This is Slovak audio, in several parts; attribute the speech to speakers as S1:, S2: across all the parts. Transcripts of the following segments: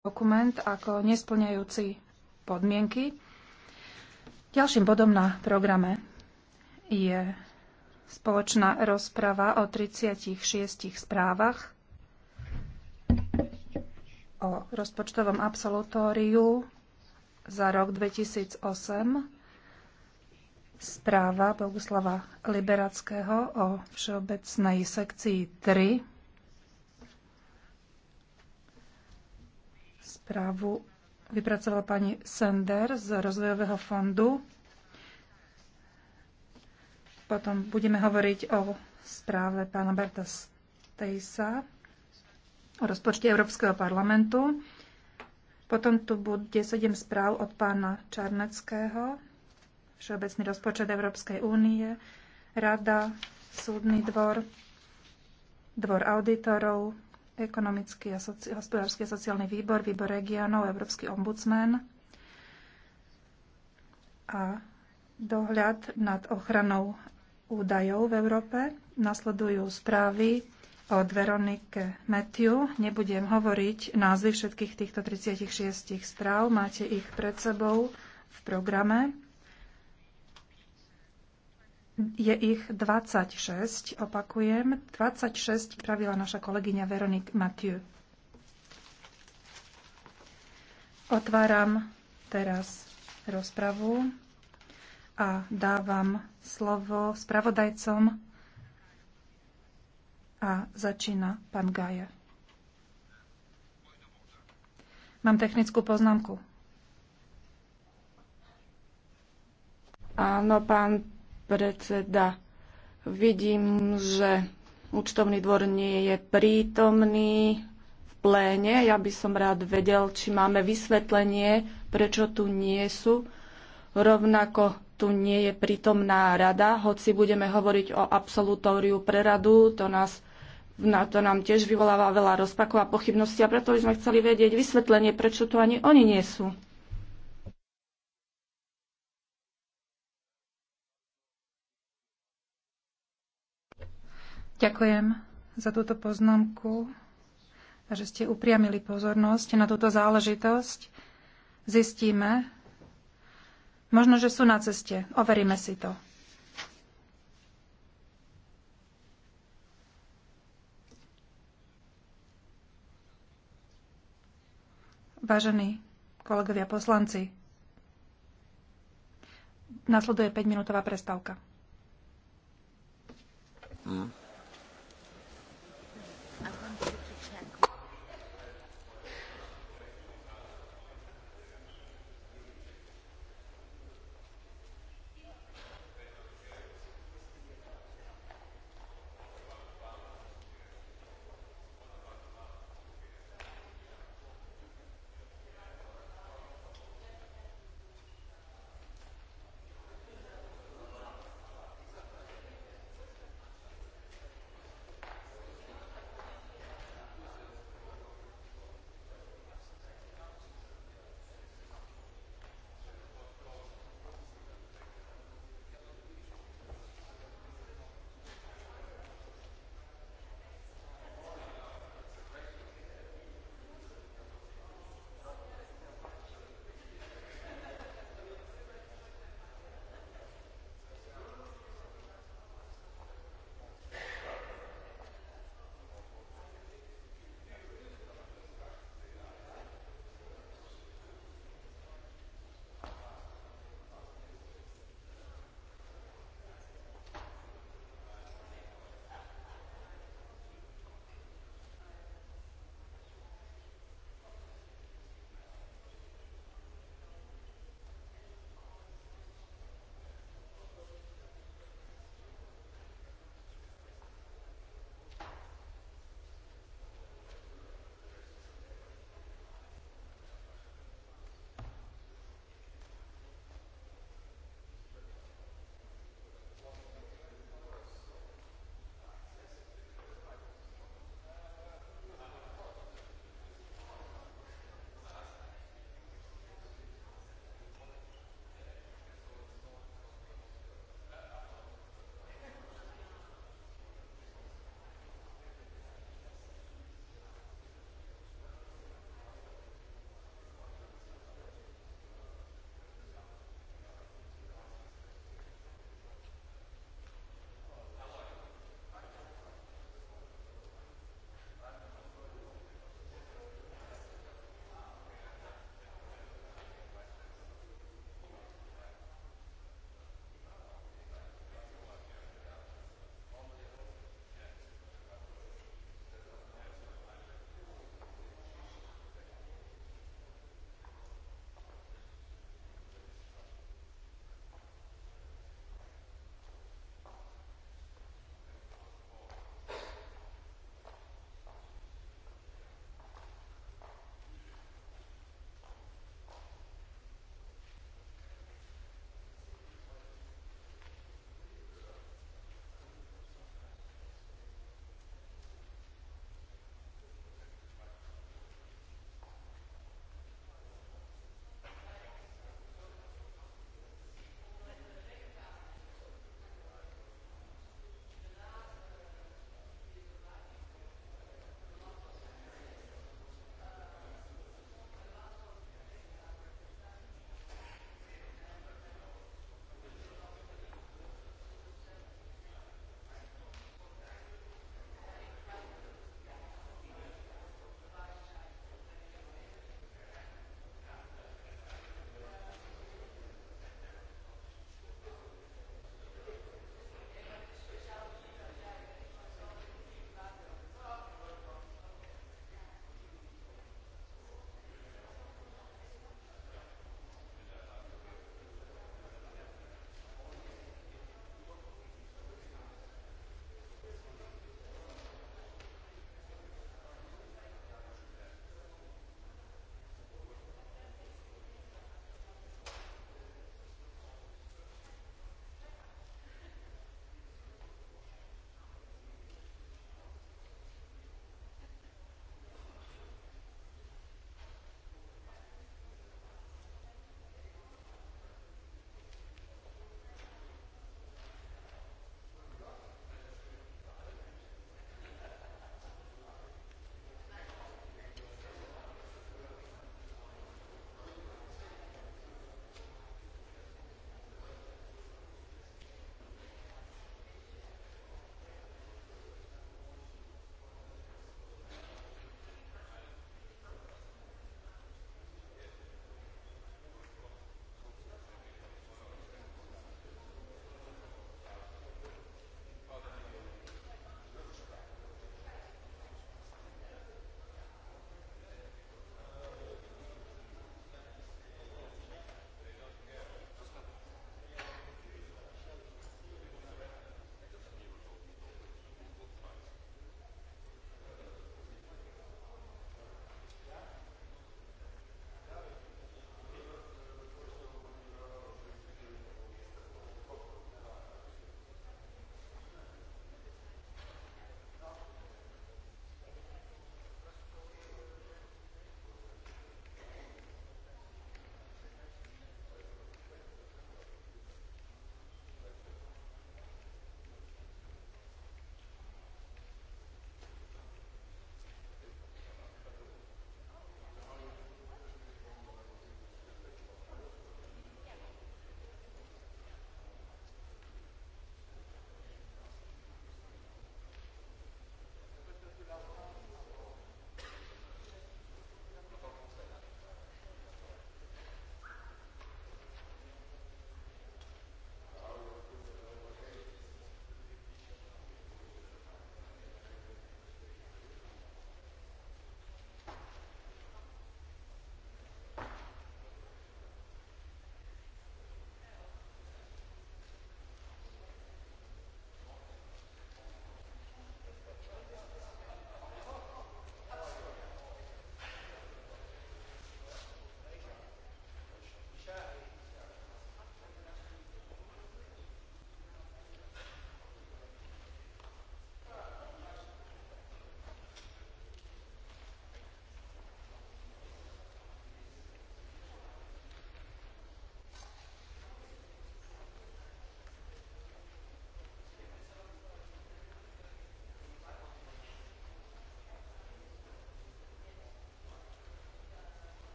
S1: dokument ako nesplňajúci podmienky. Ďalším bodom na programe je spoločná rozprava o 36 správach o rozpočtovom absolutóriu za rok 2008 správa Boguslava Liberackého o všeobecnej sekcii 3 Správu vypracovala pani Sender z Rozvojového fondu. Potom budeme hovoriť o správe pána Berta Stejsa o rozpočte Európskeho parlamentu. Potom tu bude sedem správ od pána Čarneckého, Všeobecný rozpočet Európskej únie, Rada, Súdny dvor, Dvor auditorov, ekonomický a soci- hospodársky a sociálny výbor, výbor regionov, Európsky ombudsman a dohľad nad ochranou údajov v Európe. Nasledujú správy od Veronike Matthew. Nebudem hovoriť názvy všetkých týchto 36 správ. Máte ich pred sebou v programe. Je ich 26, opakujem, 26 pravila naša kolegyňa Veronik Mathieu. Otváram teraz rozpravu a dávam slovo spravodajcom a začína pán Gaje. Mám technickú poznámku.
S2: Áno, pán predseda. Vidím, že účtovný dvor nie je prítomný v pléne. Ja by som rád vedel, či máme vysvetlenie, prečo tu nie sú. Rovnako tu nie je prítomná rada, hoci budeme hovoriť o absolutóriu pre radu, to nás na to nám tiež vyvoláva veľa rozpakov a pochybností a preto by sme chceli vedieť vysvetlenie, prečo tu ani oni nie
S1: sú. Ďakujem za túto poznámku a že ste upriamili pozornosť na túto záležitosť. Zistíme, možno, že sú na ceste. Overíme si to. Vážení kolegovia poslanci, nasleduje 5-minútová prestávka. Mm.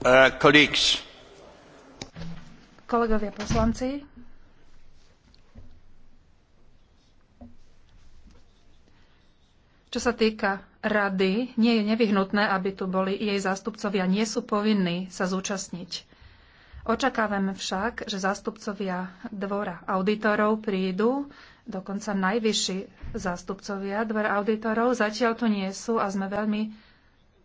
S1: Uh, Kolegovia poslanci, čo sa týka rady, nie je nevyhnutné, aby tu boli jej zástupcovia. Nie sú povinní sa zúčastniť. Očakávam však, že zástupcovia dvora auditorov prídu, dokonca najvyšší zástupcovia dvora auditorov. Zatiaľ tu nie sú a sme veľmi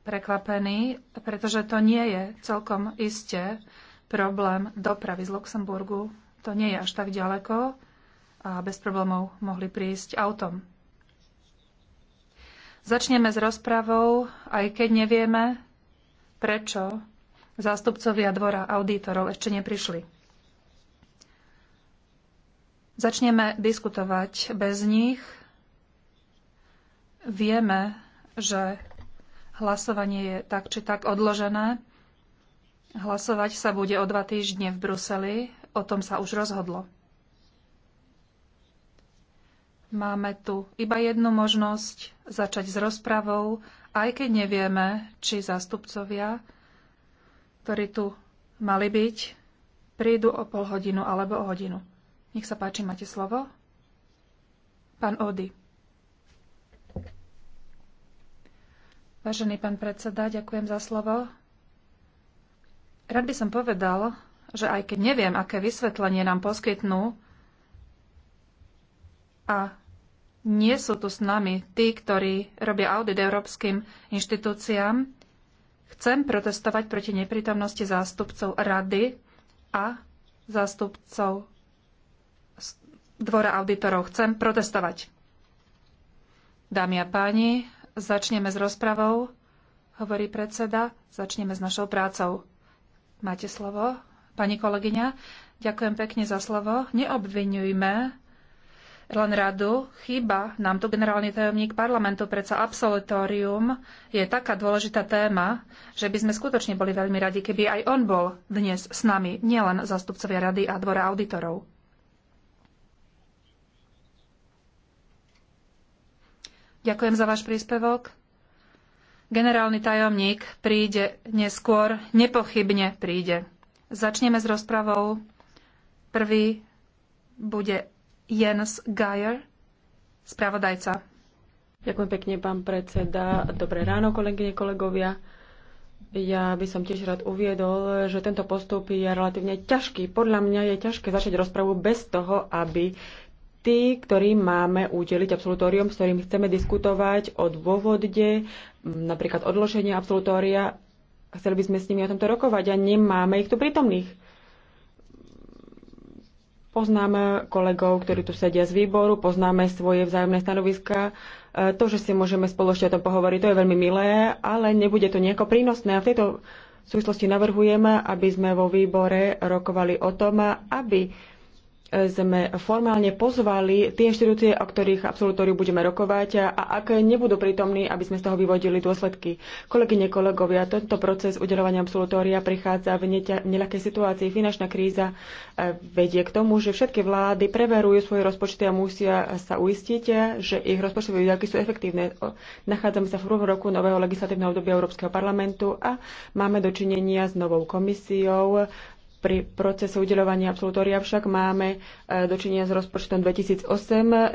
S1: prekvapení, pretože to nie je celkom isté problém dopravy z Luxemburgu. To nie je až tak ďaleko a bez problémov mohli prísť autom. Začneme s rozpravou, aj keď nevieme, prečo zástupcovia dvora auditorov ešte neprišli. Začneme diskutovať bez nich. Vieme, že Hlasovanie je tak či tak odložené. Hlasovať sa bude o dva týždne v Bruseli. O tom sa už rozhodlo. Máme tu iba jednu možnosť začať s rozpravou, aj keď nevieme, či zástupcovia, ktorí tu mali byť, prídu o pol hodinu alebo o hodinu. Nech sa páči, máte slovo. Pán Ody. Vážený pán predseda, ďakujem za slovo. Rád by som povedal, že aj keď neviem, aké vysvetlenie nám poskytnú a nie sú tu s nami tí, ktorí robia audit európskym inštitúciám, chcem protestovať proti neprítomnosti zástupcov rady a zástupcov dvora auditorov. Chcem protestovať. Dámy a páni, Začneme s rozpravou, hovorí predseda. Začneme s našou prácou. Máte slovo, pani kolegyňa. Ďakujem pekne za slovo. Neobvinujme len radu. Chyba nám tu generálny tajomník parlamentu, predsa absolutórium je taká dôležitá téma, že by sme skutočne boli veľmi radi, keby aj on bol dnes s nami, nielen zastupcovia rady a dvora auditorov. Ďakujem za váš príspevok. Generálny tajomník príde neskôr, nepochybne príde. Začneme s rozpravou. Prvý bude Jens Geier, spravodajca. Ďakujem pekne, pán predseda. Dobré ráno,
S3: kolegyne, kolegovia. Ja by som tiež rád uviedol, že tento postup je relatívne ťažký. Podľa mňa je ťažké začať rozpravu bez toho, aby tí, ktorým máme udeliť absolutórium, s ktorým chceme diskutovať o dôvode, napríklad odloženia absolutória, chceli by sme s nimi o tomto rokovať a nemáme ich tu prítomných. Poznáme kolegov, ktorí tu sedia z výboru, poznáme svoje vzájomné stanoviska. To, že si môžeme spoločne o tom pohovoriť, to je veľmi milé, ale nebude to nejako prínosné. A v tejto súvislosti navrhujeme, aby sme vo výbore rokovali o tom, aby sme formálne pozvali tie inštitúcie, o ktorých absolutóriu budeme rokovať a ak nebudú prítomní, aby sme z toho vyvodili dôsledky. Kolegyne, kolegovia, tento proces udelovania absolutória prichádza v neľakej situácii. Finančná kríza e, vedie k tomu, že všetky vlády preverujú svoje rozpočty a musia sa uistiť, že ich rozpočtové výdavky sú efektívne. Nachádzame sa v prvom roku nového legislatívneho obdobia Európskeho parlamentu a máme dočinenia s novou komisiou, pri procese udeľovania absolutória však máme e, dočinenia s rozpočtom 2008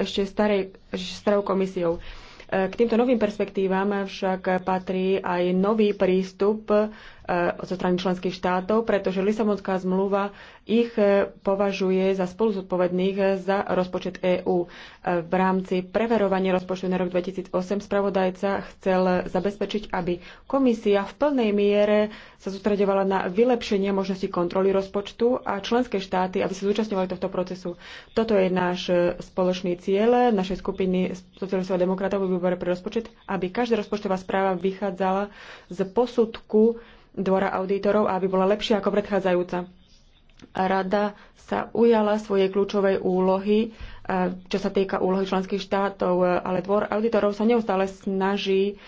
S3: ešte starej, starou komisiou. E, k týmto novým perspektívam však patrí aj nový prístup E, zo strany členských štátov, pretože Lisabonská zmluva ich e, považuje za spolu zodpovedných e, za rozpočet EÚ. V rámci preverovania rozpočtu na rok 2008 spravodajca chcel zabezpečiť, aby komisia v plnej miere sa sústredovala na vylepšenie možnosti kontroly rozpočtu a členské štáty, aby sa zúčastňovali tohto procesu. Toto je náš spoločný cieľ našej skupiny socialistov a demokratov v výbore pre rozpočet, aby každá rozpočtová správa vychádzala z posudku dvora auditorov a aby bola lepšia ako predchádzajúca. Rada sa ujala svojej kľúčovej úlohy, e, čo sa týka úlohy členských štátov, e, ale dvor auditorov sa neustále snaží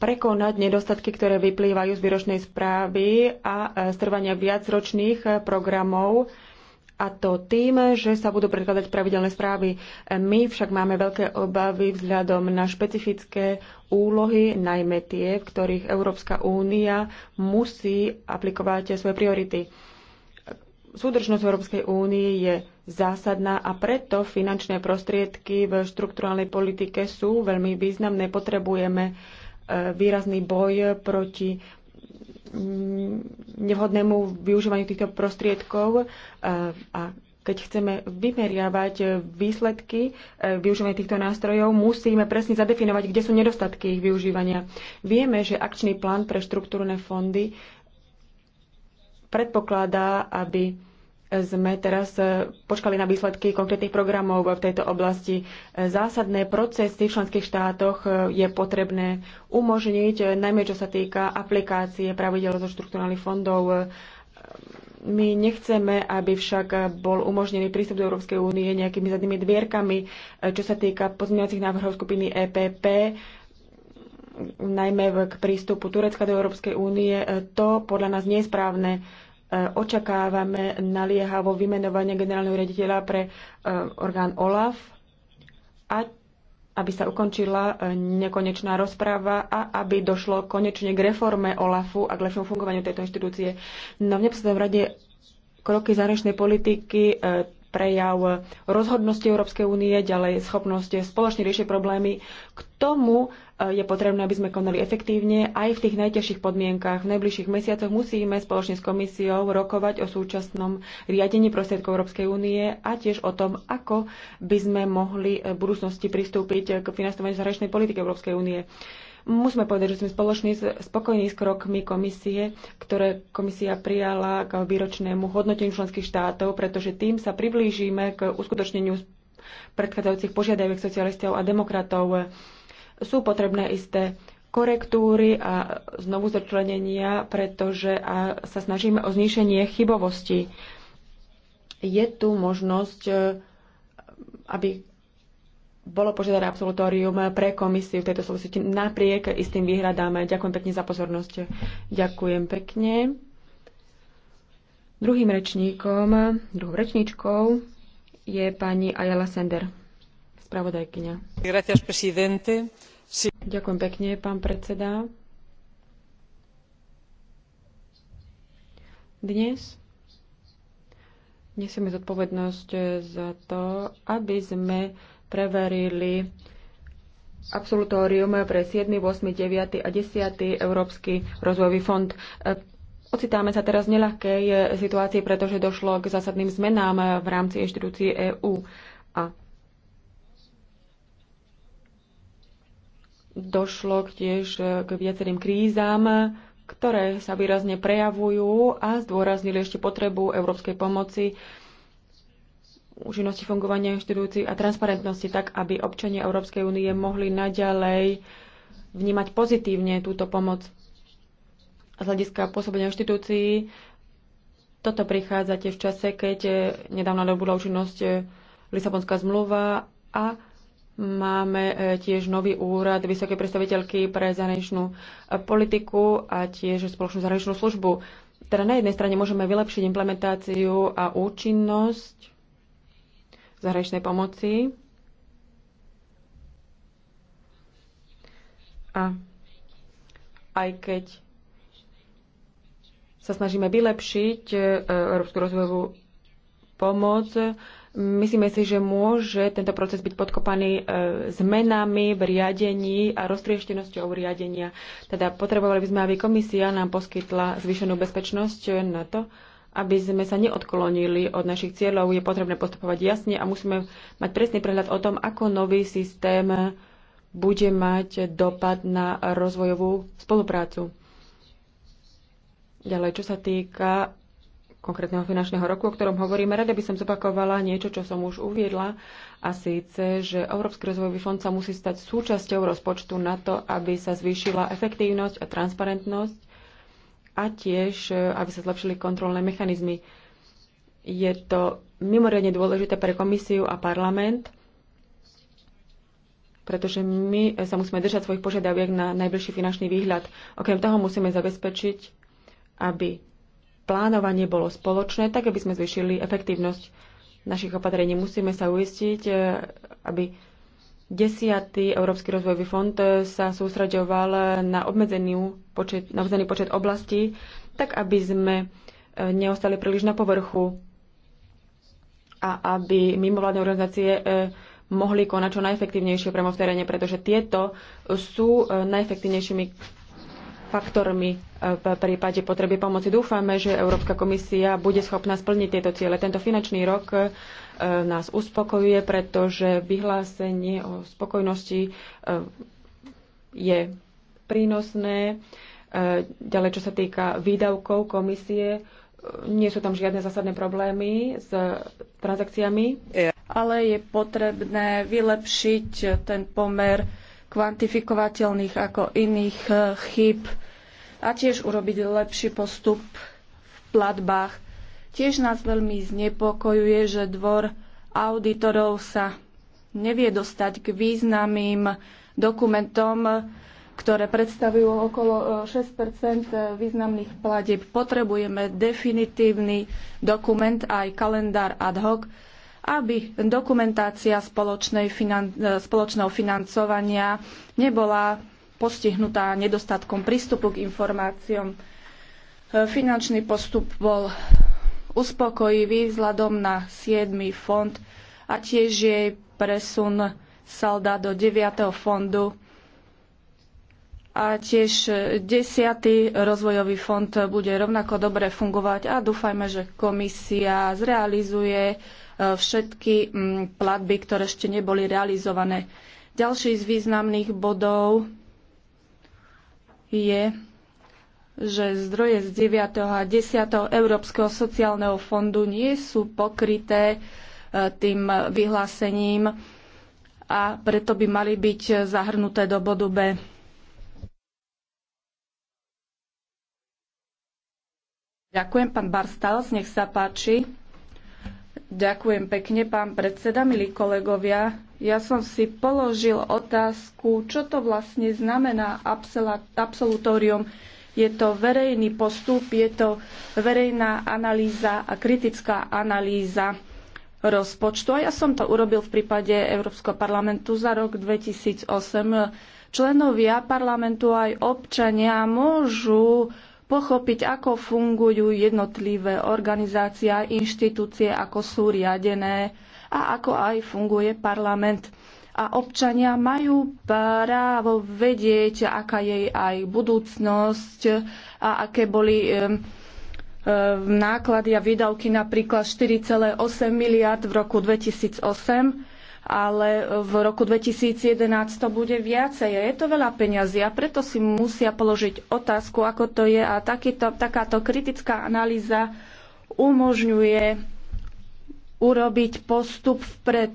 S3: prekonať nedostatky, ktoré vyplývajú z výročnej správy a e, strvania viacročných programov a to tým, že sa budú predkladať pravidelné správy. My však máme veľké obavy vzhľadom na špecifické úlohy, najmä tie, v ktorých Európska únia musí aplikovať svoje priority. Súdržnosť Európskej únie je zásadná a preto finančné prostriedky v štruktúralnej politike sú veľmi významné. Potrebujeme e, výrazný boj proti Mm, nevhodnému využívaniu týchto prostriedkov eh, a keď chceme vymeriavať eh, výsledky eh, využívania týchto nástrojov, musíme presne zadefinovať, kde sú nedostatky ich využívania. Vieme, že akčný plán pre štruktúrne fondy predpokladá, aby sme teraz e, počkali na výsledky konkrétnych programov v tejto oblasti. E, zásadné procesy v členských štátoch e, je potrebné umožniť, najmä čo sa týka aplikácie pravidel zo štruktúrnych fondov. My nechceme, aby však bol umožnený prístup do Európskej únie nejakými zadnými dvierkami, čo sa týka pozmeňovacích návrhov skupiny EPP najmä k prístupu Turecka do Európskej únie, to podľa nás nie je správne. E, očakávame naliehavo vymenovanie generálneho riaditeľa pre e, orgán OLAF a aby sa ukončila e, nekonečná rozpráva a aby došlo konečne k reforme OLAFu a k lepšiemu fungovaniu tejto inštitúcie. No v neposlednom rade kroky zahraničnej politiky prejav rozhodnosti Európskej únie, ďalej schopnosť spoločne riešiť problémy. K tomu e, je potrebné, aby sme konali efektívne. Aj v tých najťažších podmienkach v najbližších mesiacoch musíme spoločne s komisiou rokovať o súčasnom riadení prostriedkov Európskej únie a tiež o tom, ako by sme mohli v budúcnosti pristúpiť k financovaniu zahraničnej politiky Európskej únie. Musíme povedať, že sme spoloční, spokojní s krokmi komisie, ktoré komisia prijala k výročnému hodnoteniu členských štátov, pretože tým sa priblížime k uskutočneniu predchádzajúcich požiadaviek socialistov a demokratov. Sú potrebné isté korektúry a znovu začlenenia, pretože a sa snažíme o zníšenie chybovosti. Je tu možnosť, aby bolo požiadané absolutórium pre komisiu v tejto súvislosti napriek istým výhradám. Ďakujem pekne za pozornosť. Ďakujem pekne. Druhým rečníkom, druhou rečníčkou je pani Ayala Sender, spravodajkyňa. Ďakujem pekne, pán predseda. Dnes nesieme zodpovednosť za to, aby sme preverili absolutórium pre 7., 8., 9. a 10. Európsky rozvojový fond. E, ocitáme sa teraz v neľahkej e, situácii, pretože došlo k zásadným zmenám e, v rámci inštitúcií EÚ. A došlo tiež k viacerým krízam, ktoré sa výrazne prejavujú a zdôraznili ešte potrebu európskej pomoci účinnosti fungovania inštitúcií a transparentnosti tak, aby občania Európskej únie mohli naďalej vnímať pozitívne túto pomoc. Z hľadiska pôsobenia inštitúcií toto prichádza tiež v čase, keď eh, nedávno dobudla účinnosť eh, Lisabonská zmluva a Máme eh, tiež nový úrad vysokej predstaviteľky pre zahraničnú politiku a tiež spoločnú zahraničnú službu. Teda na jednej strane môžeme vylepšiť implementáciu a účinnosť zahraničnej pomoci. A aj keď sa snažíme vylepšiť e, európsku rozvojovú pomoc, myslíme si, že môže tento proces byť podkopaný e, zmenami v riadení a roztrieštenosťou riadenia. Teda potrebovali by sme, aby komisia nám poskytla zvýšenú bezpečnosť na to, aby sme sa neodklonili od našich cieľov, je potrebné postupovať jasne a musíme mať presný prehľad o tom, ako nový systém bude mať dopad na rozvojovú spoluprácu. Ďalej, čo sa týka konkrétneho finančného roku, o ktorom hovoríme, rada by som zopakovala niečo, čo som už uviedla, a síce, že Európsky rozvojový fond sa musí stať súčasťou rozpočtu na to, aby sa zvýšila efektívnosť a transparentnosť a tiež, e, aby sa zlepšili kontrolné mechanizmy. Je to mimoriadne dôležité pre komisiu a parlament, pretože my e, sa musíme držať svojich požiadaviek na najbližší finančný výhľad. Okrem toho musíme zabezpečiť, aby plánovanie bolo spoločné, tak aby sme zvýšili efektívnosť našich opatrení. Musíme sa uistiť, e, aby 10. Európsky rozvojový fond e, sa sústraďoval na obmedzený počet, na obmedzený počet oblastí, tak aby sme e, neostali príliš na povrchu a aby mimovládne organizácie e, mohli konať čo najefektívnejšie priamo v teréne, pretože tieto sú najefektívnejšími faktormi v prípade potreby pomoci. Dúfame, že Európska komisia bude schopná splniť tieto ciele. Tento finančný rok E, nás uspokojuje, pretože vyhlásenie o spokojnosti e, je prínosné. E, ďalej, čo sa týka výdavkov komisie, nie sú tam žiadne zásadné problémy s transakciami. Ale je potrebné
S2: vylepšiť ten pomer kvantifikovateľných ako iných chýb a tiež urobiť lepší postup v platbách Tiež nás veľmi znepokojuje, že dvor auditorov sa nevie dostať k významným dokumentom, ktoré predstavujú okolo 6 e, významných platieb. Potrebujeme definitívny dokument aj kalendár ad hoc, aby dokumentácia finan- e, spoločného financovania nebola postihnutá nedostatkom prístupu k informáciám. E, finančný postup bol uspokojivý vzhľadom na 7. fond a tiež jej presun salda do 9. fondu a tiež 10. rozvojový fond bude rovnako dobre fungovať a dúfajme, že komisia zrealizuje e, všetky platby, ktoré ešte neboli realizované. Ďalší z významných bodov je že zdroje z 9. a 10. Európskeho sociálneho fondu nie sú pokryté e, tým vyhlásením a preto by mali byť zahrnuté do bodu B. Ďakujem, pán Barstals, nech sa páči. Ďakujem pekne, pán predseda, milí kolegovia. Ja som si položil otázku, čo to vlastne znamená absolutórium. Je to verejný postup, je to verejná analýza a kritická analýza rozpočtu. A ja som to urobil v prípade Európskeho parlamentu za rok 2008. Členovia parlamentu aj občania môžu pochopiť, ako fungujú jednotlivé organizácie a inštitúcie, ako sú riadené a ako aj funguje parlament a občania majú právo vedieť, aká je aj budúcnosť a aké boli náklady a výdavky napríklad 4,8 miliard v roku 2008 ale v roku 2011 to bude viacej. Je to veľa peňazí a preto si musia položiť otázku, ako to je a takýto, takáto kritická analýza umožňuje urobiť postup vpred.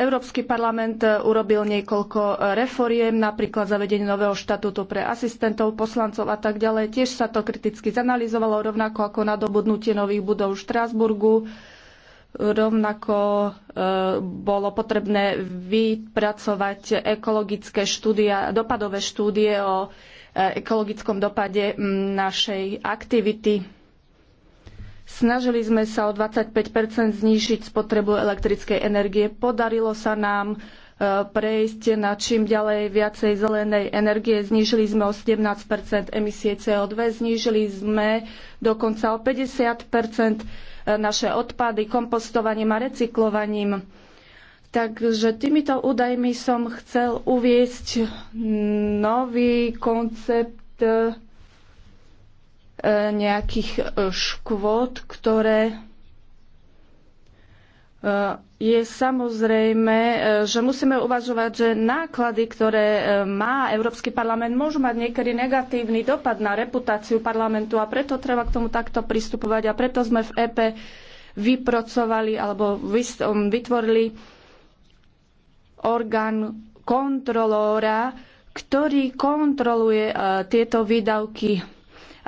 S2: Európsky parlament eh, urobil niekoľko eh, reforiem, napríklad zavedenie nového štatútu pre asistentov, poslancov a tak ďalej. Tiež sa to kriticky zanalizovalo, rovnako ako nadobudnutie nových budov v Štrásburgu. Rovnako eh, bolo potrebné vypracovať ekologické štúdia, dopadové štúdie o ekologickom dopade mm, našej aktivity Snažili sme sa o 25 znížiť spotrebu elektrickej energie. Podarilo sa nám e, prejsť na čím ďalej viacej zelenej energie. Znížili sme o 17 emisie CO2, znížili sme dokonca o 50 e, naše odpady kompostovaním a recyklovaním. Takže týmito údajmi som chcel uviesť nový koncept e, nejakých e, škôd, ktoré e, je samozrejme, e, že musíme uvažovať, že náklady, ktoré má Európsky parlament, môžu mať niekedy negatívny dopad na reputáciu parlamentu a preto treba k tomu takto pristupovať a preto sme v EP vypracovali alebo um, vytvorili orgán kontrolóra, ktorý kontroluje tieto výdavky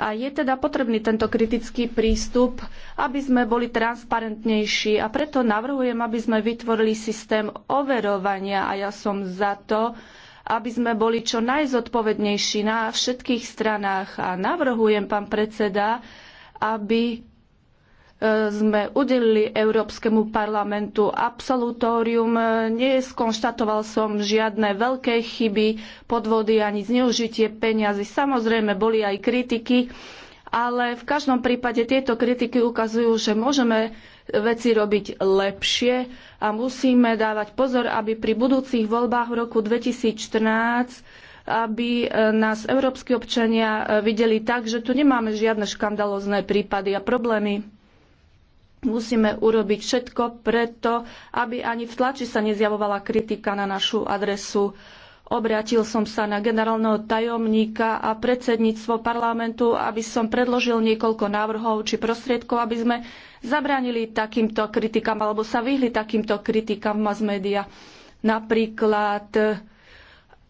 S2: a je teda potrebný tento kritický prístup, aby sme boli transparentnejší a preto navrhujem, aby sme vytvorili systém overovania a ja som za to, aby sme boli čo najzodpovednejší na všetkých stranách. A navrhujem, pán predseda, aby E, sme udelili Európskemu parlamentu absolutórium. E, neskonštatoval som žiadne veľké chyby, podvody ani zneužitie peňazí. Samozrejme, boli aj kritiky, ale v každom prípade tieto kritiky ukazujú, že môžeme veci robiť lepšie a musíme dávať pozor, aby pri budúcich voľbách v roku 2014 aby e, nás európsky občania videli tak, že tu nemáme žiadne škandalozné prípady a problémy. Musíme urobiť všetko preto, aby ani v tlači sa nezjavovala kritika na našu adresu. Obrátil som sa na generálneho tajomníka a predsedníctvo parlamentu, aby som predložil niekoľko návrhov či prostriedkov, aby sme zabránili takýmto kritikám alebo sa vyhli takýmto kritikám mass media. Napríklad,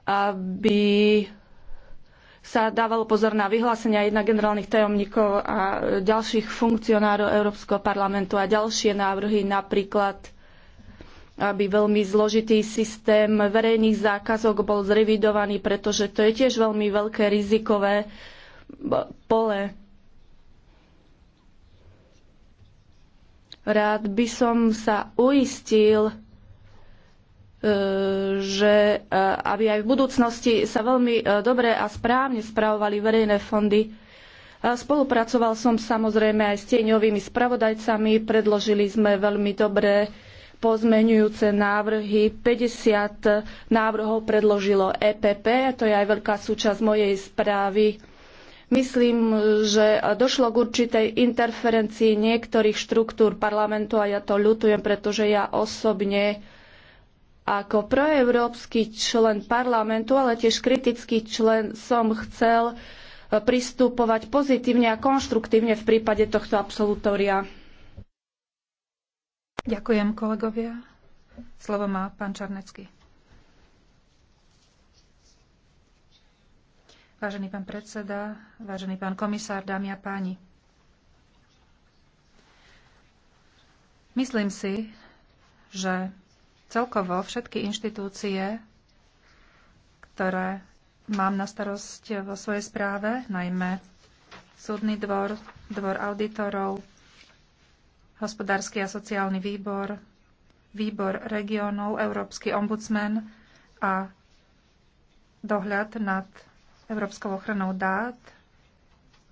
S2: aby sa dávalo pozor na vyhlásenia jednak generálnych tajomníkov a ďalších funkcionárov Európskeho parlamentu a ďalšie návrhy, napríklad aby veľmi zložitý systém verejných zákazok bol zrevidovaný, pretože to je tiež veľmi veľké rizikové pole. Rád by som sa uistil, že eh, aby aj v budúcnosti sa veľmi eh, dobre a správne spravovali verejné fondy. Spolupracoval som samozrejme aj s tieňovými spravodajcami, predložili sme veľmi dobré pozmenujúce návrhy. 50 eh, návrhov predložilo EPP, to je aj veľká súčasť mojej správy. Myslím, že došlo k určitej interferencii niektorých štruktúr parlamentu a ja to ľutujem, pretože ja osobne ako proeurópsky člen parlamentu, ale tiež kritický člen som chcel e, pristupovať pozitívne a konštruktívne v prípade tohto absolutória.
S1: Ďakujem, kolegovia. Slovo má pán Čarnecký. Vážený pán predseda, vážený pán komisár, dámy a páni. Myslím si, že celkovo všetky inštitúcie, ktoré mám na starosť vo svojej správe, najmä Súdny dvor, Dvor auditorov, Hospodársky a sociálny výbor, Výbor regionov, Európsky ombudsman a dohľad nad Európskou ochranou dát.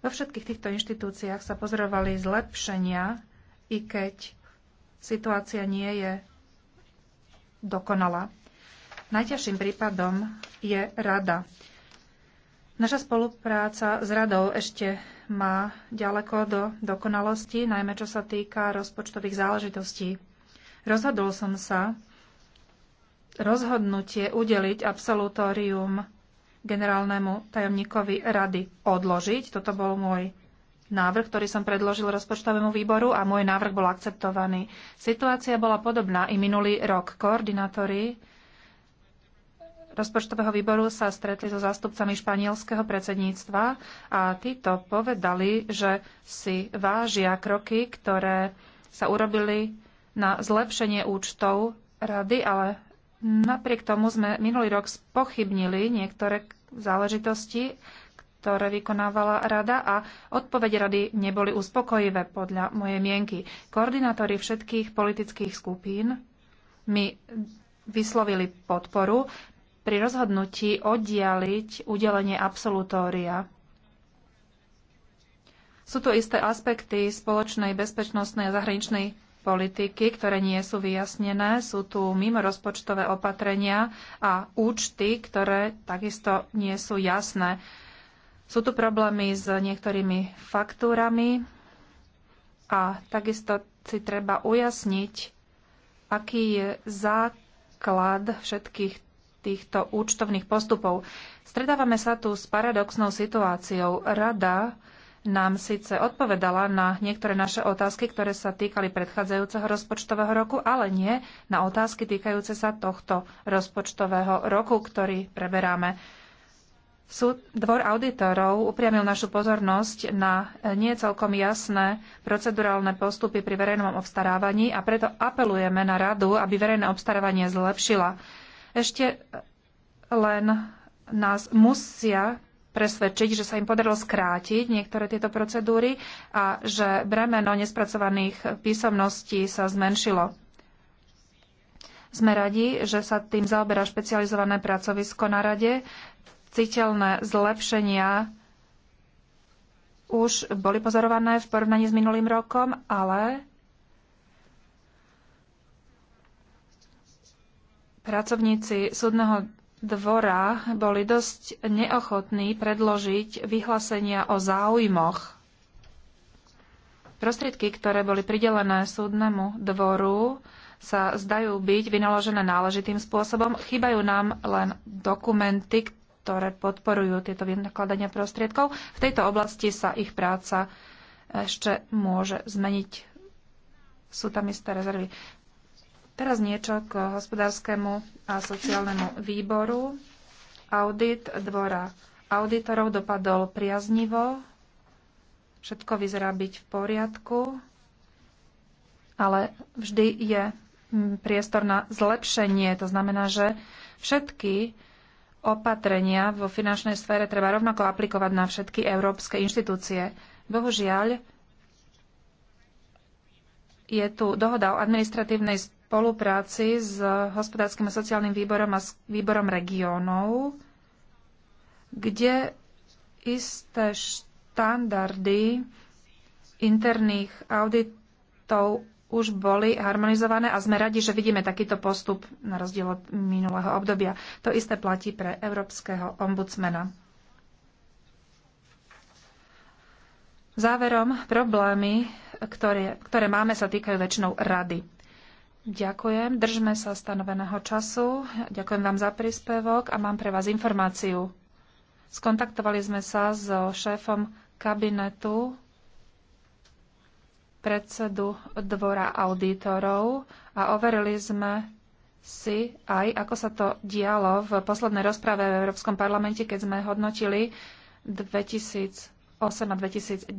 S1: Vo všetkých týchto inštitúciách sa pozorovali zlepšenia, i keď situácia nie je dokonala. Najťažším prípadom je rada. Naša spolupráca s radou ešte má ďaleko do dokonalosti, najmä čo sa týka rozpočtových záležitostí. Rozhodol som sa rozhodnutie udeliť absolutórium generálnemu tajomníkovi rady odložiť. Toto bol môj návrh, ktorý som predložil rozpočtovému výboru a môj návrh bol akceptovaný. Situácia bola podobná i minulý rok. Koordinátori rozpočtového výboru sa stretli so zástupcami španielského predsedníctva a títo povedali, že si vážia kroky, ktoré sa urobili na zlepšenie účtov rady, ale napriek tomu sme minulý rok spochybnili niektoré záležitosti ktoré vykonávala rada a odpovede rady neboli uspokojivé podľa mojej mienky. Koordinátori všetkých politických skupín mi vyslovili podporu pri rozhodnutí oddialiť udelenie absolutória. Sú to isté aspekty spoločnej bezpečnostnej a zahraničnej politiky, ktoré nie sú vyjasnené. Sú tu mimo rozpočtové opatrenia a účty, ktoré takisto nie sú jasné. Sú tu problémy s niektorými faktúrami a takisto si treba ujasniť, aký je základ všetkých týchto účtovných postupov. Stredávame sa tu s paradoxnou situáciou. Rada nám síce odpovedala na niektoré naše otázky, ktoré sa týkali predchádzajúceho rozpočtového roku, ale nie na otázky týkajúce sa tohto rozpočtového roku, ktorý preberáme. Súd, dvor auditorov upriamil našu pozornosť na eh, nie celkom jasné procedurálne postupy pri verejnom obstarávaní a preto apelujeme na radu, aby verejné obstarávanie zlepšila. Ešte eh, len nás musia presvedčiť, že sa im podarilo skrátiť niektoré tieto procedúry a že bremeno nespracovaných písomností sa zmenšilo. Sme radi, že sa tým zaoberá špecializované pracovisko na rade, citeľné zlepšenia už boli pozorované v porovnaní s minulým rokom, ale pracovníci súdneho dvora boli dosť neochotní predložiť vyhlásenia o záujmoch. Prostriedky, ktoré boli pridelené súdnemu dvoru, sa zdajú byť vynaložené náležitým spôsobom. Chýbajú nám len dokumenty, ktoré podporujú tieto vynakladania prostriedkov. V tejto oblasti sa ich práca ešte môže zmeniť. Sú tam isté rezervy. Teraz niečo k hospodárskému a sociálnemu výboru. Audit dvora auditorov dopadol priaznivo. Všetko vyzerá byť v poriadku, ale vždy je priestor na zlepšenie. To znamená, že všetky opatrenia vo finančnej sfére treba rovnako aplikovať na všetky európske inštitúcie. Bohužiaľ, je tu dohoda o administratívnej spolupráci s hospodárskym a sociálnym výborom a s výborom regiónov, kde isté štandardy interných auditov už boli harmonizované a sme radi, že vidíme takýto postup na rozdiel od minulého obdobia. To isté platí pre európskeho ombudsmana. Záverom, problémy, ktoré, ktoré máme, sa týkajú väčšinou rady. Ďakujem, držme sa stanoveného času. Ďakujem vám za príspevok a mám pre vás informáciu. Skontaktovali sme sa so šéfom kabinetu predsedu dvora auditorov a overili sme si aj, ako sa to dialo v poslednej rozprave v Európskom parlamente, keď sme hodnotili 2008 a 2009.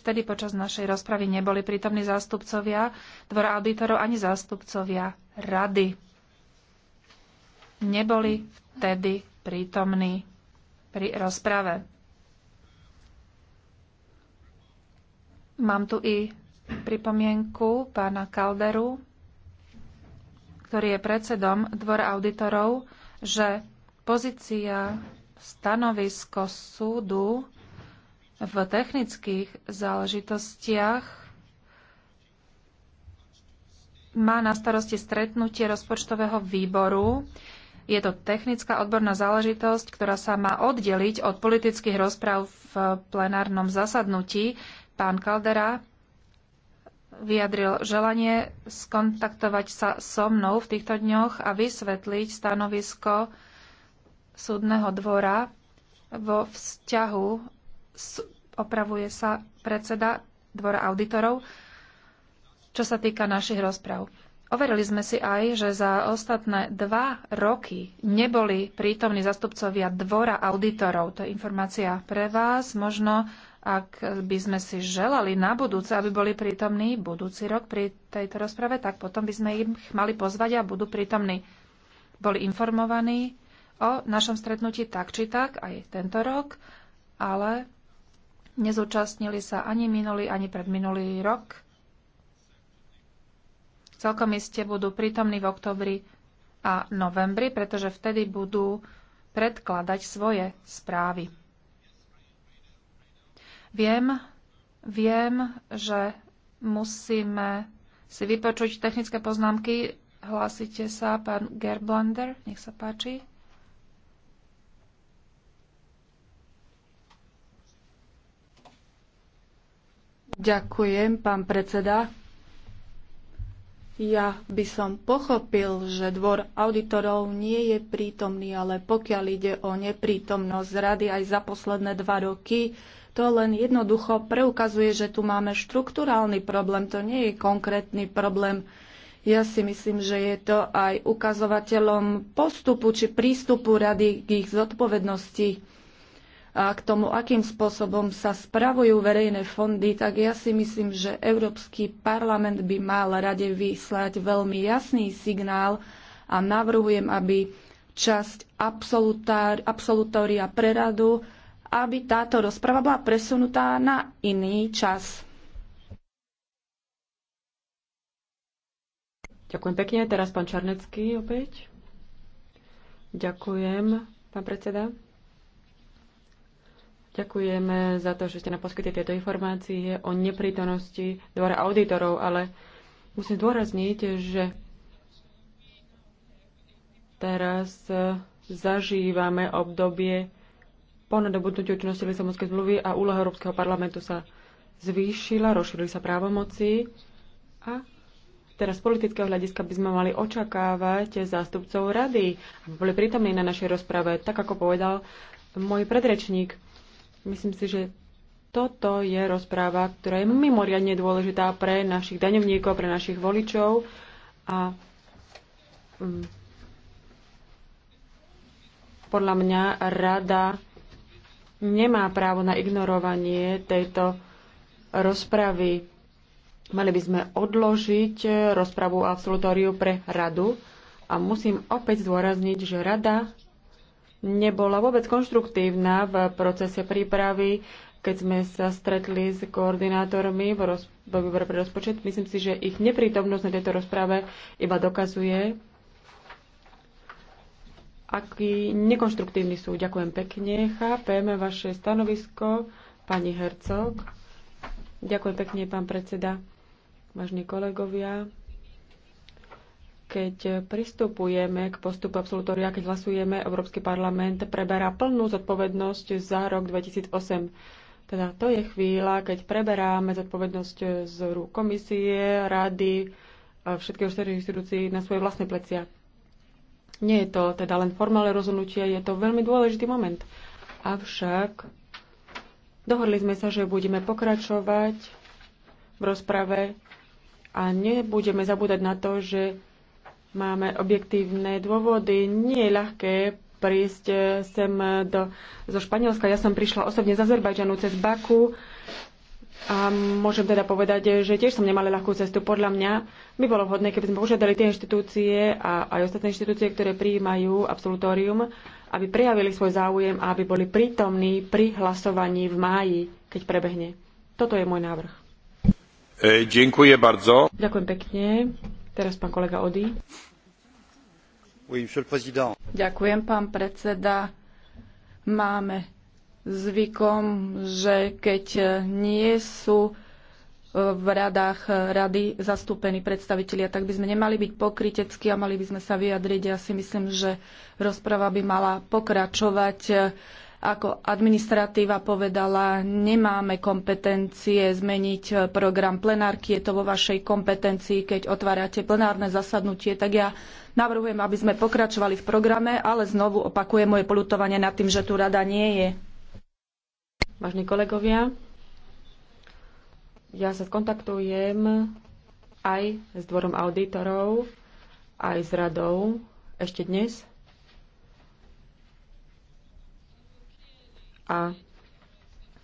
S1: Vtedy počas našej rozpravy neboli prítomní zástupcovia dvora auditorov ani zástupcovia rady. Neboli vtedy prítomní pri rozprave. Mám tu i pripomienku pána Kalderu, ktorý je predsedom Dvora auditorov, že pozícia stanovisko súdu v technických záležitostiach má na starosti stretnutie rozpočtového výboru. Je to technická odborná záležitosť, ktorá sa má oddeliť od politických rozpráv v plenárnom zasadnutí. Pán Kaldera vyjadril želanie skontaktovať sa so mnou v týchto dňoch a vysvetliť stanovisko súdneho dvora vo vzťahu, opravuje sa predseda dvora auditorov, čo sa týka našich rozprav. Overili sme si aj, že za ostatné dva roky neboli prítomní zastupcovia dvora auditorov. To je informácia pre vás. Možno ak by sme si želali na budúce, aby boli prítomní budúci rok pri tejto rozprave, tak potom by sme ich mali pozvať a budú prítomní. Boli informovaní o našom stretnutí tak či tak aj tento rok, ale nezúčastnili sa ani minulý, ani predminulý rok. Celkom iste budú prítomní v oktobri a novembri, pretože vtedy budú predkladať svoje správy. Viem, viem, že musíme si vypočuť technické poznámky. Hlásite sa, pán Gerblander, nech sa páči. Ďakujem, pán predseda.
S2: Ja by som pochopil, že dvor auditorov nie je prítomný, ale pokiaľ ide o neprítomnosť rady aj za posledné dva roky, to len jednoducho preukazuje, že tu máme štruktúrálny problém, to nie je konkrétny problém. Ja si myslím, že je to aj ukazovateľom postupu či prístupu rady k ich zodpovednosti a k tomu, akým spôsobom sa spravujú verejné fondy, tak ja si myslím, že Európsky parlament by mal rade vyslať veľmi jasný signál a navrhujem, aby časť absolutória pre radu aby táto
S3: rozprava bola presunutá na iný čas. Ďakujem pekne. Teraz pán Čarnecký opäť. Ďakujem, pán predseda. Ďakujeme za to, že ste nám poskytli tieto informácie o neprítomnosti dvora auditorov, ale musím zdôrazniť, že teraz zažívame obdobie po nadobudnutí účinnosti Lisabonskej zmluvy a úloha Európskeho parlamentu sa zvýšila, rozšírili sa právomoci a teraz z politického hľadiska by sme mali očakávať zástupcov rady, aby boli prítomní na našej rozprave, tak ako povedal môj predrečník. Myslím si, že toto je rozpráva, ktorá je mimoriadne dôležitá pre našich daňovníkov, pre našich voličov a mm, podľa mňa rada nemá právo na ignorovanie tejto rozpravy. Mali by sme odložiť rozpravu a absolutóriu pre radu a musím opäť zdôrazniť, že rada nebola vôbec konštruktívna v procese prípravy, keď sme sa stretli s koordinátormi vo výbore pre rozpočet. Myslím si, že ich neprítomnosť na tejto rozprave iba dokazuje, aký nekonštruktívny sú. Ďakujem pekne. chápeme vaše stanovisko, pani Hercog. Ďakujem pekne, pán predseda, vážni kolegovia. Keď pristupujeme k postupu absolutória, keď hlasujeme, Európsky parlament preberá plnú zodpovednosť za rok 2008. Teda to je chvíľa, keď preberáme zodpovednosť z rúk komisie, rady, všetkých ostatných inštitúcií na svoje vlastné plecia. Nie je to teda len formálne rozhodnutie, je to veľmi dôležitý moment. Avšak dohodli sme sa, že budeme pokračovať v rozprave a nebudeme zabúdať na to, že máme objektívne dôvody. Nie je ľahké prísť sem do, zo Španielska. Ja som prišla osobne z Azerbajdžanu cez Baku a môžem teda povedať, že tiež som nemala ľahkú cestu. Podľa mňa by bolo vhodné, keby sme požiadali tie inštitúcie a aj ostatné inštitúcie, ktoré prijímajú absolutórium, aby prejavili svoj záujem a aby boli prítomní pri hlasovaní v máji, keď prebehne. Toto je môj návrh.
S4: E, ďakujem bardzo.
S3: Ďakujem pekne. Teraz pán kolega Ody.
S1: Oui, Ďakujem,
S2: pán predseda. Máme zvykom, že keď nie sú e, v radách rady zastúpení predstavitelia, tak by sme nemali byť pokriteckí a mali by sme sa vyjadriť. Ja si myslím, že rozprava by mala pokračovať. Ako administratíva povedala, nemáme kompetencie zmeniť program plenárky, je to vo vašej kompetencii, keď otvárate plenárne zasadnutie, tak ja navrhujem, aby sme pokračovali v programe, ale znovu opakujem moje polutovanie nad tým, že tu rada nie je
S3: vážni kolegovia, ja sa kontaktujem aj s dvorom auditorov, aj s radou ešte dnes. A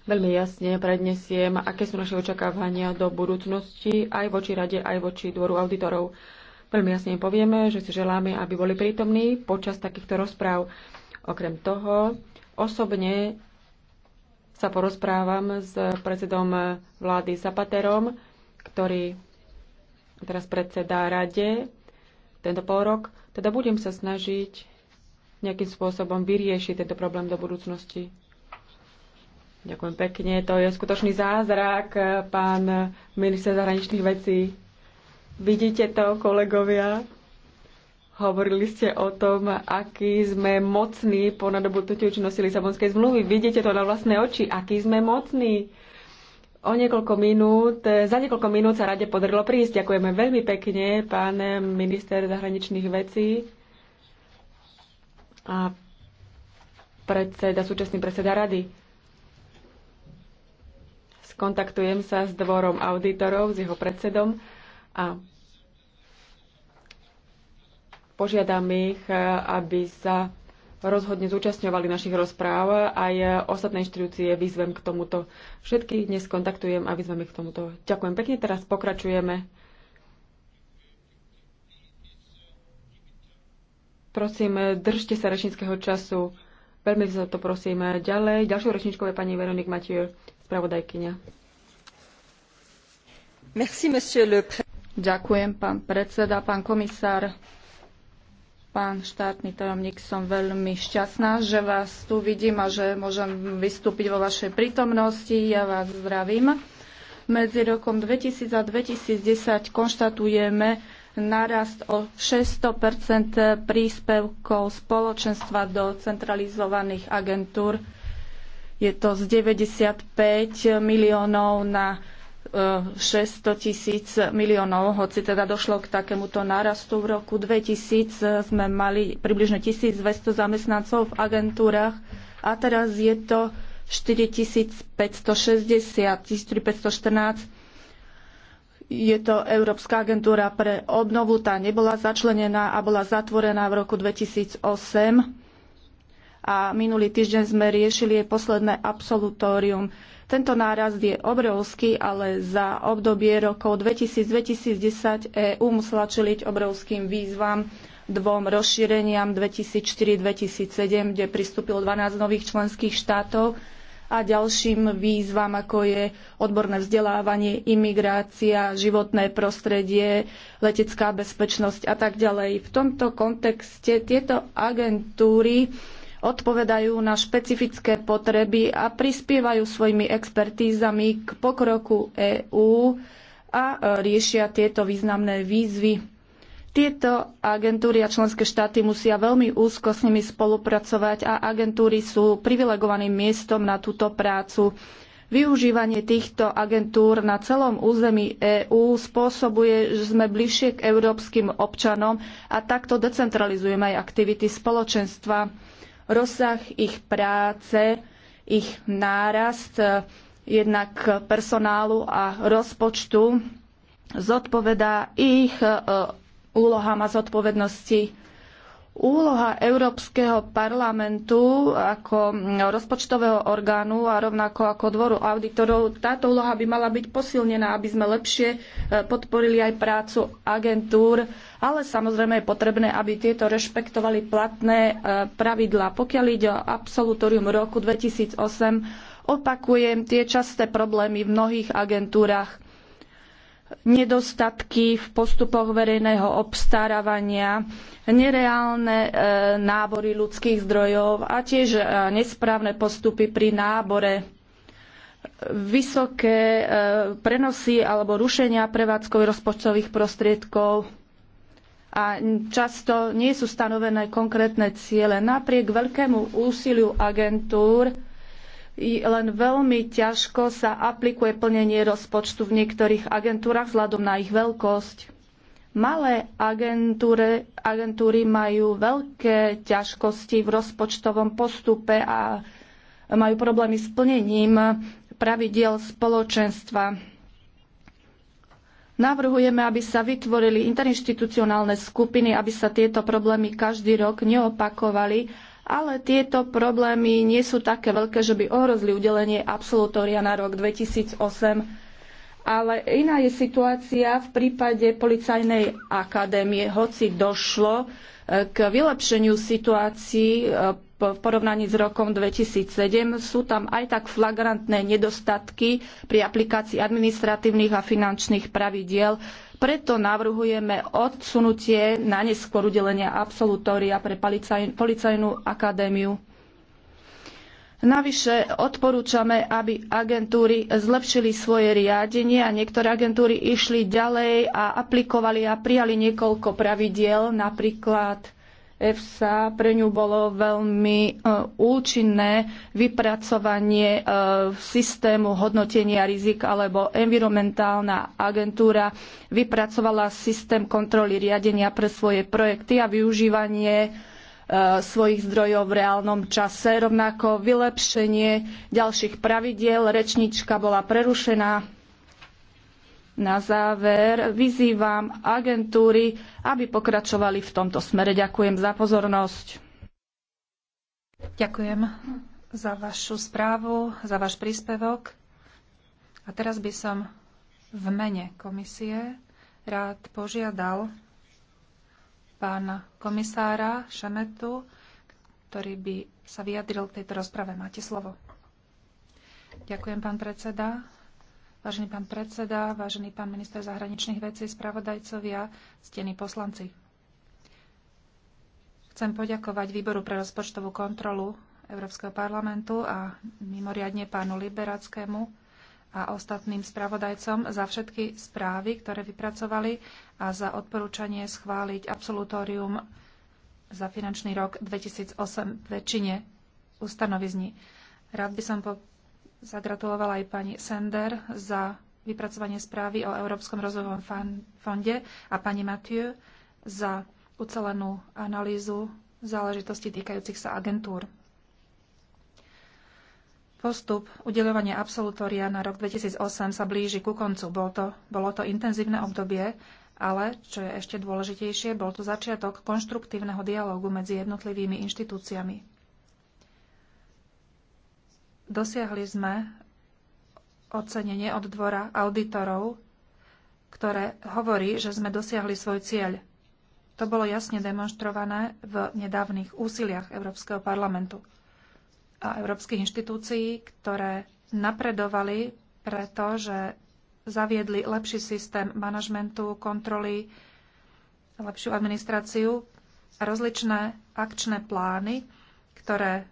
S3: veľmi jasne prednesiem, aké sú naše očakávania do budúcnosti aj voči rade, aj voči dvoru auditorov. Veľmi jasne povieme, že si želáme, aby boli prítomní počas takýchto rozpráv. Okrem toho, osobne sa porozprávam s predsedom vlády Zapaterom, ktorý teraz predsedá rade tento rok. Teda budem sa snažiť nejakým spôsobom vyriešiť tento problém do budúcnosti. Ďakujem pekne. To je skutočný zázrak, pán minister zahraničných vecí. Vidíte to, kolegovia? Hovorili ste o tom, aký sme mocní po nadobudnutí účinnosti Lisabonskej zmluvy. Vidíte to na vlastné oči, aký sme mocní. O niekoľko minút, za niekoľko minút sa rade podarilo prísť. Ďakujeme veľmi pekne, pán minister zahraničných vecí a predseda, súčasný predseda rady. Skontaktujem sa s dvorom auditorov, s jeho predsedom a Požiadam ich, eh, aby sa rozhodne zúčastňovali našich rozpráv. Aj eh, ostatné inštitúcie vyzvem k tomuto. Všetkých dnes kontaktujem a vyzvem ich k tomuto. Ďakujem pekne, teraz pokračujeme. Prosím, eh, držte sa rečníckého času. Veľmi za to prosím. Ďalej, ďalšou rečníčkou je pani Veronik Matiu, spravodajkyňa. Merci, monsieur le...
S2: Ďakujem, pán predseda, pán komisár. Pán štátny tajomník, som veľmi šťastná, že vás tu vidím a že môžem vystúpiť vo vašej prítomnosti. Ja vás zdravím. Medzi rokom 2000 a 2010 konštatujeme narast o 600 príspevkov spoločenstva do centralizovaných agentúr. Je to z 95 miliónov na 600 tisíc miliónov, hoci teda došlo k takémuto nárastu. V roku 2000 sme mali približne 1200 zamestnancov v agentúrach a teraz je to 4560, 1514 Je to Európska agentúra pre obnovu, tá nebola začlenená a bola zatvorená v roku 2008. A minulý týždeň sme riešili jej posledné absolutórium. Tento náraz je obrovský, ale za obdobie rokov 2000-2010 EÚ musela čeliť obrovským výzvam dvom rozšíreniam 2004-2007, kde pristúpilo 12 nových členských štátov a ďalším výzvam, ako je odborné vzdelávanie, imigrácia, životné prostredie, letecká bezpečnosť a tak ďalej. V tomto kontexte tieto agentúry odpovedajú na špecifické potreby a prispievajú svojimi expertízami k pokroku EÚ a e, riešia tieto významné výzvy. Tieto agentúry a členské štáty musia veľmi úzko s nimi spolupracovať a agentúry sú privilegovaným miestom na túto prácu. Využívanie týchto agentúr na celom území EÚ spôsobuje, že sme bližšie k európskym občanom a takto decentralizujeme aj aktivity spoločenstva rozsah ich práce, ich nárast eh, jednak personálu a rozpočtu zodpovedá ich eh, úlohám a zodpovednosti. Úloha Európskeho parlamentu ako mm, rozpočtového orgánu a rovnako ako dvoru auditorov, táto úloha by mala byť posilnená, aby sme lepšie eh, podporili aj prácu agentúr ale samozrejme je potrebné, aby tieto rešpektovali platné e, pravidlá. Pokiaľ ide o absolutorium roku 2008, opakujem tie časté problémy v mnohých agentúrach nedostatky v postupoch verejného obstarávania, nereálne e, nábory ľudských zdrojov a tiež e, nesprávne postupy pri nábore vysoké prenosy alebo rušenia prevádzkových rozpočtových prostriedkov a často nie sú stanovené konkrétne ciele. Napriek veľkému úsiliu agentúr len veľmi ťažko sa aplikuje plnenie rozpočtu v niektorých agentúrach vzhľadom na ich veľkosť. Malé agentúre, agentúry majú veľké ťažkosti v rozpočtovom postupe a majú problémy s plnením pravidiel spoločenstva Navrhujeme, aby sa vytvorili interinštitucionálne skupiny, aby sa tieto problémy každý rok neopakovali, ale tieto problémy nie sú také veľké, že by ohrozili udelenie absolutória na rok 2008. Ale iná je situácia v prípade Policajnej akadémie, hoci došlo eh, k vylepšeniu situácií eh, v porovnaní s rokom 2007. Sú tam aj tak flagrantné nedostatky pri aplikácii administratívnych a finančných pravidiel. Preto navrhujeme odsunutie na neskôr udelenia absolutória pre Policajnú akadémiu. Navyše odporúčame, aby agentúry zlepšili svoje riadenie a niektoré agentúry išli ďalej a aplikovali a prijali niekoľko pravidiel, napríklad EFSA, pre ňu bolo veľmi e, účinné vypracovanie e, systému hodnotenia rizik alebo environmentálna agentúra vypracovala systém kontroly riadenia pre svoje projekty a využívanie e, svojich zdrojov v reálnom čase, rovnako vylepšenie ďalších pravidiel. Rečnička bola prerušená. Na záver vyzývam agentúry, aby pokračovali v tomto smere. Ďakujem za pozornosť.
S1: Ďakujem za vašu správu, za váš príspevok. A teraz by som v mene komisie rád požiadal pána komisára Šametu, ktorý by sa vyjadril v tejto rozprave. Máte slovo. Ďakujem, pán predseda. Vážený pán predseda, vážený pán minister zahraničných vecí, spravodajcovia, stení poslanci. Chcem poďakovať Výboru pre rozpočtovú kontrolu Európskeho parlamentu a mimoriadne pánu Liberackému a ostatným spravodajcom za všetky správy, ktoré vypracovali a za odporúčanie schváliť absolutórium za finančný rok 2008 väčšine ustanovizní. Rád by som po zagratulovala aj pani Sender za vypracovanie správy o Európskom rozvojovom fonde a pani Mathieu za ucelenú analýzu záležitosti týkajúcich sa agentúr. Postup udeľovania absolutória na rok 2008 sa blíži ku koncu. Bol to, bolo to intenzívne obdobie, ale, čo je ešte dôležitejšie, bol to začiatok konštruktívneho dialógu medzi jednotlivými inštitúciami. Dosiahli sme ocenenie od dvora auditorov, ktoré hovorí, že sme dosiahli svoj cieľ. To bolo jasne demonstrované v nedávnych úsiliach Európskeho parlamentu a európskych inštitúcií, ktoré napredovali preto, že zaviedli lepší systém manažmentu, kontroly, lepšiu administráciu a rozličné akčné plány, ktoré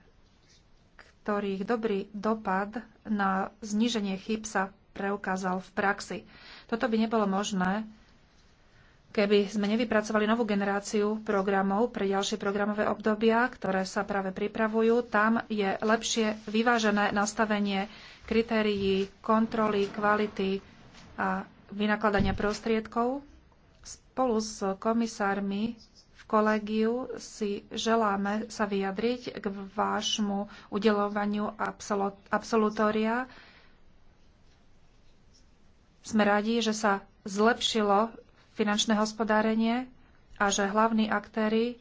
S1: ktorých dobrý dopad na zníženie chyb sa preukázal v praxi. Toto by nebolo možné, keby sme nevypracovali novú generáciu programov pre ďalšie programové obdobia, ktoré sa práve pripravujú. Tam je lepšie vyvážené nastavenie kritérií kontroly, kvality a vynakladania prostriedkov. Spolu s komisármi kolégiu si želáme sa vyjadriť k vášmu udelovaniu absolutória. Sme radi, že sa zlepšilo finančné hospodárenie a že hlavní aktéry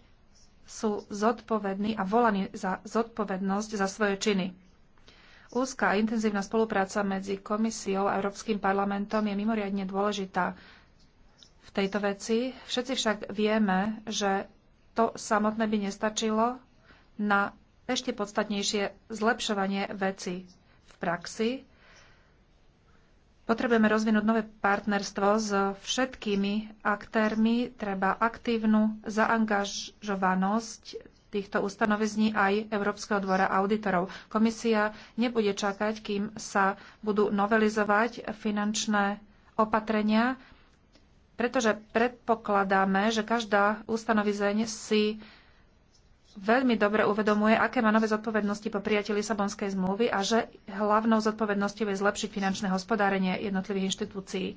S1: sú zodpovední a volaní za zodpovednosť za svoje činy. Úzka a intenzívna spolupráca medzi komisiou a Európskym parlamentom je mimoriadne dôležitá v tejto veci. Všetci však vieme, že to samotné by nestačilo na ešte podstatnejšie zlepšovanie veci v praxi. Potrebujeme rozvinúť nové partnerstvo s všetkými aktérmi, treba aktívnu zaangažovanosť týchto ustanovizní aj Európskeho dvora auditorov. Komisia nebude čakať, kým sa budú novelizovať finančné opatrenia pretože predpokladáme, že každá ustanovizeň si veľmi dobre uvedomuje, aké má nové zodpovednosti po prijatí Lisabonskej zmluvy a že hlavnou zodpovednosťou je zlepšiť finančné hospodárenie jednotlivých inštitúcií.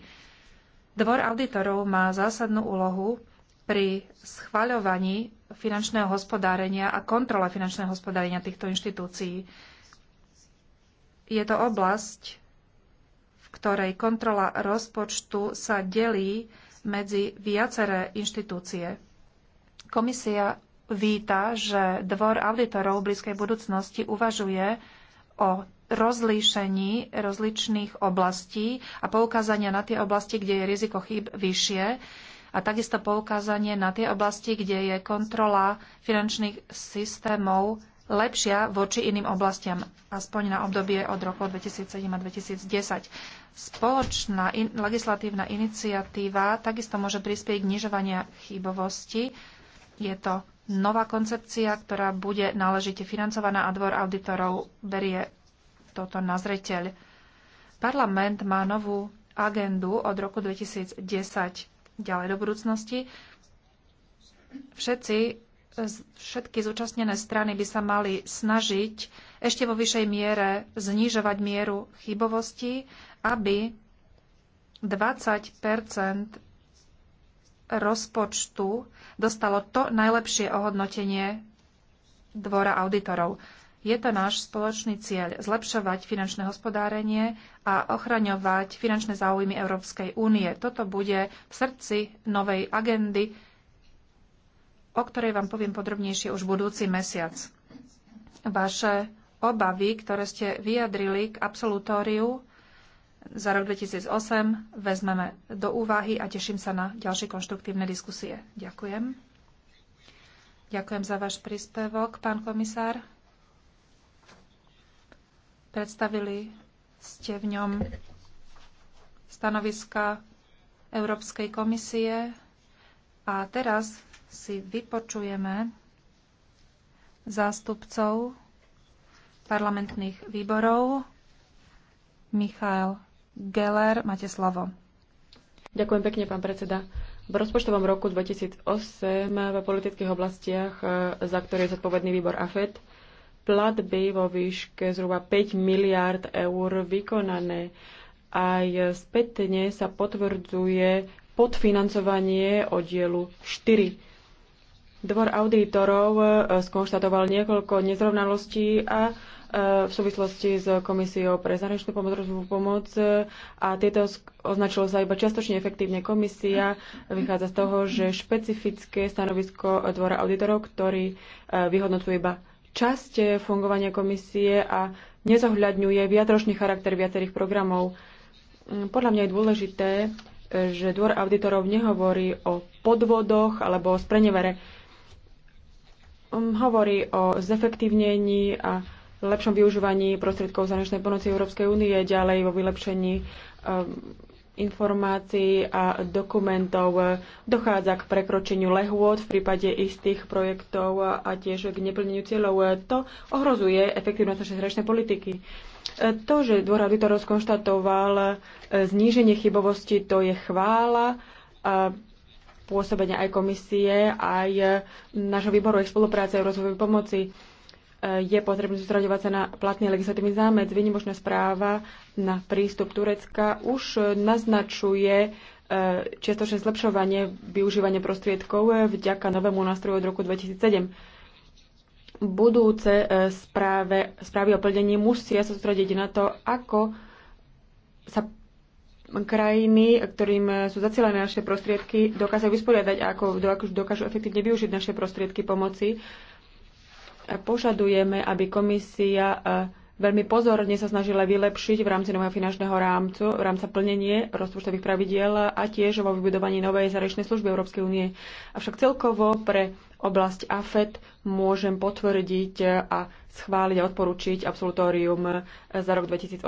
S1: Dvor auditorov má zásadnú úlohu pri schvaľovaní finančného hospodárenia a kontrole finančného hospodárenia týchto inštitúcií. Je to oblasť, v ktorej kontrola rozpočtu sa delí medzi viaceré inštitúcie. Komisia víta, že Dvor auditorov v blízkej budúcnosti uvažuje o rozlíšení rozličných oblastí a poukázania na tie oblasti, kde je riziko chýb vyššie a takisto poukázanie na tie oblasti, kde je kontrola finančných systémov lepšia voči iným oblastiam, aspoň na obdobie od roku 2007 a 2010. Spoločná in- legislatívna iniciatíva takisto môže prispieť k nižovania chybovosti. Je to nová koncepcia, ktorá bude náležite financovaná a dvor auditorov berie toto na zreteľ. Parlament má novú agendu od roku 2010 ďalej do budúcnosti. Všetci všetky zúčastnené strany by sa mali snažiť ešte vo vyššej miere znižovať mieru chybovosti, aby 20 rozpočtu dostalo to najlepšie ohodnotenie dvora auditorov. Je to náš spoločný cieľ zlepšovať finančné hospodárenie a ochraňovať finančné záujmy Európskej únie. Toto bude v srdci novej agendy o ktorej vám poviem podrobnejšie už budúci mesiac. Vaše obavy, ktoré ste vyjadrili k absolutóriu za rok 2008, vezmeme do úvahy a teším sa na ďalšie konštruktívne diskusie. Ďakujem. Ďakujem za váš príspevok, pán komisár. Predstavili ste v ňom stanoviska Európskej komisie a teraz si vypočujeme zástupcov parlamentných výborov. Michael Geller, máte slovo. Ďakujem pekne, pán predseda.
S3: V rozpočtovom roku 2008 v politických oblastiach, e, za ktoré je zodpovedný výbor AFED, platby vo výške zhruba 5 miliárd eur vykonané. Aj spätne sa potvrdzuje podfinancovanie oddielu 4 Dvor auditorov e, skonštatoval niekoľko nezrovnalostí a e, v súvislosti s Komisiou pre zahraničnú pomoc, pomoc e, a tieto označilo sa iba čiastočne efektívne. Komisia vychádza z toho, že špecifické stanovisko Dvora auditorov, ktorý vyhodnocuje iba časť fungovania komisie a nezohľadňuje viacročný charakter viacerých programov. Mm, podľa mňa je dôležité, že Dvor auditorov nehovorí o podvodoch alebo o sprenevere Um, hovorí o zefektívnení a lepšom využívaní prostriedkov zahraničnej pomoci Európskej únie, ďalej vo vylepšení um, informácií a dokumentov dochádza k prekročeniu lehôd v prípade istých projektov a tiež k neplneniu cieľov. To ohrozuje efektívnosť našej zračnej politiky. To, že dvor auditorov skonštatoval e, zníženie chybovosti, to je chvála. A pôsobenia aj komisie, aj e, nášho výboru, aj spolupráce a rozvojovej pomoci e, je potrebné sústraďovať sa na platný legislatívny zámec. Vynimočná správa na prístup Turecka už naznačuje e, čiastočné zlepšovanie využívania prostriedkov vďaka novému nástroju od roku 2007. Budúce správe, správy o plnení musia sústrediť na to, ako sa krajiny, ktorým sú zacielené naše prostriedky, dokážu vysporiadať a ako dokážu efektívne využiť naše prostriedky pomoci. Požadujeme, aby komisia veľmi pozorne sa snažila vylepšiť v rámci nového finančného rámcu, v rámca plnenie rozpočtových pravidiel a tiež vo vybudovaní novej zahraničnej služby Európskej únie. Avšak celkovo pre oblasť AFET môžem potvrdiť a schváliť a odporučiť absolutórium za rok 2008.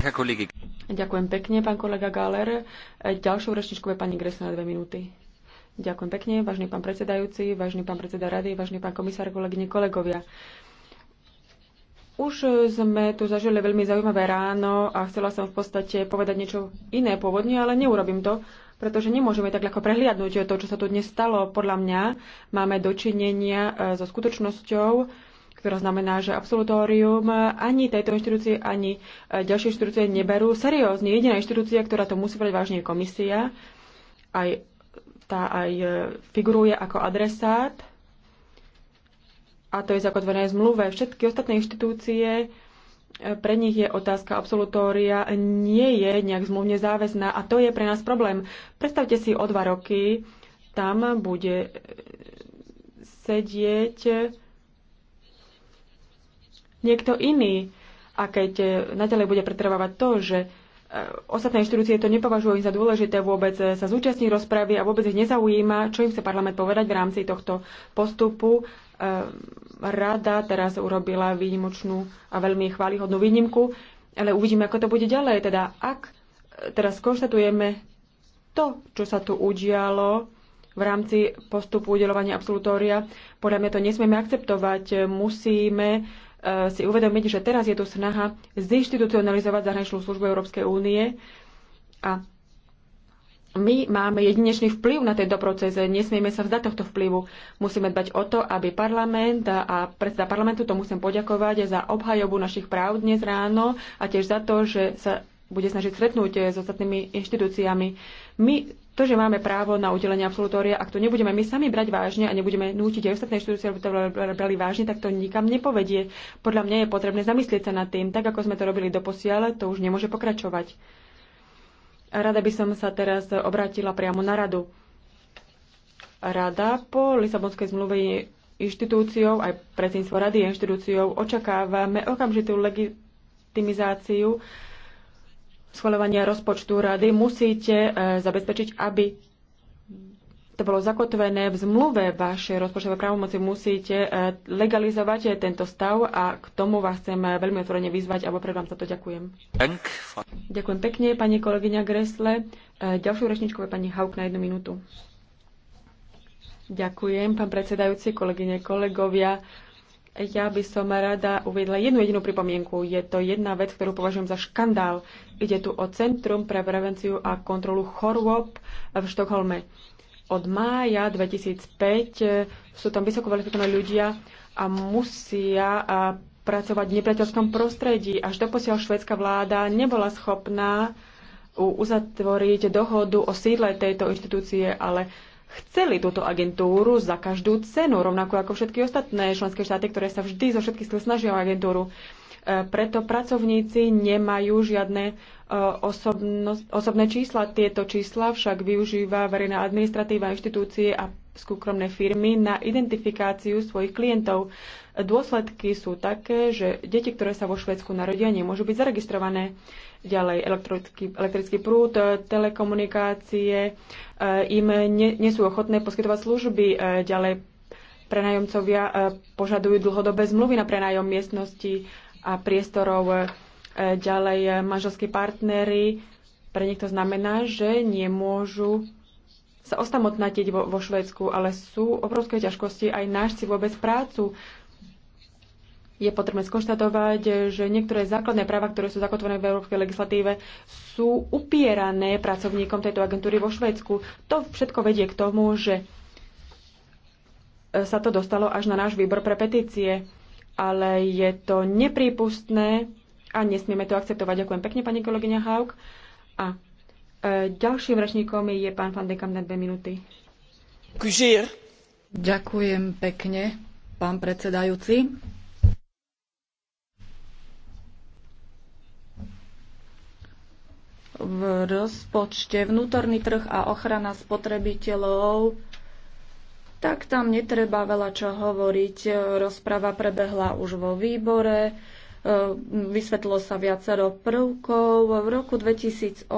S4: Ďakujem
S3: pekne, pán kolega Galer. Ďalšou rečničkou je pani Gresna na dve minúty. Ďakujem pekne, vážny pán predsedajúci, vážny pán predseda rady, vážny pán komisár, kolegyne, kolegovia. Už sme tu zažili veľmi zaujímavé ráno a chcela som v podstate povedať niečo iné pôvodne, ale neurobím to, pretože nemôžeme tak ľahko prehliadnúť to, čo sa tu dnes stalo. Podľa mňa máme dočinenia eh, so skutočnosťou, ktorá znamená, že absolutórium ani tejto inštitúcie, ani e, ďalšie inštitúcie neberú seriózne. Jediná inštitúcia, ktorá to musí brať vážne, je komisia. Aj, tá aj e, figuruje ako adresát. A to je zakotvené v zmluve. Všetky ostatné inštitúcie, e, pre nich je otázka absolutória, nie je nejak zmluvne záväzná a to je pre nás problém. Predstavte si o dva roky, tam bude sedieť niekto iný. A keď e, naďalej bude pretrvávať to, že e, ostatné inštitúcie to nepovažujú za dôležité vôbec e, sa zúčastní rozpravy a vôbec ich nezaujíma, čo im chce parlament povedať v rámci tohto postupu. Rada teraz urobila výnimočnú a veľmi chválihodnú výnimku, ale uvidíme, ako to bude ďalej. Teda ak teraz konštatujeme to, čo sa tu udialo v rámci postupu udelovania absolutória, podľa mňa to nesmieme akceptovať. Musíme Eh, si uvedomiť, že teraz je tu snaha zinstitucionalizovať zahraničnú službu Európskej únie a my máme jedinečný vplyv na tento proces, nesmieme sa vzdať tohto vplyvu. Musíme dbať o to, aby parlament a predseda parlamentu, to musím poďakovať za obhajobu našich práv dnes ráno a tiež za to, že sa bude snažiť stretnúť s ostatnými inštitúciami. My to, že máme právo na udelenie absolutória, ak to nebudeme my sami brať vážne a nebudeme nútiť aj ostatné štúdie, aby to brali vážne, tak to nikam nepovedie. Podľa mňa je potrebné zamyslieť sa nad tým, tak ako sme to robili doposiaľ, to už nemôže pokračovať. Rada by som sa teraz obrátila priamo na radu. Rada po Lisabonskej zmluve je inštitúciou, aj predsedníctvo rady je inštitúciou, očakávame okamžitú legitimizáciu schvaľovania rozpočtu rady musíte e, zabezpečiť, aby to bolo zakotvené v zmluve vašej rozpočtové právomoci, musíte e, legalizovať e, tento stav a k tomu vás chcem veľmi otvorene vyzvať a vopred vám za to ďakujem. Ďakujem pekne, pani kolegyňa Gresle. Ďalšiu rečničku je pani Hauk na jednu minútu. Ďakujem, pán predsedajúci, kolegyne, kolegovia. Ja by som rada uviedla jednu jedinú pripomienku. Je to jedna vec, ktorú považujem za škandál. Ide tu o Centrum pre prevenciu a kontrolu chorôb v Štokholme. Od mája 2005 sú tam vysoko kvalifikovaní ľudia a musia pracovať v nepriateľskom prostredí. Až doposiaľ švedská vláda nebola schopná uzatvoriť dohodu o sídle tejto inštitúcie, ale chceli túto agentúru za každú cenu, rovnako ako všetky ostatné členské štáty, ktoré sa vždy zo všetkých síl snažia o agentúru. E, preto pracovníci nemajú žiadne e, osobno, osobné čísla. Tieto čísla však využíva verejná administratíva, inštitúcie a súkromné firmy na identifikáciu svojich klientov. Dôsledky sú také, že deti, ktoré sa vo Švedsku narodia, nemôžu byť zaregistrované. Ďalej elektrický, elektrický prúd, telekomunikácie, e, im nie, nie sú ochotné poskytovať služby. E, ďalej prenajomcovia e, požadujú dlhodobé zmluvy na prenájom miestnosti a priestorov. Ďalej manželskí partnery pre nich to znamená, že nemôžu sa osamotnatiť vo, vo Švédsku, ale sú obrovské ťažkosti aj nájsť si vôbec prácu. Je potrebné skonštatovať, že niektoré základné práva, ktoré sú zakotvené v európskej legislatíve, sú upierané pracovníkom tejto agentúry vo Švédsku. To všetko vedie k tomu, že e, sa to dostalo až na náš výbor pre petície, ale je to neprípustné a nesmieme to akceptovať. Ďakujem pekne, pani kolegyňa Haug. A E, ďalším rečníkom je pán Van Dekam na dve minúty. Ďakujem pekne, pán predsedajúci.
S2: V rozpočte vnútorný trh a ochrana spotrebiteľov, tak tam netreba veľa čo hovoriť. Rozprava prebehla už vo výbore Ehm, vysvetlilo sa viacero prvkov. V roku 2008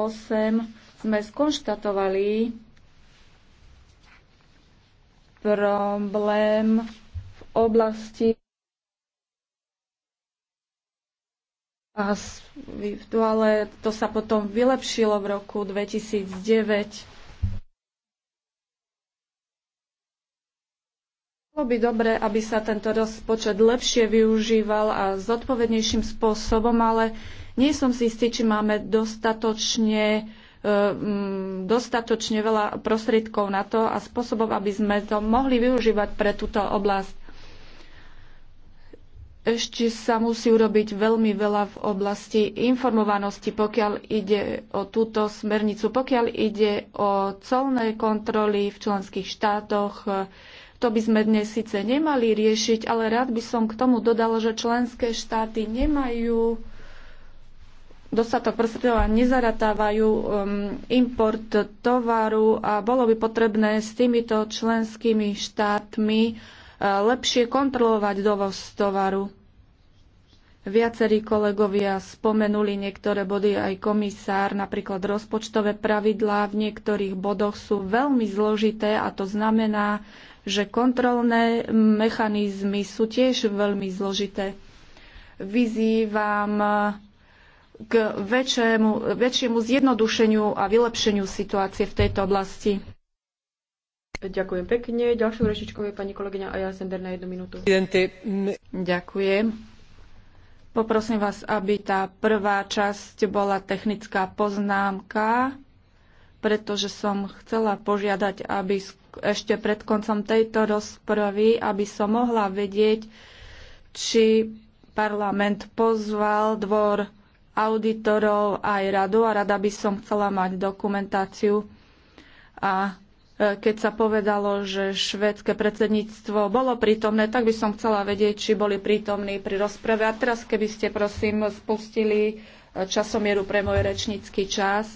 S2: sme skonštatovali problém v oblasti ale to sa potom vylepšilo v roku 2009 Bolo by dobre, aby sa tento rozpočet lepšie využíval a zodpovednejším spôsobom, ale nie som si istý, či máme dostatočne, e, mm, dostatočne veľa prostriedkov na to a spôsobov, aby sme to mohli využívať pre túto oblasť. Ešte sa musí urobiť veľmi veľa v oblasti informovanosti, pokiaľ ide o túto smernicu, pokiaľ ide o colné kontroly v členských štátoch, to by sme dnes síce nemali riešiť, ale rád by som k tomu dodal, že členské štáty nemajú dostatok prostriedkov a nezaratávajú um, import tovaru a bolo by potrebné s týmito členskými štátmi uh, lepšie kontrolovať dovoz tovaru. Viacerí kolegovia spomenuli niektoré body, aj komisár, napríklad rozpočtové pravidlá v niektorých bodoch sú veľmi zložité a to znamená, že kontrolné mechanizmy sú tiež veľmi zložité. Vyzývam eh, k väčšiemu, väčšiemu zjednodušeniu a vylepšeniu situácie v tejto oblasti.
S3: Ďakujem pekne. Ďalšou rečičkou je pani kolegyňa Aja Sender na jednu minútu. Ďakujem. Poprosím vás, aby tá prvá časť bola
S2: technická poznámka, pretože som chcela požiadať, aby ešte pred koncom tejto rozpravy, aby som mohla vedieť, či parlament pozval dvor auditorov aj radu a rada by som chcela mať dokumentáciu. A e, keď sa povedalo, že švédske predsedníctvo bolo prítomné, tak by som chcela vedieť, či boli prítomní pri rozprave. A teraz, keby ste prosím spustili e, časomieru pre môj rečnícky čas,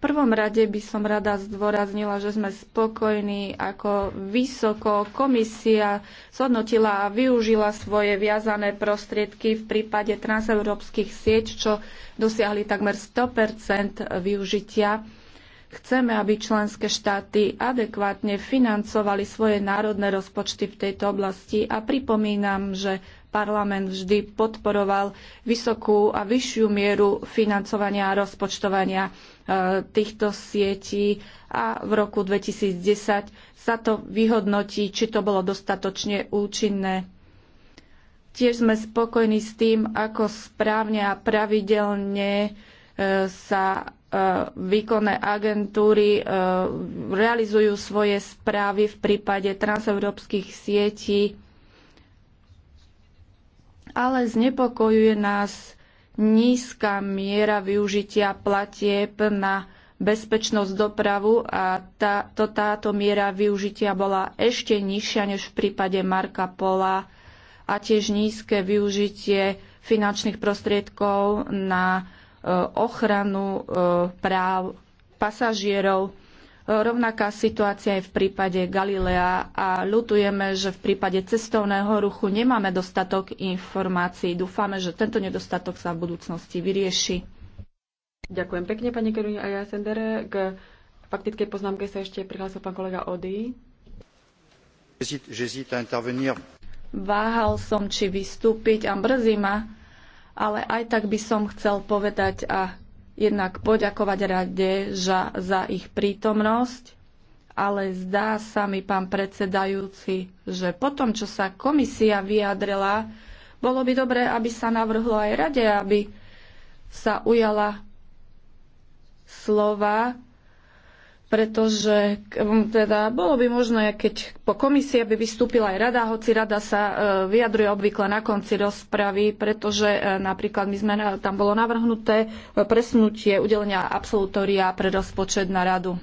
S2: prvom rade by som rada zdôraznila, že sme spokojní, ako vysoko komisia zhodnotila a využila svoje viazané prostriedky v prípade transeurópskych sieť, čo dosiahli takmer 100 využitia. Chceme, aby členské štáty adekvátne financovali svoje národné rozpočty v tejto oblasti a pripomínam, že parlament vždy podporoval vysokú a vyššiu mieru financovania a rozpočtovania e, týchto sietí a v roku 2010 sa to vyhodnotí, či to bolo dostatočne účinné. Tiež sme spokojní s tým, ako správne a pravidelne e, sa e, výkonné agentúry realizujú svoje správy v prípade transeurópskych sietí ale znepokojuje nás nízka miera využitia platieb na bezpečnosť dopravu a tá, to, táto miera využitia bola ešte nižšia než v prípade Marka Pola a tiež nízke využitie finančných prostriedkov na e, ochranu e, práv pasažierov. Rovnaká situácia je v prípade Galilea a ľutujeme, že v prípade cestovného ruchu nemáme dostatok informácií. Dúfame, že tento nedostatok sa v budúcnosti vyrieši.
S3: Ďakujem pekne, pani Keruni a ja Sendere. K faktickej poznámke sa ešte prihlásil pán kolega Ody. Váhal
S2: som, či vystúpiť a mrzí ma, ale aj tak by som chcel povedať a jednak poďakovať rade za, za ich prítomnosť, ale zdá sa mi, pán predsedajúci, že po tom, čo sa komisia vyjadrila, bolo by dobré, aby sa navrhlo aj rade, aby sa ujala slova pretože teda bolo by možné, keď po komisie by vystúpila aj rada, hoci rada sa e, vyjadruje obvykle na konci rozpravy, pretože e, napríklad my sme, e, tam bolo navrhnuté presnutie udelenia absolutória pre rozpočet na radu.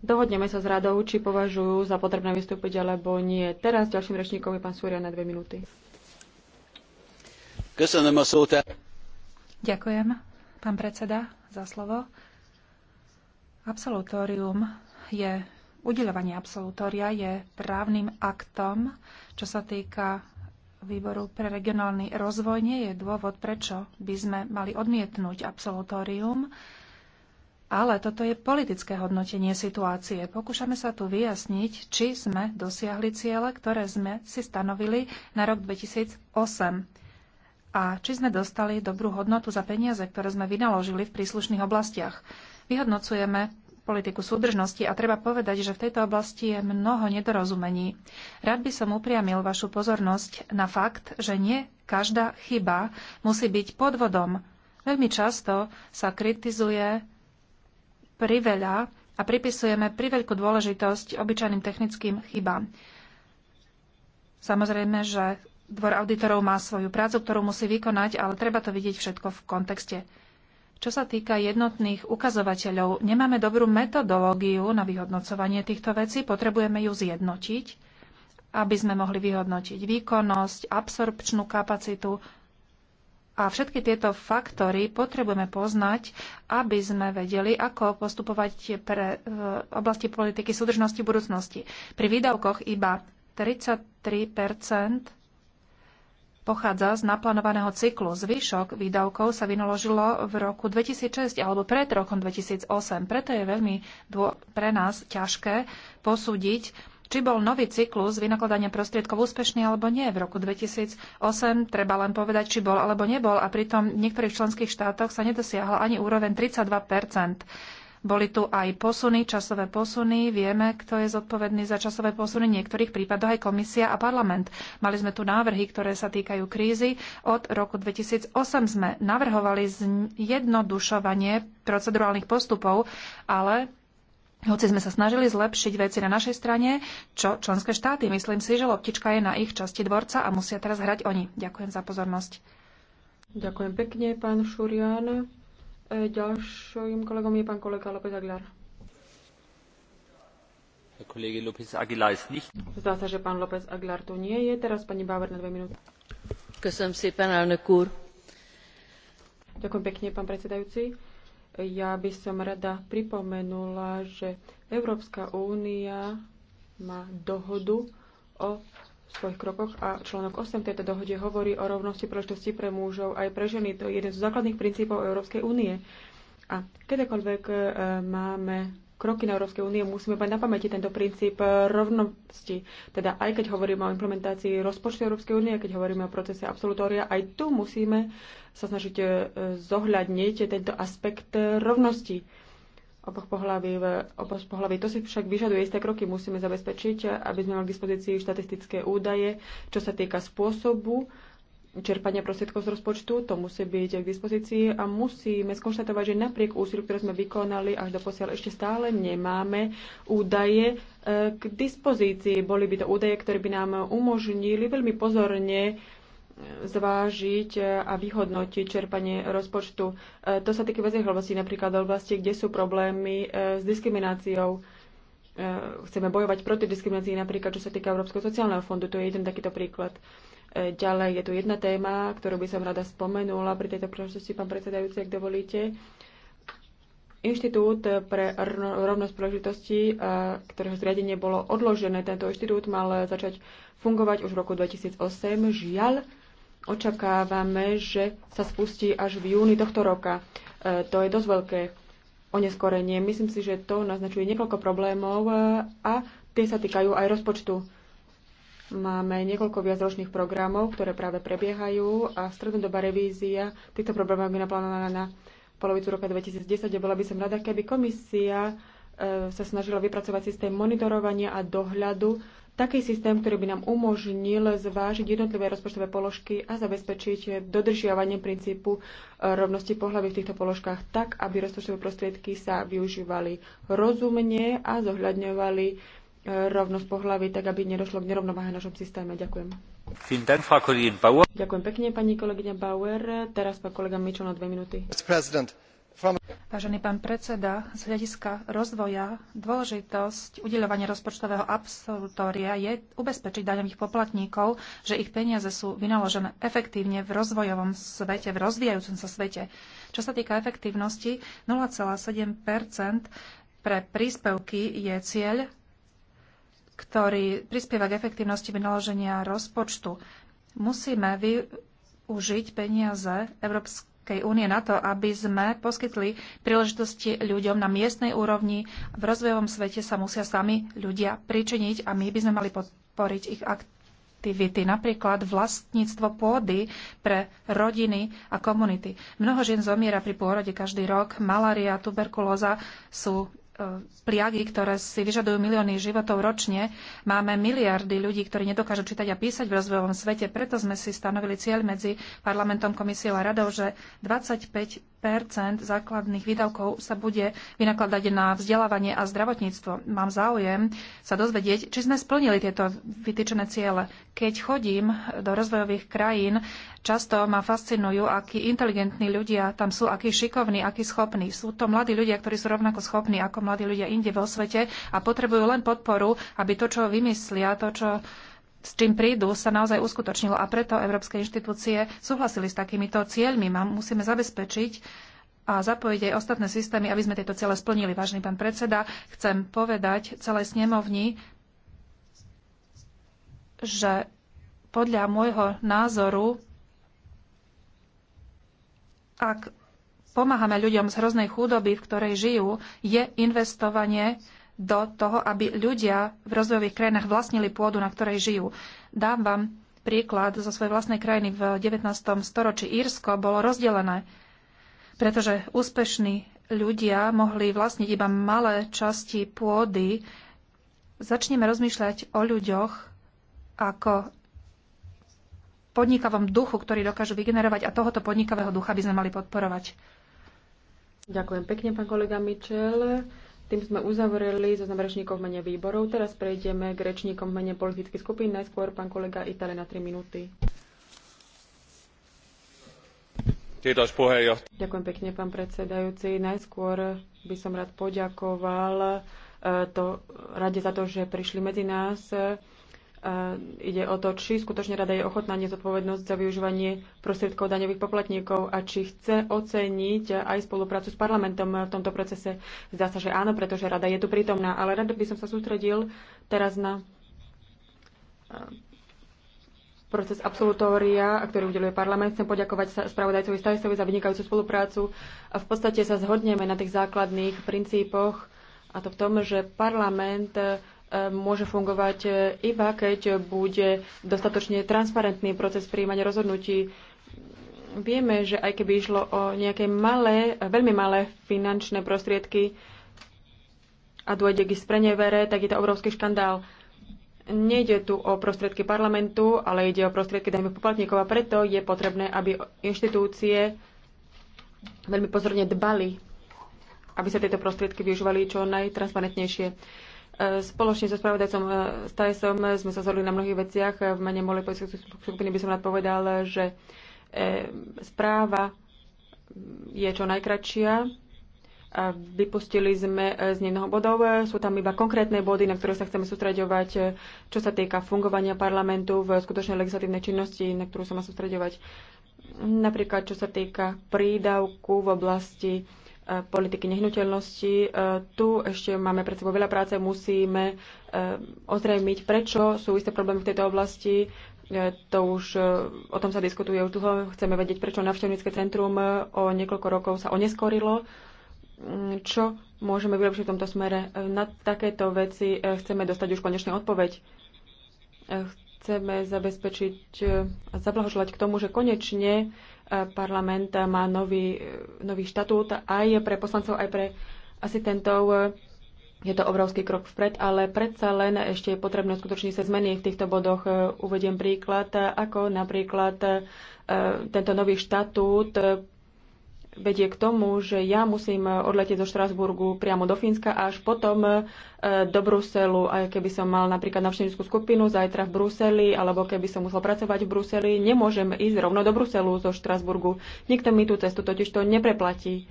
S3: Dohodneme sa s radou, či považujú za potrebné vystúpiť alebo nie. Teraz ďalším rečníkom je pán Súria
S1: na dve minúty. Ďakujem, pán predseda, za slovo. Absolutórium je, udeľovanie absolutória je právnym aktom, čo sa týka výboru pre regionálny rozvoj. Nie je dôvod, prečo by sme mali odmietnúť absolutórium, ale toto je politické hodnotenie situácie. Pokúšame sa tu vyjasniť, či sme dosiahli ciele, ktoré sme si stanovili na rok 2008 a či sme dostali dobrú hodnotu za peniaze, ktoré sme vynaložili v príslušných oblastiach. Vyhodnocujeme politiku súdržnosti a treba povedať, že v tejto oblasti je mnoho nedorozumení. Rád by som upriamil vašu pozornosť na fakt, že nie každá chyba musí byť podvodom. Veľmi často sa kritizuje priveľa a pripisujeme priveľkú dôležitosť obyčajným technickým chybám. Samozrejme, že dvor auditorov má svoju prácu, ktorú musí vykonať, ale treba to vidieť všetko v kontexte. Čo sa týka jednotných ukazovateľov, nemáme dobrú metodológiu na vyhodnocovanie týchto vecí, potrebujeme ju zjednotiť, aby sme mohli vyhodnotiť výkonnosť, absorpčnú kapacitu a všetky tieto faktory potrebujeme poznať, aby sme vedeli, ako postupovať pre oblasti politiky súdržnosti budúcnosti. Pri výdavkoch iba 33 pochádza z naplánovaného cyklu. Zvyšok výdavkov sa vynaložilo v roku 2006 alebo pred rokom 2008. Preto je veľmi pre nás ťažké posúdiť, či bol nový cyklus vynakladania prostriedkov úspešný alebo nie. V roku 2008 treba len povedať, či bol alebo nebol a pritom v niektorých členských štátoch sa nedosiahla ani úroveň 32 boli tu aj posuny, časové posuny. Vieme, kto je zodpovedný za časové posuny. V niektorých prípadoch aj komisia a parlament. Mali sme tu návrhy, ktoré sa týkajú krízy. Od roku 2008 sme navrhovali zjednodušovanie procedurálnych postupov, ale hoci sme sa snažili zlepšiť veci na našej strane, čo členské štáty, myslím si, že loptička je na ich časti dvorca a musia teraz hrať oni. Ďakujem za pozornosť.
S3: Ďakujem pekne, pán Šurian. E, ďalším kolegom je pán kolega López Aguilar. Zdá sa, že pán López Aguilar tu nie je. Teraz pani Báver na dve minúty. Ďakujem pekne, pán predsedajúci. Ja by som rada pripomenula, že Európska únia má dohodu o svojich krokoch a článok 8 tejto dohode hovorí o rovnosti príležitosti pre mužov aj pre ženy. To je jeden z základných princípov Európskej únie. A kedykoľvek e, máme kroky na Európskej únie, musíme mať na pamäti tento princíp e, rovnosti. Teda aj keď hovoríme o implementácii rozpočtu Európskej únie, keď hovoríme o procese absolutória, aj tu musíme sa snažiť e, zohľadniť tento aspekt rovnosti oboch v oboch pohlaví. To si však vyžaduje isté kroky. Musíme zabezpečiť, aby sme mali k dispozícii štatistické údaje, čo sa týka spôsobu čerpania prostriedkov z rozpočtu, to musí byť k dispozícii a musíme skonštatovať, že napriek úsiliu, ktoré sme vykonali až do posiaľ, ešte stále nemáme údaje e, k dispozícii. Boli by to údaje, ktoré by nám umožnili veľmi pozorne zvážiť a vyhodnotiť čerpanie rozpočtu. E, to sa týka väzných oblastí, napríklad oblasti, kde sú problémy e, s diskrimináciou. E, chceme bojovať proti diskriminácii, napríklad čo sa týka Európskeho sociálneho fondu. To je jeden takýto príklad. Ďalej je tu jedna téma, ktorú by som rada spomenula pri tejto príležitosti, pán predsedajúci, ak dovolíte. Inštitút pre rovnosť príležitostí, ktorého zriadenie bolo odložené, tento inštitút mal začať fungovať už v roku 2008. Žiaľ, očakávame, že sa spustí až v júni tohto roka. E, to je dosť veľké oneskorenie. Myslím si, že to naznačuje niekoľko problémov e, a tie sa týkajú aj rozpočtu. Máme niekoľko viacročných programov, ktoré práve prebiehajú a strednodobá revízia týchto problémov je naplánovaná na polovicu roka 2010 a bola by som rada, keby komisia e, sa snažila vypracovať systém monitorovania a dohľadu taký systém, ktorý by nám umožnil zvážiť jednotlivé rozpočtové položky a zabezpečiť dodržiavanie princípu e, rovnosti pohľavy v týchto položkách tak, aby rozpočtové prostriedky sa využívali rozumne a zohľadňovali e, rovnosť pohľavy, tak aby nedošlo k nerovnováhe v našom systéme. Ďakujem. Ďakujem pekne, pani kolegyňa Bauer. Teraz pán kolega Mičo na dve minúty.
S1: Vážený pán predseda, z hľadiska rozvoja dôležitosť udeľovania rozpočtového absolutória je ubezpečiť daňových poplatníkov, že ich peniaze sú vynaložené efektívne v rozvojovom svete, v rozvíjajúcom sa svete. Čo sa týka efektívnosti, 0,7 pre príspevky je cieľ, ktorý prispieva k efektívnosti vynaloženia rozpočtu. Musíme využiť peniaze Európskej Európskej únie na to, aby sme poskytli príležitosti ľuďom na miestnej úrovni. V rozvojovom svete sa musia sami ľudia pričiniť a my by sme mali podporiť ich aktivity, napríklad vlastníctvo pôdy pre rodiny a komunity. Mnoho žien zomiera pri pôrode každý rok, malária, tuberkulóza sú pliagy, ktoré si vyžadujú milióny životov ročne. Máme miliardy ľudí, ktorí nedokážu čítať a písať v rozvojovom svete. Preto sme si stanovili cieľ medzi parlamentom, komisiou a radou, že 25 percent základných výdavkov sa bude vynakladať na vzdelávanie a zdravotníctvo. Mám záujem sa dozvedieť, či sme splnili tieto vytýčené ciele. Keď chodím do rozvojových krajín, často ma fascinujú, akí inteligentní ľudia tam sú, akí šikovní, akí schopní. Sú to mladí ľudia, ktorí sú rovnako schopní ako mladí ľudia inde vo svete a potrebujú len podporu, aby to, čo vymyslia, to, čo s čím prídu, sa naozaj uskutočnilo a preto európske inštitúcie súhlasili s takýmito cieľmi. Musíme zabezpečiť a zapojiť aj ostatné systémy, aby sme tieto cieľe splnili. Vážený pán predseda, chcem povedať celej snemovni, že podľa môjho názoru, ak pomáhame ľuďom z hroznej chudoby, v ktorej žijú, je investovanie do toho, aby ľudia v rozvojových krajinách vlastnili pôdu, na ktorej žijú. Dám vám príklad zo svojej vlastnej krajiny v 19. storočí. Írsko bolo rozdelené, pretože úspešní ľudia mohli vlastniť iba malé časti pôdy. Začneme rozmýšľať o ľuďoch ako podnikavom duchu, ktorý dokážu vygenerovať a tohoto podnikavého ducha by sme mali podporovať.
S3: Ďakujem pekne, pán kolega Mičel. Tým sme uzavreli zo so mene výborov. Teraz prejdeme k rečníkom v mene politických skupín. Najskôr pán kolega Itale na 3 minúty. Ďakujem pekne, pán predsedajúci. Najskôr by som rád poďakoval eh, to, rade za to, že prišli medzi nás ide o to, či skutočne rada je ochotná nezodpovednosť za využívanie prostriedkov daňových poplatníkov a či chce oceniť aj spoluprácu s parlamentom v tomto procese. Zdá sa, že áno, pretože rada je tu prítomná, ale rád by som sa sústredil teraz na e, proces absolutória, ktorý udeluje parlament. Chcem poďakovať spravodajcovi Stajsovi za vynikajúcu spoluprácu. A v podstate sa zhodneme na tých základných princípoch, a to v tom, že parlament môže fungovať e, iba, keď bude dostatočne transparentný proces príjmania rozhodnutí. Vieme, že aj keby išlo o nejaké malé, veľmi malé finančné prostriedky a dôjde k sprenevere, tak je to obrovský škandál. Nejde tu o prostriedky parlamentu, ale ide o prostriedky dajme poplatníkov a preto je potrebné, aby inštitúcie veľmi pozorne dbali, aby sa tieto prostriedky využívali čo najtransparentnejšie. Spoločne so spravodajcom Stajsom eh, sme sa zhodli na mnohých veciach. V mene mojej politickej skupiny by som rád povedal, že eh, správa mm, je čo najkračšia. Vypustili sme eh, z nej mnoho bodov. Sú tam iba konkrétne body, na ktoré sa chceme sústreďovať, čo sa týka fungovania parlamentu v skutočnej legislatívnej činnosti, na ktorú sa má sústreďovať. Napríklad, čo sa týka prídavku v oblasti Eh, politiky nehnuteľnosti. Eh, tu ešte máme pred sebou veľa práce, musíme eh, ozrejmiť, prečo sú isté problémy v tejto oblasti. To už, o tom sa diskutuje už dlho. Chceme vedieť, prečo navštevnícke centrum o niekoľko rokov sa oneskorilo. Mm, čo môžeme vylepšiť v tomto smere? Na takéto veci chceme dostať už konečne odpoveď. Chceme zabezpečiť a zablahoželať k tomu, že konečne parlament má nový, nový štatút aj pre poslancov, aj pre asistentov. Je to obrovský krok vpred, ale predsa len ešte je potrebné skutočne sa zmeny v týchto bodoch. Uvediem príklad, ako napríklad eh, tento nový štatút vedie k tomu, že ja musím odletieť zo Štrasburgu priamo do Fínska a až potom e, do Bruselu. A keby som mal napríklad navštevnickú skupinu zajtra v Bruseli, alebo keby som musel pracovať v Bruseli, nemôžem ísť rovno do Bruselu zo Štrasburgu. Nikto mi tú cestu totiž to nepreplatí.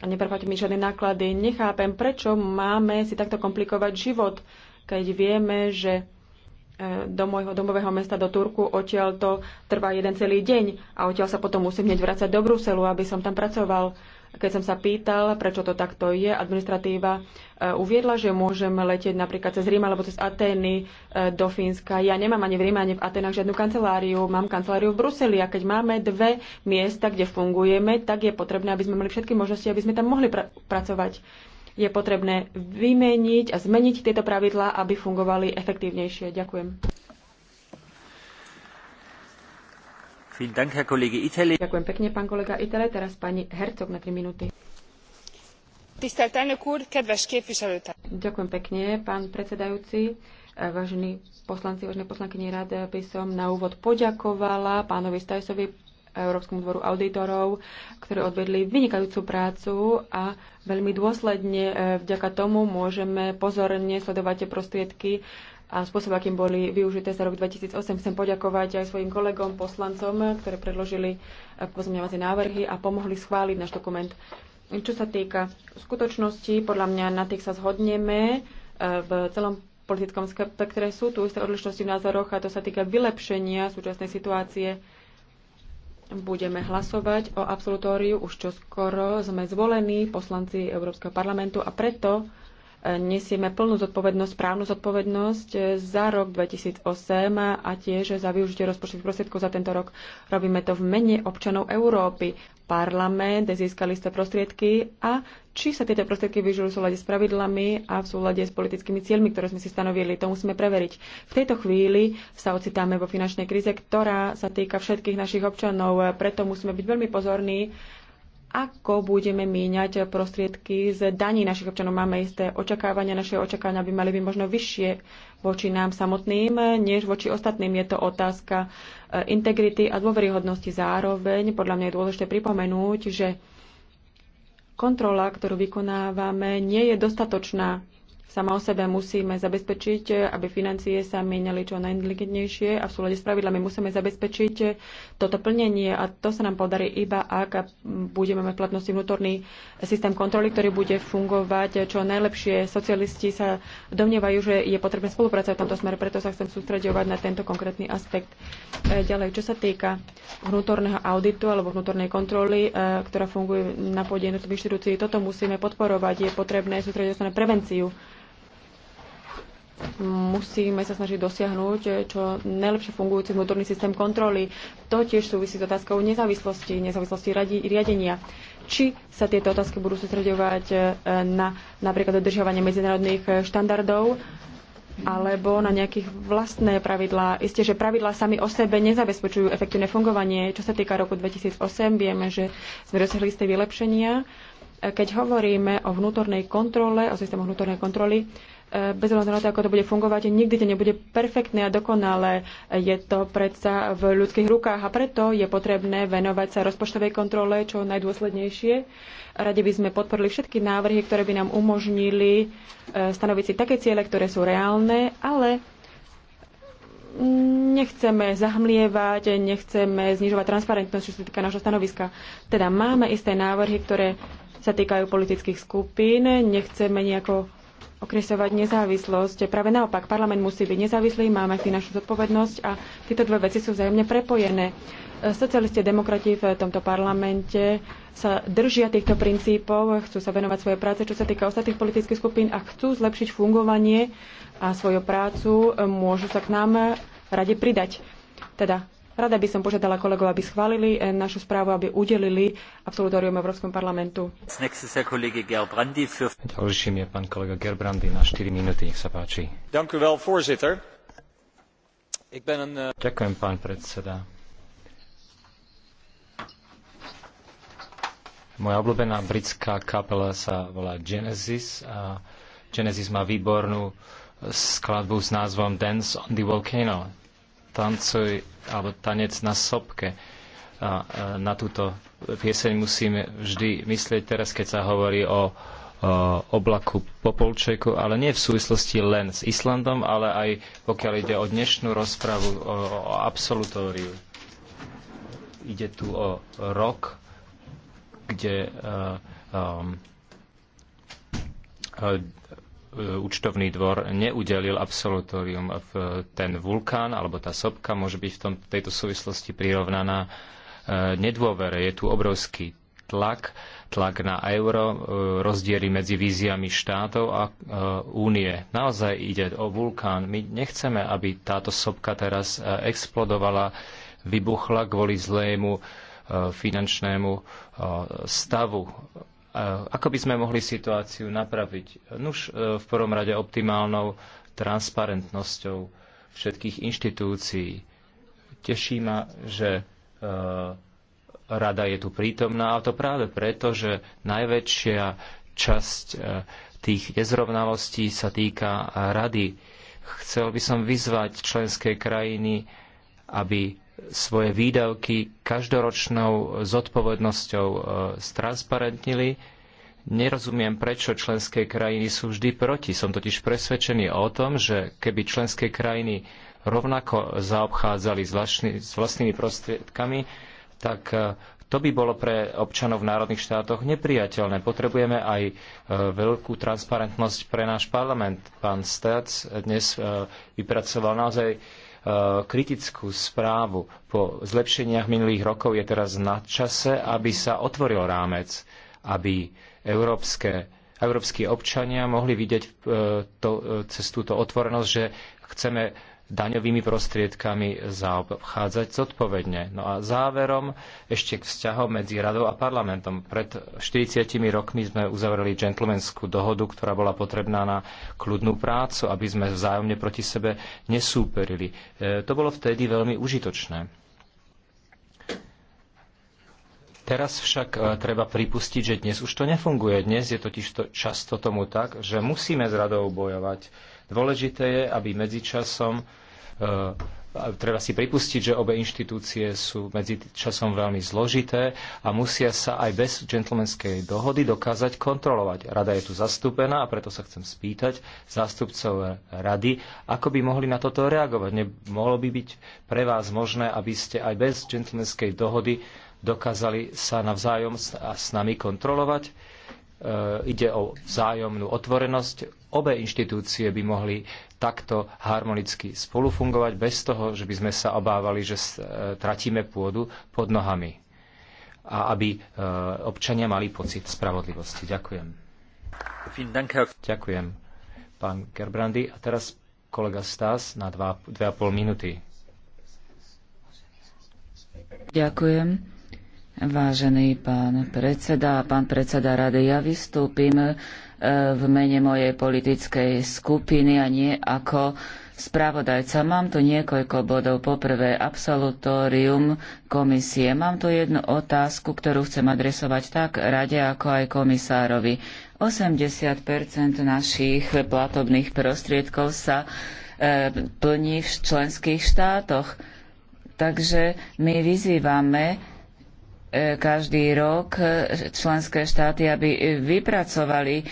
S3: A nepreplatí mi žiadne náklady. Nechápem, prečo máme si takto komplikovať život, keď vieme, že E, do môjho domového mesta, do Turku. Odtiaľ to trvá jeden celý deň a odtiaľ sa potom musím hneď vrácať do Bruselu, aby som tam pracoval. Keď som sa pýtal, prečo to takto je, administratíva e, uviedla, že môžem letieť napríklad cez Rím alebo cez Atény e, do Fínska. Ja nemám ani v Ríme, ani v Atenách žiadnu kanceláriu. Mám kanceláriu v Bruseli a keď máme dve miesta, kde fungujeme, tak je potrebné, aby sme mali všetky možnosti, aby sme tam mohli pra- pracovať je potrebné vymeniť a zmeniť tieto pravidlá, aby fungovali efektívnejšie. Ďakujem. Ďakujem pekne, pán kolega Itele. Teraz pani Hercog na 3 minúty. Ďakujem pekne, pán predsedajúci. E, vážení poslanci, vážené poslankyni rád by som na úvod poďakovala pánovi Stajsovi, Európskemu dvoru auditorov, ktorí odvedli vynikajúcu prácu a veľmi dôsledne e, vďaka tomu môžeme pozorne sledovať tie prostriedky a spôsob, akým boli využité za rok 2008. Chcem poďakovať aj svojim kolegom, poslancom, ktorí predložili e, pozmeňovacie návrhy a pomohli schváliť náš dokument. Čo sa týka skutočnosti, podľa mňa na tých sa zhodneme e, v celom politickom ktoré sú tu isté odlišnosti v názoroch a to sa týka vylepšenia súčasnej situácie budeme hlasovať o absolutóriu už čoskoro. Sme zvolení poslanci Európskeho parlamentu a preto e, nesieme plnú zodpovednosť, právnu zodpovednosť e, za rok 2008 a tiež za využitie rozpočtových prostriedkov za tento rok. Robíme to v mene občanov Európy parlament, získali ste prostriedky a či sa tieto prostriedky využijú v súlade s pravidlami a v súlade s politickými cieľmi, ktoré sme si stanovili. To musíme preveriť. V tejto chvíli sa ocitáme vo finančnej kríze, ktorá sa týka všetkých našich občanov. Preto musíme byť veľmi pozorní ako budeme míňať prostriedky z daní našich občanov. Máme isté očakávania, naše očakávania by mali byť možno vyššie voči nám samotným, než voči ostatným. Je to otázka eh, integrity a dôveryhodnosti. Zároveň podľa mňa je dôležité pripomenúť, že kontrola, ktorú vykonávame, nie je dostatočná sama o sebe musíme zabezpečiť, aby financie sa mienili čo najinteligentnejšie a v súlade s pravidlami musíme zabezpečiť toto plnenie a to sa nám podarí iba, ak budeme mať platnosti vnútorný systém kontroly, ktorý bude fungovať čo najlepšie. Socialisti sa domnievajú, že je potrebné spolupracovať v tomto smere, preto sa chcem sústredovať na tento konkrétny aspekt. E, ďalej, čo sa týka vnútorného auditu alebo vnútornej kontroly, e, ktorá funguje na pôde jednotlivých inštitúcií, toto musíme podporovať. Je potrebné sústrediť sa na prevenciu musíme sa snažiť dosiahnuť eh, čo najlepšie fungujúci vnútorný systém kontroly. To tiež súvisí s otázkou nezávislosti, nezávislosti radi, riadenia. Či sa tieto otázky budú sústredovať eh, na napríklad dodržiavanie medzinárodných eh, štandardov, alebo na nejakých vlastné pravidlá. Isté, že pravidlá sami o sebe nezabezpečujú efektívne fungovanie. Čo sa týka roku 2008, vieme, že sme dosiahli isté vylepšenia. Keď hovoríme o vnútornej kontrole, o systému vnútornej kontroly, bez ohľadu na to, ako to bude fungovať, nikdy to nebude perfektné a dokonalé. Je to predsa v ľudských rukách a preto je potrebné venovať sa rozpočtovej kontrole čo najdôslednejšie. Radi by sme podporili všetky návrhy, ktoré by nám umožnili e, stanoviť si také ciele, ktoré sú reálne, ale nechceme zahmlievať, nechceme znižovať transparentnosť, čo sa týka nášho stanoviska. Teda máme isté návrhy, ktoré sa týkajú politických skupín, nechceme nejako okresovať nezávislosť. Práve naopak, parlament musí byť nezávislý, máme finančnú zodpovednosť a tieto dve veci sú vzájomne prepojené. Socialisti a demokrati v tomto parlamente sa držia týchto princípov, chcú sa venovať svojej práce, čo sa týka ostatných politických skupín a chcú zlepšiť fungovanie a svoju prácu, môžu sa k nám radi pridať. Teda Rada by som požiadala kolegov, aby schválili eh, našu správu, aby udelili absolutórium Európskom parlamentu.
S4: Ďalším je pán kolega Gerbrandy na 4 minúty, nech sa páči. Eh, Ďakujem, pán predseda. Moja obľúbená britská kapela sa volá Genesis a Genesis má výbornú skladbu s názvom Dance on the Volcano tancuj alebo tanec na sopke. A na túto pieseň musíme vždy myslieť teraz, keď sa hovorí o, o oblaku Popolčeku, ale nie v súvislosti len s Islandom, ale aj pokiaľ ide o dnešnú rozpravu o, o absolutóriu. Ide tu o rok, kde uh, um, E, účtovný dvor neudelil absolutórium. Ten vulkán alebo tá sopka môže byť v tom, tejto súvislosti prirovnaná e, nedôvere. Je tu obrovský tlak, tlak na euro, e, rozdiely medzi víziami štátov a únie. Naozaj ide o vulkán. My nechceme, aby táto sopka teraz explodovala, vybuchla kvôli zlému finančnému stavu ako by sme mohli situáciu napraviť? Nuž e, v prvom rade optimálnou transparentnosťou všetkých inštitúcií. Teší ma, že e, rada je tu prítomná a to práve preto, že najväčšia časť e, tých nezrovnalostí sa týka rady. Chcel by som vyzvať členské krajiny, aby svoje výdavky každoročnou zodpovednosťou e, stransparentnili. Nerozumiem, prečo členské krajiny sú vždy proti. Som totiž presvedčený o tom, že keby členské krajiny rovnako zaobchádzali s, vlastný, s vlastnými prostriedkami, tak e, to by bolo pre občanov v národných štátoch nepriateľné. Potrebujeme aj e, veľkú transparentnosť pre náš parlament. Pán Stac dnes vypracoval naozaj Eh, kritickú správu po zlepšeniach minulých rokov, je teraz na čase, aby sa otvoril rámec, aby európske, európsky občania mohli vidieť eh, to, eh, cez túto otvorenosť, že chceme daňovými prostriedkami zaobchádzať zodpovedne. No a záverom ešte k vzťahom medzi radou a parlamentom. Pred 40 rokmi sme uzavreli džentlmenskú dohodu, ktorá bola potrebná na kľudnú prácu, aby sme vzájomne proti sebe nesúperili. E, to bolo vtedy veľmi užitočné. Teraz však e, treba pripustiť, že dnes už to nefunguje. Dnes je totiž to, často tomu tak, že musíme s radou bojovať Dôležité je, aby medzičasom e, treba si pripustiť, že obe inštitúcie sú medzi časom veľmi zložité a musia sa aj bez džentlmenskej dohody dokázať kontrolovať. Rada je tu zastúpená a preto sa chcem spýtať zástupcov rady, ako by mohli na toto reagovať. Nemohlo by byť pre vás možné, aby ste aj bez džentlmenskej dohody dokázali sa navzájom a s nami kontrolovať? E, ide o vzájomnú otvorenosť. Obe inštitúcie by mohli takto harmonicky spolufungovať bez toho, že by sme sa obávali, že e, tratíme pôdu pod nohami a aby e, občania mali pocit spravodlivosti. Ďakujem. Ďakujem, pán Gerbrandy. A teraz kolega Stas na 2,5 minúty.
S5: Ďakujem. Vážený pán predseda, pán predseda rady, ja vystúpim e, v mene mojej politickej skupiny a nie ako spravodajca. Mám tu niekoľko bodov. Poprvé, absolutórium komisie. Mám tu jednu otázku, ktorú chcem adresovať tak rade, ako aj komisárovi. 80 našich platobných prostriedkov sa e, plní v členských štátoch. Takže my vyzývame E, každý rok e, členské štáty, aby e, vypracovali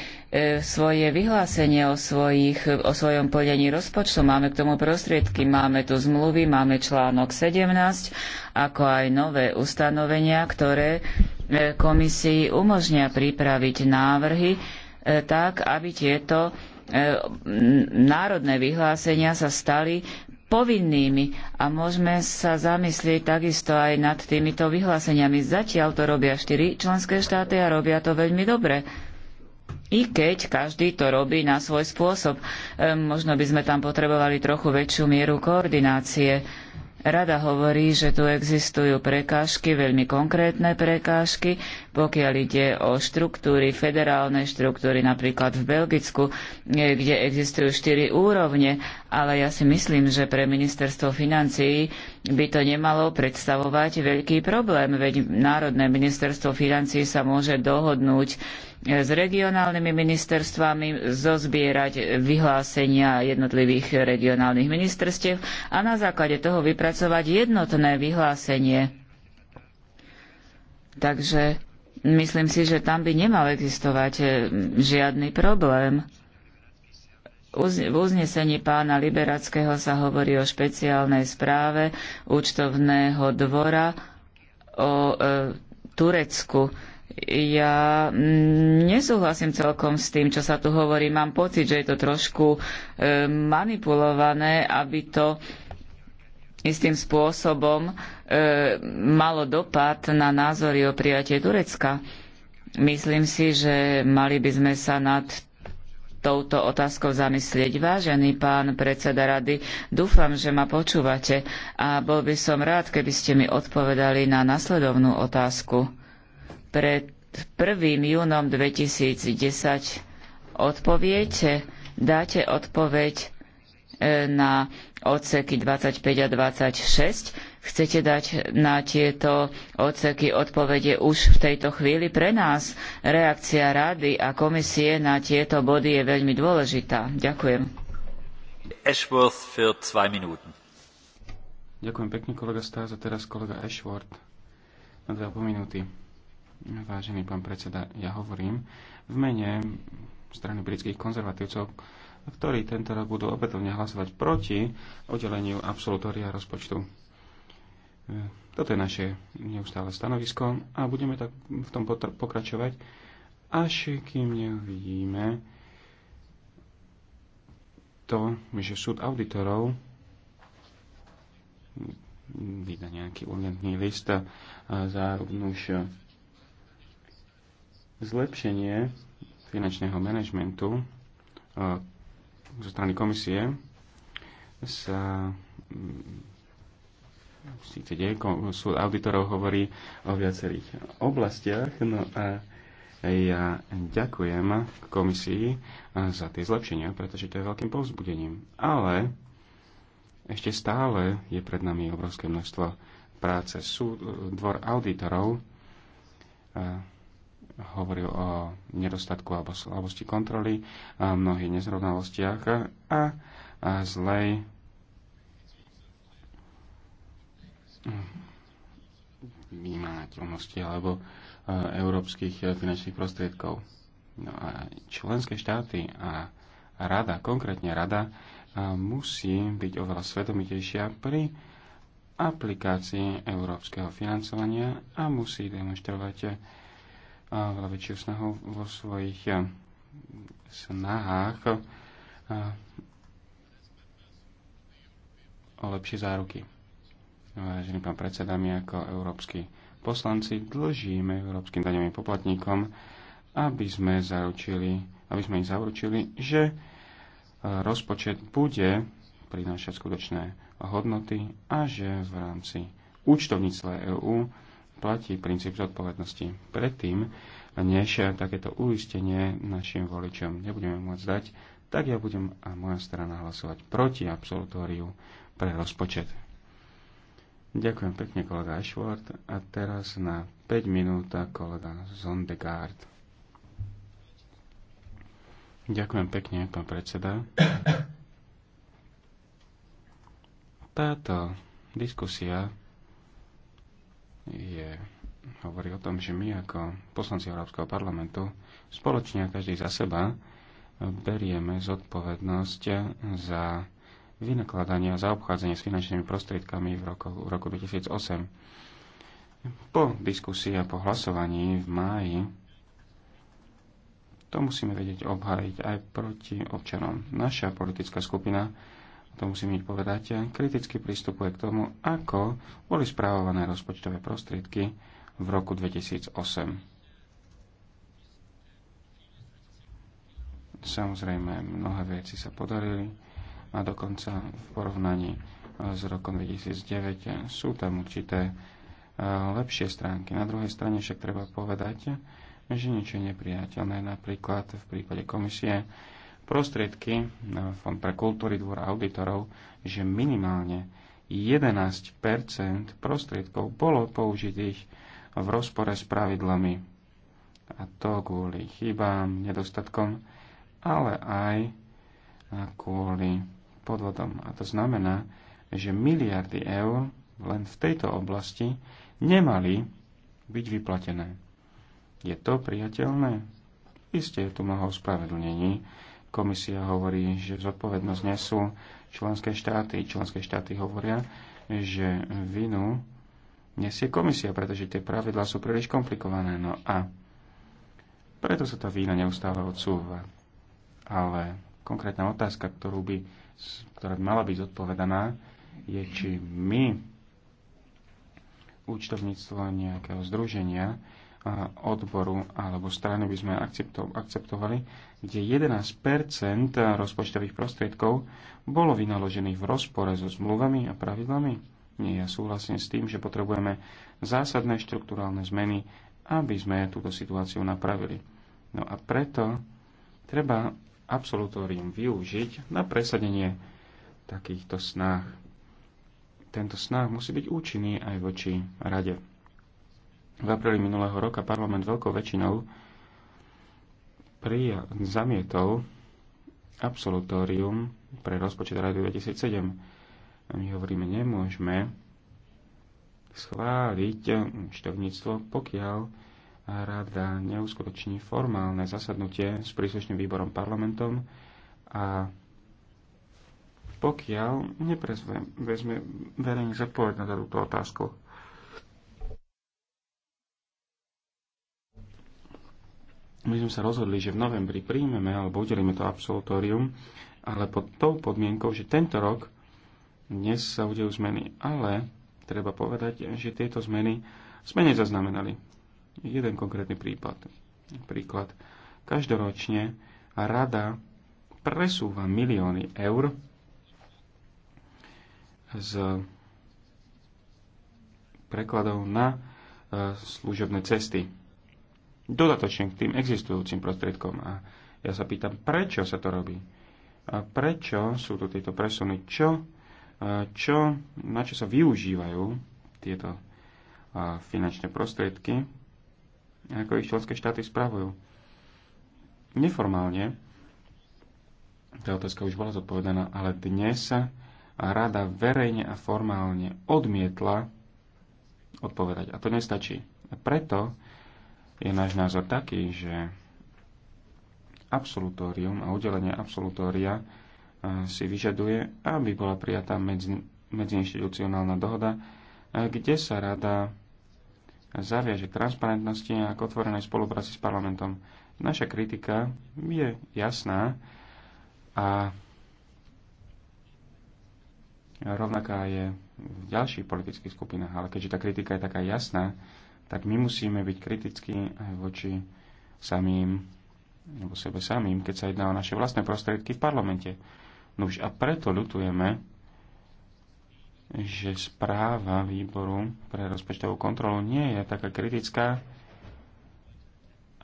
S5: svoje vyhlásenie o, svojich, o svojom plnení rozpočtu. Máme k tomu prostriedky, máme tu zmluvy, máme článok 17, ako aj nové ustanovenia, ktoré komisii umožnia pripraviť návrhy tak, aby tieto národné vyhlásenia sa stali povinnými a môžeme sa zamyslieť takisto aj nad týmito vyhláseniami. Zatiaľ to robia štyri členské štáty a robia to veľmi dobre. I keď každý to robí na svoj spôsob, ehm, možno by sme tam potrebovali trochu väčšiu mieru koordinácie. Rada hovorí, že tu existujú prekážky, veľmi konkrétne prekážky, pokiaľ ide o štruktúry, federálne štruktúry, napríklad v Belgicku, e, kde existujú štyri úrovne, ale ja si myslím, že pre ministerstvo financií by to nemalo predstavovať veľký problém, veď Národné ministerstvo financií sa môže dohodnúť e, s regionálnymi ministerstvami, zozbierať vyhlásenia jednotlivých regionálnych ministerstiev a na základe toho vypracovať jednotné vyhlásenie. Takže Myslím si, že tam by nemal existovať e, žiadny problém. V uznesení pána Liberackého sa hovorí o špeciálnej správe účtovného dvora o e, Turecku. Ja nesúhlasím celkom s tým, čo sa tu hovorí. Mám pocit, že je to trošku e, manipulované, aby to istým spôsobom e, E, malo dopad na názory o prijatie Turecka. Myslím si, že mali by sme sa nad touto otázkou zamyslieť. Vážený pán predseda rady, dúfam, že ma počúvate a bol by som rád, keby ste mi odpovedali na nasledovnú otázku. Pred 1. júnom 2010 odpoviete, dáte odpoveď e, na odseky 25 a 26 Chcete dať na tieto odseky odpovede už v tejto chvíli? Pre nás reakcia rady a komisie na tieto body je veľmi dôležitá. Ďakujem.
S4: Ashworth für zwei Minuten.
S6: Ďakujem pekne, kolega Stáza. Teraz kolega Ashworth na dve minúty. Vážený pán predseda, ja hovorím v mene strany britských konzervatívcov, ktorí tento rok budú opätovne hlasovať proti oddeleniu absolutória rozpočtu toto je naše neustále stanovisko a budeme tak v tom pokračovať, až kým neuvidíme to, že súd auditorov vydá nejaký urgentný list a zároveň zlepšenie finančného manažmentu e, zo strany komisie sa síce deje, súd auditorov hovorí o viacerých oblastiach. No a ja ďakujem komisii za tie zlepšenia, pretože to je veľkým povzbudením. Ale ešte stále je pred nami obrovské množstvo práce. Súd, dvor auditorov hovoril o nedostatku alebo slabosti kontroly, mnohých nezrovnalostiach a zlej vymáhateľnosti alebo e, európskych e, finančných prostriedkov. No a členské štáty a rada, konkrétne rada, e, musí byť oveľa svedomitejšia pri aplikácii európskeho financovania a musí demonstrovať veľa väčšiu snahu vo svojich snahách o lepšie záruky. Vážený pán predseda, my ako európsky poslanci dlžíme európskym daňovým poplatníkom, aby sme, zaručili, aby sme ich zaručili, že e, rozpočet bude prinášať skutočné hodnoty a že v rámci účtovníctva EÚ platí princíp zodpovednosti. Predtým, než takéto uistenie našim voličom nebudeme môcť dať, tak ja budem a moja strana hlasovať proti absolutóriu pre rozpočet. Ďakujem pekne, kolega Ashworth. A teraz na 5 minút kolega Zondegard. Ďakujem pekne, pán predseda. Táto diskusia je, hovorí o tom, že my ako poslanci Európskeho parlamentu spoločne a každý za seba berieme zodpovednosť za vynakladania a obchádzanie s finančnými prostriedkami v roku, v roku 2008. Po diskusii a po hlasovaní v máji to musíme vedieť obhájiť aj proti občanom. Naša politická skupina, to musím ich povedať, kriticky pristupuje k tomu, ako boli správované rozpočtové prostriedky v roku 2008. Samozrejme, mnohé veci sa podarili a dokonca v porovnaní s rokom 2009 sú tam určité e, lepšie stránky. Na druhej strane však treba povedať, že niečo je nepriateľné. Napríklad v prípade komisie prostriedky na Fond pre kultúry dvora auditorov, že minimálne 11 prostriedkov bolo použitých v rozpore s pravidlami. A to kvôli chybám, nedostatkom, ale aj kvôli podvodom. A to znamená, že miliardy eur len v tejto oblasti nemali byť vyplatené. Je to priateľné? Isté je tu mnoho ospravedlnení. Komisia hovorí, že zodpovednosť nesú členské štáty. Členské štáty hovoria, že vinu nesie komisia, pretože tie pravidlá sú príliš komplikované. No a preto sa tá vína neustále odsúva. Ale konkrétna otázka, ktorú by, ktorá by mala byť zodpovedaná, je, či my účtovníctvo nejakého združenia, odboru alebo strany by sme akceptovali, kde 11 rozpočtových prostriedkov bolo vynaložených v rozpore so zmluvami a pravidlami? Nie, ja súhlasím s tým, že potrebujeme zásadné štruktúrálne zmeny, aby sme túto situáciu napravili. No a preto treba absolutórium využiť na presadenie takýchto snách. Tento snah musí byť účinný aj voči rade. V apríli minulého roka parlament veľkou väčšinou prija- zamietol absolutórium pre rozpočet rady 2007. A my hovoríme, nemôžeme schváliť štovníctvo, pokiaľ rada neuskutoční formálne zasadnutie s príslušným výborom parlamentom a pokiaľ vezme verejne zodpovedť na túto otázku. My sme sa rozhodli, že v novembri príjmeme alebo udelíme to absolutórium, ale pod tou podmienkou, že tento rok dnes sa udejú zmeny. Ale treba povedať, že tieto zmeny sme nezaznamenali jeden konkrétny prípad. Príklad. Každoročne rada presúva milióny eur z prekladov na e, služobné cesty. Dodatočne k tým existujúcim prostriedkom. A ja sa pýtam, prečo sa to robí? A prečo sú tu tieto presuny? Čo, e, čo, na čo sa využívajú tieto finančné prostriedky? ako ich členské štáty spravujú. Neformálne, tá otázka už bola zodpovedaná, ale dnes sa rada verejne a formálne odmietla odpovedať. A to nestačí. A preto je náš názor taký, že absolutórium a udelenie absolutória si vyžaduje, aby bola prijatá medzi, medziinstitucionálna dohoda, kde sa rada zaviaže k transparentnosti a k otvorenej spolupráci s parlamentom. Naša kritika je jasná a rovnaká je v ďalších politických skupinách, ale keďže tá kritika je taká jasná, tak my musíme byť kritickí aj voči samým, alebo sebe samým, keď sa jedná o naše vlastné prostriedky v parlamente. No už a preto ľutujeme, že správa výboru pre rozpočtovú kontrolu nie je taká kritická,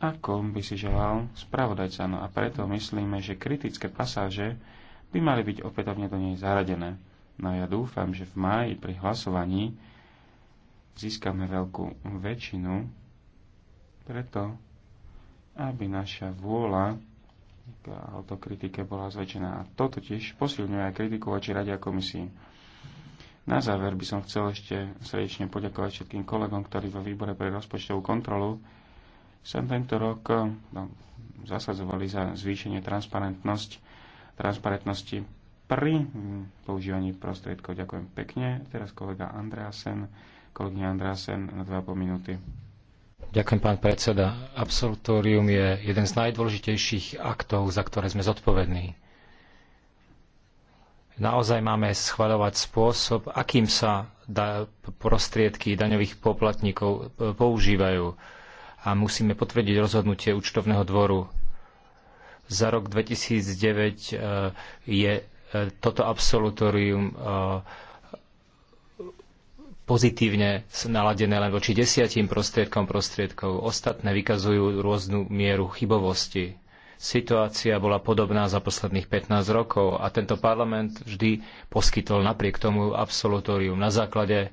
S6: ako by si želal spravodajca. No a preto myslíme, že kritické pasáže by mali byť opätovne do nej zaradené. No a ja dúfam, že v máji pri hlasovaní získame veľkú väčšinu preto, aby naša vôľa k autokritike bola zväčšená. A to totiž posilňuje aj kritiku voči Radia komisii. Na záver by som chcel ešte srdečne poďakovať všetkým kolegom, ktorí vo výbore pre rozpočtovú kontrolu sa tento rok eh, no, zasadzovali za zvýšenie transparentnosť, transparentnosti pri hm, používaní prostriedkov. Ďakujem pekne. Teraz kolega Andreasen, kolegyňa
S4: Andreasen na 2,5 minúty. Ďakujem, pán predseda. Absolutórium je jeden z najdôležitejších aktov, za ktoré sme zodpovední naozaj máme schvaľovať spôsob, akým sa da, prostriedky daňových poplatníkov e, používajú. A musíme potvrdiť rozhodnutie účtovného dvoru. Za rok 2009 e, je e, toto absolutórium pozitívne naladené len voči desiatim prostriedkom prostriedkov. Ostatné vykazujú rôznu mieru chybovosti. Situácia bola podobná za posledných 15 rokov a tento parlament vždy poskytol napriek tomu absolutórium na základe e,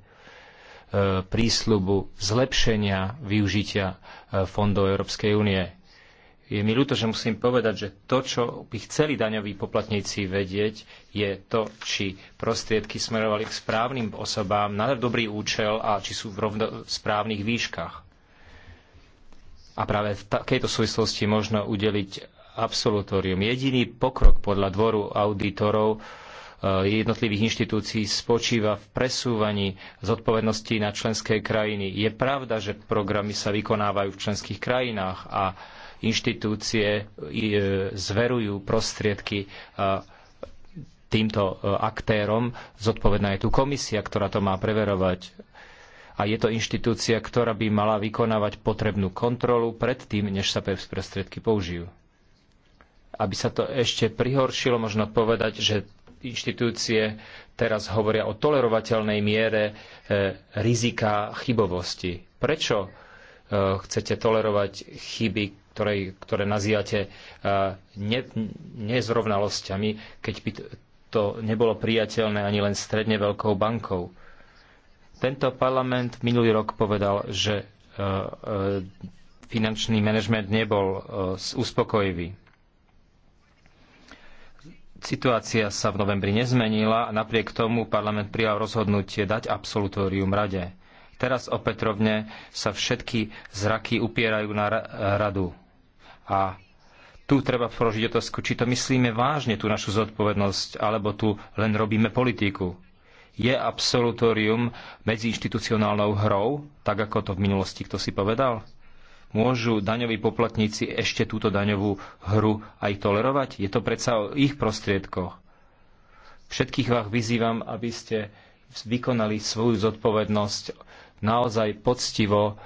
S4: prísľubu zlepšenia využitia e, fondov Európskej únie. Je mi ľúto, že musím povedať, že to, čo by chceli daňoví poplatníci vedieť, je to, či prostriedky smerovali k správnym osobám na dobrý účel a či sú v rovno správnych výškach a práve v takejto súvislosti možno udeliť absolutórium. Jediný pokrok podľa dvoru auditorov e, jednotlivých inštitúcií spočíva v presúvaní zodpovednosti na členské krajiny. Je pravda, že programy sa vykonávajú v členských krajinách a inštitúcie e, zverujú prostriedky e, týmto aktérom. Zodpovedná je tu komisia, ktorá to má preverovať a je to inštitúcia, ktorá by mala vykonávať potrebnú kontrolu predtým, než sa PEPS prostriedky použijú. Aby sa to ešte prihoršilo, možno povedať, že inštitúcie teraz hovoria o tolerovateľnej miere e, rizika chybovosti. Prečo e, chcete tolerovať chyby, ktoré, ktoré nazývate e, ne, nezrovnalosťami, keď by to nebolo priateľné ani len stredne veľkou bankou? Tento parlament minulý rok povedal, že e, e, finančný manažment nebol e, uspokojivý. Situácia sa v novembri nezmenila a napriek tomu parlament prijal rozhodnutie dať absolutórium rade. Teraz opätovne sa všetky zraky upierajú na radu. A tu treba položiť otázku, či to myslíme vážne, tú našu zodpovednosť, alebo tu len robíme politiku je absolutórium medziinstitucionálnou hrou, tak ako to v minulosti kto si povedal? Môžu daňoví poplatníci ešte túto daňovú hru aj tolerovať? Je to predsa o ich prostriedkoch. Všetkých vás vyzývam, aby ste vykonali svoju zodpovednosť naozaj poctivo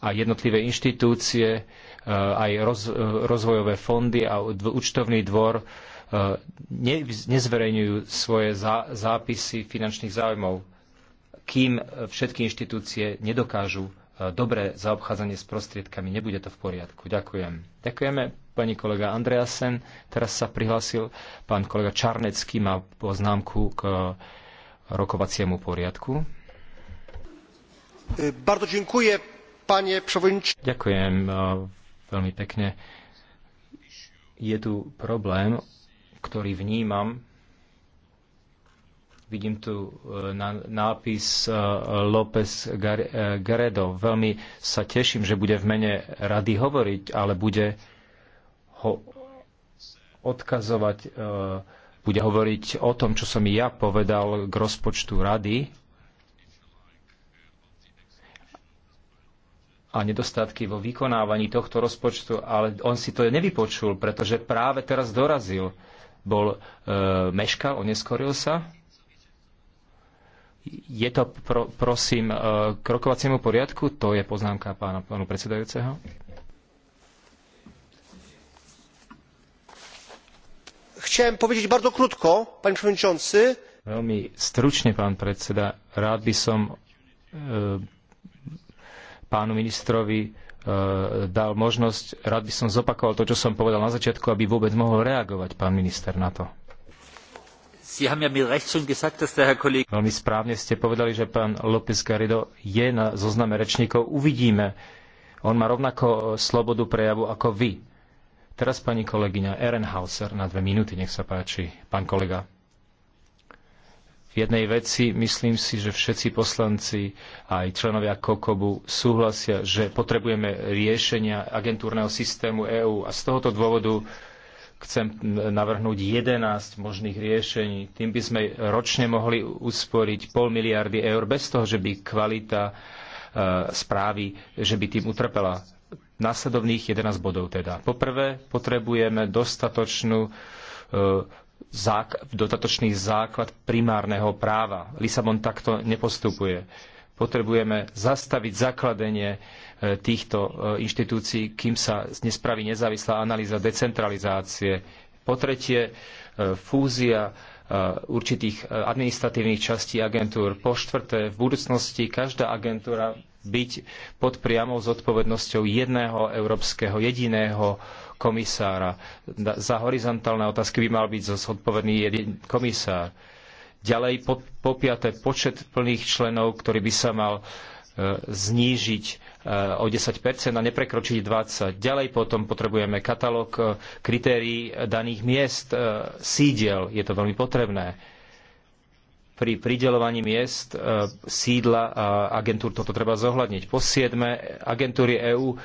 S4: a jednotlivé inštitúcie, e, aj e, rozvojové fondy a účtovný dvor E, nezverejňujú svoje zápisy finančných záujmov, kým všetky inštitúcie nedokážu e, dobré zaobchádzanie s prostriedkami, nebude to v poriadku. Ďakujem. Ďakujeme pani kolega Andreasen. Teraz sa prihlásil pán kolega Čarnecký, má poznámku k e, rokovaciemu poriadku.
S6: Bardzo dziękuję,
S4: panie przewodniczący. Ďakujem veľmi pekne. Je tu problém, ktorý vnímam. Vidím tu e, nápis e, López Garedo. E, Veľmi sa teším, že bude v mene rady hovoriť, ale bude ho odkazovať, bude hovoriť o tom, čo som ja povedal k rozpočtu rady a nedostatky vo vykonávaní tohto rozpočtu, ale on si to nevypočul, pretože práve teraz dorazil bol e, meškal, oneskoril sa. Je to, pro, prosím, e, k rokovaciemu poriadku? To je poznámka pána, pánu predsedajúceho. Chcem povedať bardzo krótko, pán przewodniczący. Veľmi stručne, pán predseda, rád by som e, pánu ministrovi e, Eh, dal možnosť, rád by som zopakoval to, čo som povedal na začiatku, aby vôbec mohol reagovať pán minister na to. Veľmi správne ste povedali, že pán López Garrido je na zozname rečníkov. Uvidíme. On má rovnako eh, slobodu prejavu ako vy. Teraz pani kolegyňa Ehrenhauser na dve minúty, nech sa páči. Pán kolega v jednej veci myslím si, že všetci poslanci aj členovia Kokobu súhlasia, že potrebujeme riešenia agentúrneho systému EÚ a z tohoto dôvodu chcem navrhnúť 11 možných riešení. Tým by sme ročne mohli usporiť pol miliardy eur bez toho, že by kvalita e, správy, že by tým utrpela. Následovných 11 bodov teda. Poprvé potrebujeme dostatočnú e, zák- dodatočný základ primárneho práva. Lisabon takto nepostupuje. Potrebujeme zastaviť zakladenie e, týchto e, inštitúcií, kým sa nespraví nezávislá analýza decentralizácie. Po tretie, e, fúzia Eh, určitých eh, administratívnych častí agentúr. Po štvrté, v budúcnosti každá agentúra byť pod priamou zodpovednosťou jedného európskeho, jediného komisára. Za horizontálne otázky by mal byť zodpovedný jeden komisár. Ďalej po, po piaté, počet plných členov, ktorý by sa mal e, znížiť o 10 a neprekročiť 20. Ďalej potom potrebujeme katalóg e, kritérií daných miest, e, sídiel. Je to veľmi potrebné. Pri prideľovaní miest e, sídla agentúr toto treba zohľadniť. Po 7. agentúry EÚ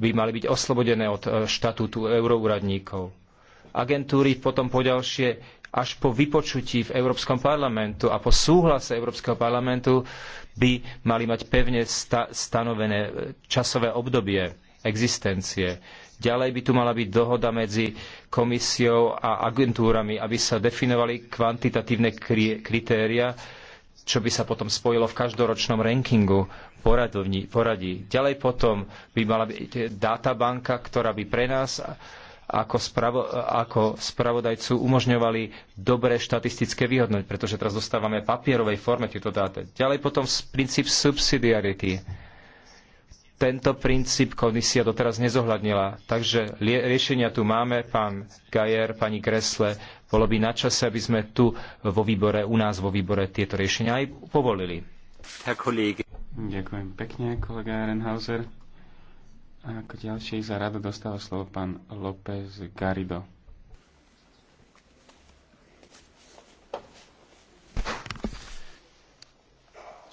S4: by mali byť oslobodené od štatútu euroúradníkov. Agentúry potom poďalšie až po vypočutí v Európskom parlamentu a po súhlase Európskeho parlamentu by mali mať pevne sta stanovené e, časové obdobie existencie. Ďalej by tu mala byť dohoda medzi komisiou a agentúrami, aby sa definovali kvantitatívne kri kritéria, čo by sa potom spojilo v každoročnom rankingu poradí. Ďalej potom by mala byť e, databanka, ktorá by pre nás ako, spravo, ako spravodajcu umožňovali dobré štatistické vyhodnoť, pretože teraz dostávame papierovej forme tieto dáta. Ďalej potom princíp subsidiarity. Tento princíp komisia doteraz nezohľadnila. Takže riešenia tu máme, pán Gajer, pani Kresle. Bolo by na čase, aby sme tu vo výbore, u nás vo výbore tieto riešenia aj povolili. Ďakujem pekne, kolega Renhauser. A ako ďalší za rado dostáva slovo
S6: pán López Garido.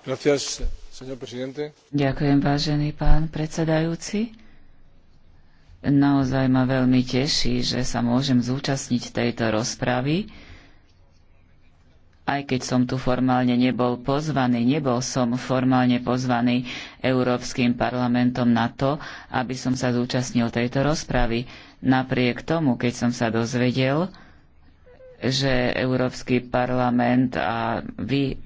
S4: Gracias, señor presidente.
S5: Ďakujem, vážený pán predsedajúci. Naozaj ma veľmi teší, že sa môžem zúčastniť tejto rozpravy aj keď som tu formálne nebol pozvaný, nebol som formálne pozvaný Európskym parlamentom na to, aby som sa zúčastnil tejto rozpravy. Napriek tomu, keď som sa dozvedel, že Európsky parlament a vy,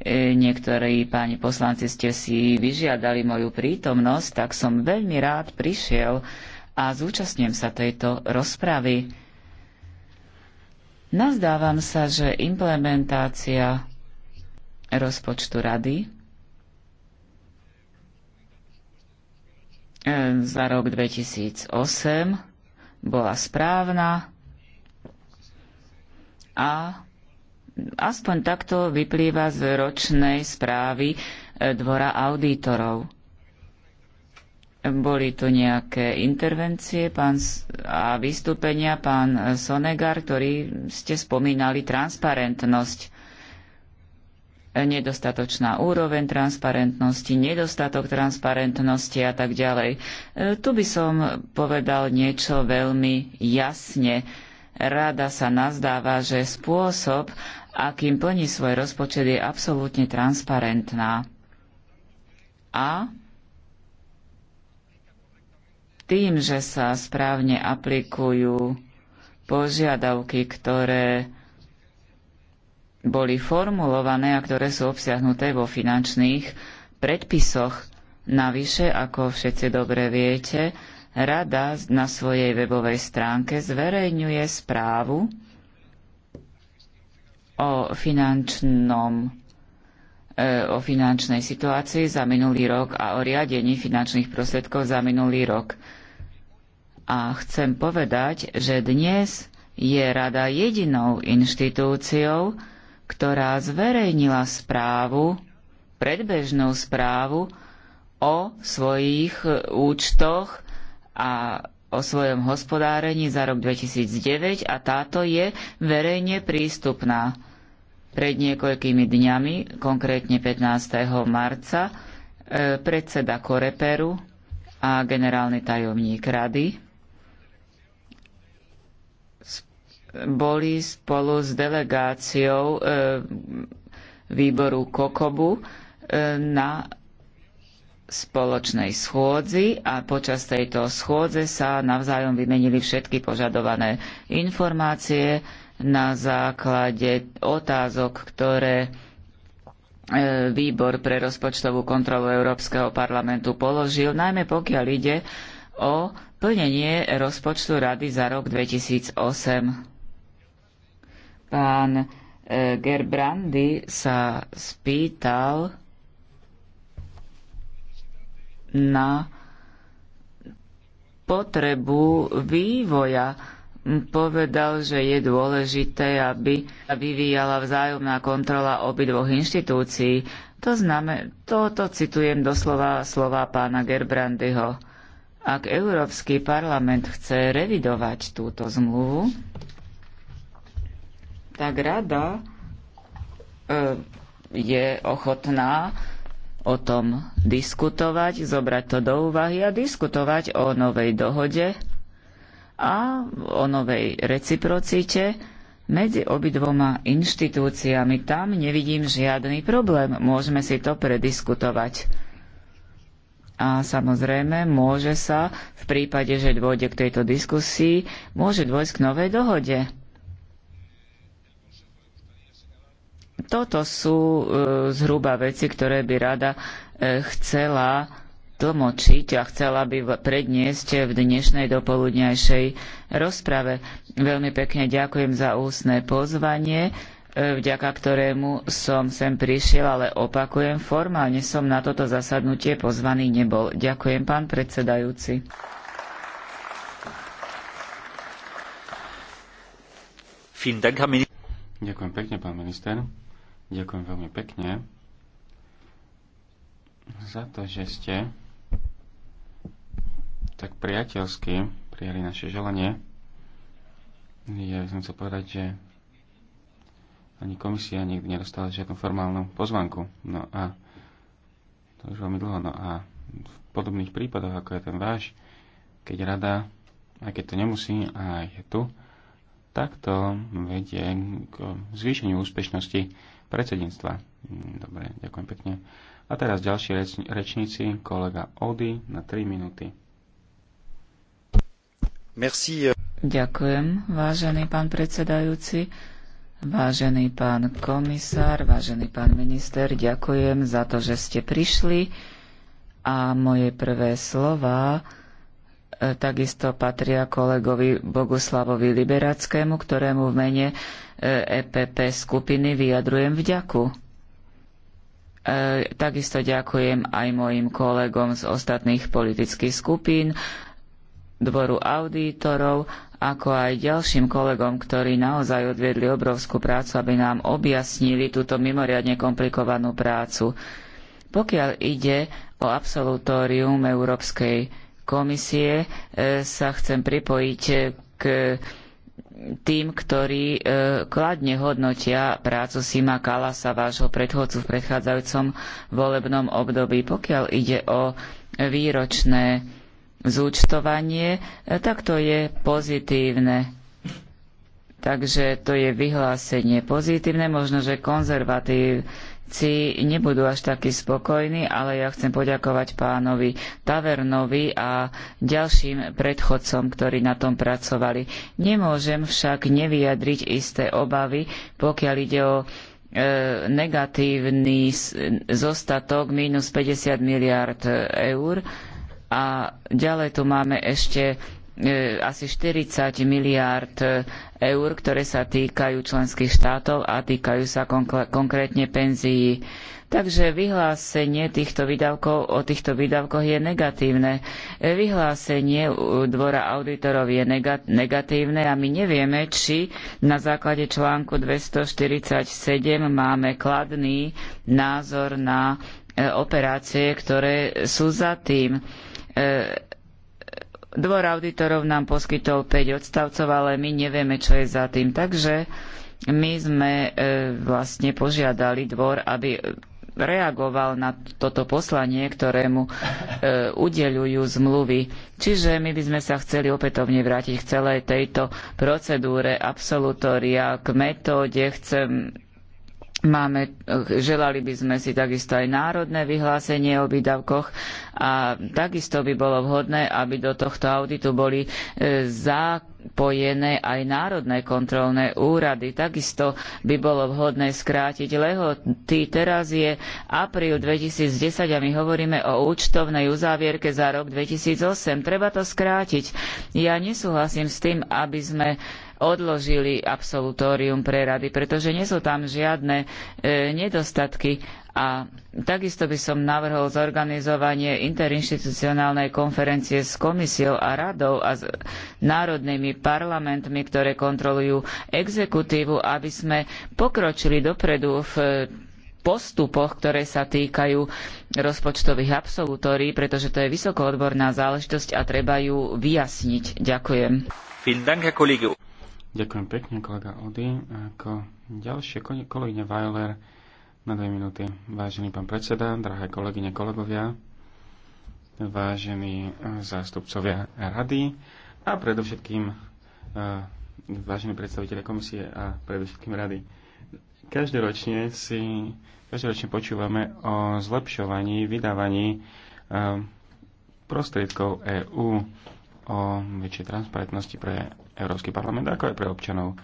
S5: e, niektorí páni poslanci, ste si vyžiadali moju prítomnosť, tak som veľmi rád prišiel a zúčastnem sa tejto rozpravy Nazdávam sa, že implementácia rozpočtu rady e, za rok 2008 bola správna a aspoň takto vyplýva z ročnej správy e, Dvora auditorov. Boli tu nejaké intervencie pán, a vystúpenia pán Sonegar, ktorý ste spomínali transparentnosť nedostatočná úroveň transparentnosti, nedostatok transparentnosti a tak ďalej. E, tu by som povedal niečo veľmi jasne. Rada sa nazdáva, že spôsob, akým plní svoj rozpočet, je absolútne transparentná. A tým, že sa správne aplikujú požiadavky, ktoré boli formulované a ktoré sú obsiahnuté vo finančných predpisoch. Navyše, ako všetci dobre viete, Rada na svojej webovej stránke zverejňuje správu o finančnom e, o finančnej situácii za minulý rok a o riadení finančných prostriedkov za minulý rok. A chcem povedať, že dnes je rada jedinou inštitúciou, ktorá zverejnila správu, predbežnú správu o svojich e, účtoch a o svojom hospodárení za rok 2009 a táto je verejne prístupná. Pred niekoľkými dňami, konkrétne 15. marca, e, predseda Koreperu a generálny tajomník rady boli spolu s delegáciou e, výboru Kokobu e, na spoločnej schôdzi a počas tejto schôdze sa navzájom vymenili všetky požadované informácie na základe otázok, ktoré e, výbor pre rozpočtovú kontrolu Európskeho parlamentu položil, najmä pokiaľ ide o plnenie rozpočtu Rady za rok 2008. Pán e, Gerbrandy sa spýtal na potrebu vývoja. Povedal, že je dôležité, aby vyvíjala vzájomná kontrola obidvoch inštitúcií. To znamen- toto citujem doslova slova pána Gerbrandyho. Ak Európsky parlament chce revidovať túto zmluvu, tak rada e, je ochotná o tom diskutovať, zobrať to do úvahy a diskutovať o novej dohode a o novej reciprocite medzi obidvoma inštitúciami. Tam nevidím žiadny problém. Môžeme si to prediskutovať. A samozrejme, môže sa, v prípade, že dôjde k tejto diskusii, môže dôjsť k novej dohode. toto sú e, zhruba veci, ktoré by rada e, chcela tlmočiť a chcela by predniesť v dnešnej dopoludňajšej rozprave. Veľmi pekne ďakujem za ústne pozvanie, e, vďaka ktorému som sem prišiel, ale opakujem, formálne som na toto zasadnutie pozvaný nebol. Ďakujem, pán predsedajúci.
S6: Ďakujem pekne, pán minister. Ďakujem veľmi pekne za to, že ste tak priateľsky prijali naše želanie. Ja som chcel povedať, že ani komisia nikdy nedostala žiadnu formálnu pozvanku. No a to už veľmi dlho. No a v podobných prípadoch, ako je ten váš, keď rada, aj keď to nemusí, a je tu, tak to vedie k zvýšeniu úspešnosti predsedníctva. Mm, dobre, ďakujem pekne. A teraz ďalší reč, rečníci, kolega Ody na 3 minúty.
S3: Merci. Eh.
S5: Ďakujem, vážený pán predsedajúci, vážený pán komisár, vážený pán minister, ďakujem za to, že ste prišli a moje prvé slova takisto patria kolegovi Boguslavovi Liberackému, ktorému v mene EPP e skupiny vyjadrujem vďaku. E, takisto ďakujem aj mojim kolegom z ostatných politických skupín, dvoru auditorov, ako aj ďalším kolegom, ktorí naozaj odviedli obrovskú prácu, aby nám objasnili túto mimoriadne komplikovanú prácu. Pokiaľ ide o absolutórium Európskej komisie e, sa chcem pripojiť e, k tým, ktorí e, kladne hodnotia prácu Sima Kalasa, vášho predchodcu v predchádzajúcom volebnom období. Pokiaľ ide o výročné zúčtovanie, tak to je pozitívne. Takže to je vyhlásenie pozitívne, možno, že konzervatívne si nebudú až takí spokojní, ale ja chcem poďakovať pánovi Tavernovi a ďalším predchodcom, ktorí na tom pracovali. Nemôžem však nevyjadriť isté obavy, pokiaľ ide o e, negatívny zostatok minus 50 miliard eur. A ďalej tu máme ešte E, asi 40 miliárd eur, ktoré sa týkajú členských štátov a týkajú sa konkrétne penzií. Takže vyhlásenie týchto výdavkov o týchto výdavkoch je negatívne. E, vyhlásenie dvora auditorov je negatívne a my nevieme, či na základe článku 247 máme kladný názor na e, operácie, ktoré sú za tým Dvor auditorov nám poskytol 5 odstavcov, ale my nevieme, čo je za tým. Takže my sme e, vlastne požiadali dvor, aby reagoval na toto poslanie, ktorému e, udeľujú zmluvy. Čiže my by sme sa chceli opätovne vrátiť k celej tejto procedúre absolutória, k metóde. Chcem Máme, želali by sme si takisto aj národné vyhlásenie o výdavkoch a takisto by bolo vhodné, aby do tohto auditu boli e, zapojené aj národné kontrolné úrady. Takisto by bolo vhodné skrátiť lehoty. Teraz je apríl 2010 a my hovoríme o účtovnej uzávierke za rok 2008. Treba to skrátiť. Ja nesúhlasím s tým, aby sme odložili absolutórium pre rady, pretože nie sú tam žiadne e, nedostatky. A takisto by som navrhol zorganizovanie interinštitucionálnej konferencie s komisiou a radou a s národnými parlamentmi, ktoré kontrolujú exekutívu, aby sme pokročili dopredu v postupoch, ktoré sa týkajú rozpočtových absolutórií, pretože to je vysokoodborná záležitosť a treba ju vyjasniť. Ďakujem.
S6: Ďakujem pekne, kolega Ody. Ako ďalšie kolegyňa Weiler na dve minúty. Vážený pán predseda, drahé kolegyne, kolegovia, vážení e, zástupcovia rady a predovšetkým e, vážení predstaviteľe komisie a predovšetkým rady. Každoročne si každoročne počúvame o zlepšovaní, vydávaní e, prostriedkov EÚ o väčšej transparentnosti pre Európsky parlament, ako aj pre občanov.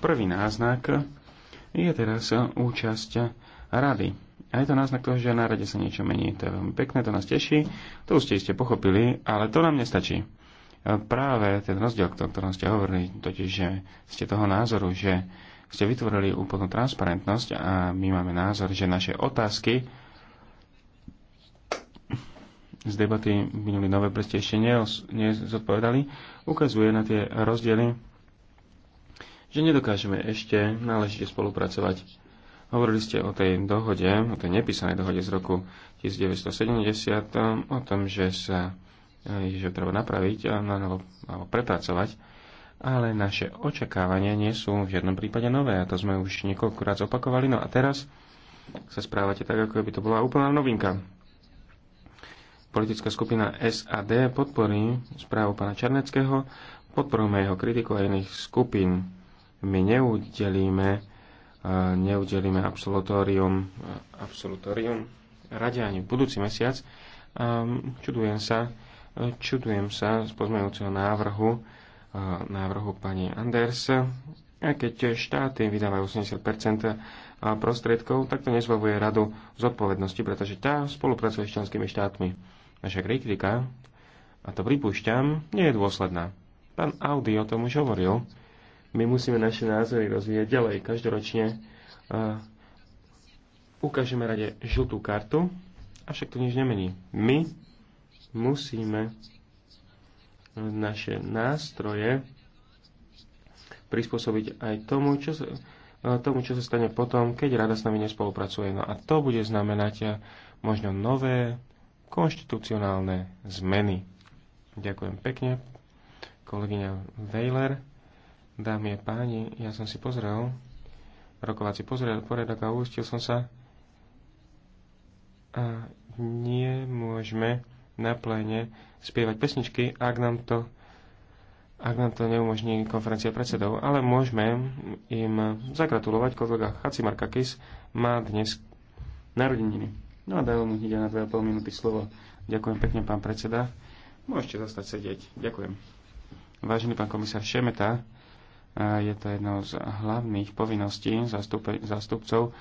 S6: Prvý náznak je teraz účasť rady. A je to náznak toho, že na rade sa niečo mení. To je veľmi pekné, to nás teší, to už ste iste pochopili, ale to nám nestačí. Práve ten rozdiel, o ktorom ste hovorili, totiž, že ste toho názoru, že ste vytvorili úplnú transparentnosť a my máme názor, že naše otázky z debaty minulý nové preste ešte nezodpovedali, ukazuje na tie rozdiely, že nedokážeme ešte náležite spolupracovať. Hovorili ste o tej dohode, o tej nepísanej dohode z roku 1970, o tom, že sa že treba napraviť alebo, alebo prepracovať, ale naše očakávania nie sú v žiadnom prípade nové a to sme už niekoľkokrát opakovali. No a teraz sa správate tak, ako by to bola úplná novinka politická skupina SAD podporí správu pána Černeckého, podporujeme jeho kritiku a iných skupín. My neudelíme, e, neudelíme absolutórium, e, absolutórium rade ani budúci mesiac. E, čudujem sa, čudujem sa z pozmejúceho návrhu, návrhu pani Anders. A keď štáty vydávajú 80 prostriedkov, tak to nezbavuje radu zodpovednosti, pretože tá spolupracuje s členskými štátmi Naša kritika, a to pripúšťam, nie je dôsledná. Pán Audi o tom už hovoril. My musíme naše názory rozvíjať ďalej. Každoročne uh, ukážeme rade žltú kartu, avšak to nič nemení. My musíme naše nástroje prispôsobiť aj tomu, čo sa, tomu, čo sa stane potom, keď rada s nami nespolupracuje. No a to bude znamenať možno nové konštitucionálne zmeny. Ďakujem pekne, kolegyňa Weiler. Dámy a páni, ja som si pozrel rokovací poriadok a ústil som sa a nie môžeme na pléne spievať pesničky, ak nám to ak nám to neumožní konferencia predsedov, ale môžeme im zagratulovať. Kolega Kakis, má dnes narodeniny. No a dajú mu hneď na 2,5 minúty slovo. Ďakujem pekne, pán predseda. Môžete zostať sedieť. Ďakujem. Vážený pán komisár Šemeta, je to jednou z hlavných povinností zástupcov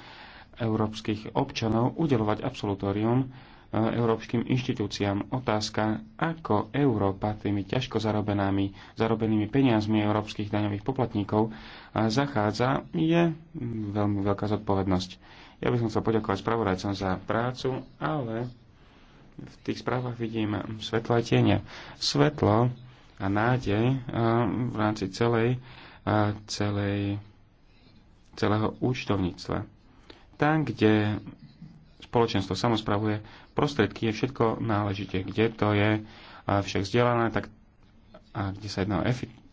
S6: európskych občanov udelovať absolutórium e, európskym inštitúciám. Otázka, ako Európa tými ťažko zarobenými, zarobenými peniazmi európskych daňových poplatníkov zachádza, je mm, veľmi veľká zodpovednosť ja by som chcel poďakovať spravodajcom za prácu, ale v tých správach vidím svetlo a tieňa. Svetlo a nádej eh, v rámci celej, eh, celej, celého účtovníctva. Tam, kde spoločenstvo samozpravuje prostriedky, je všetko náležite. Kde to je eh, však vzdelané, tak a kde sa jedná o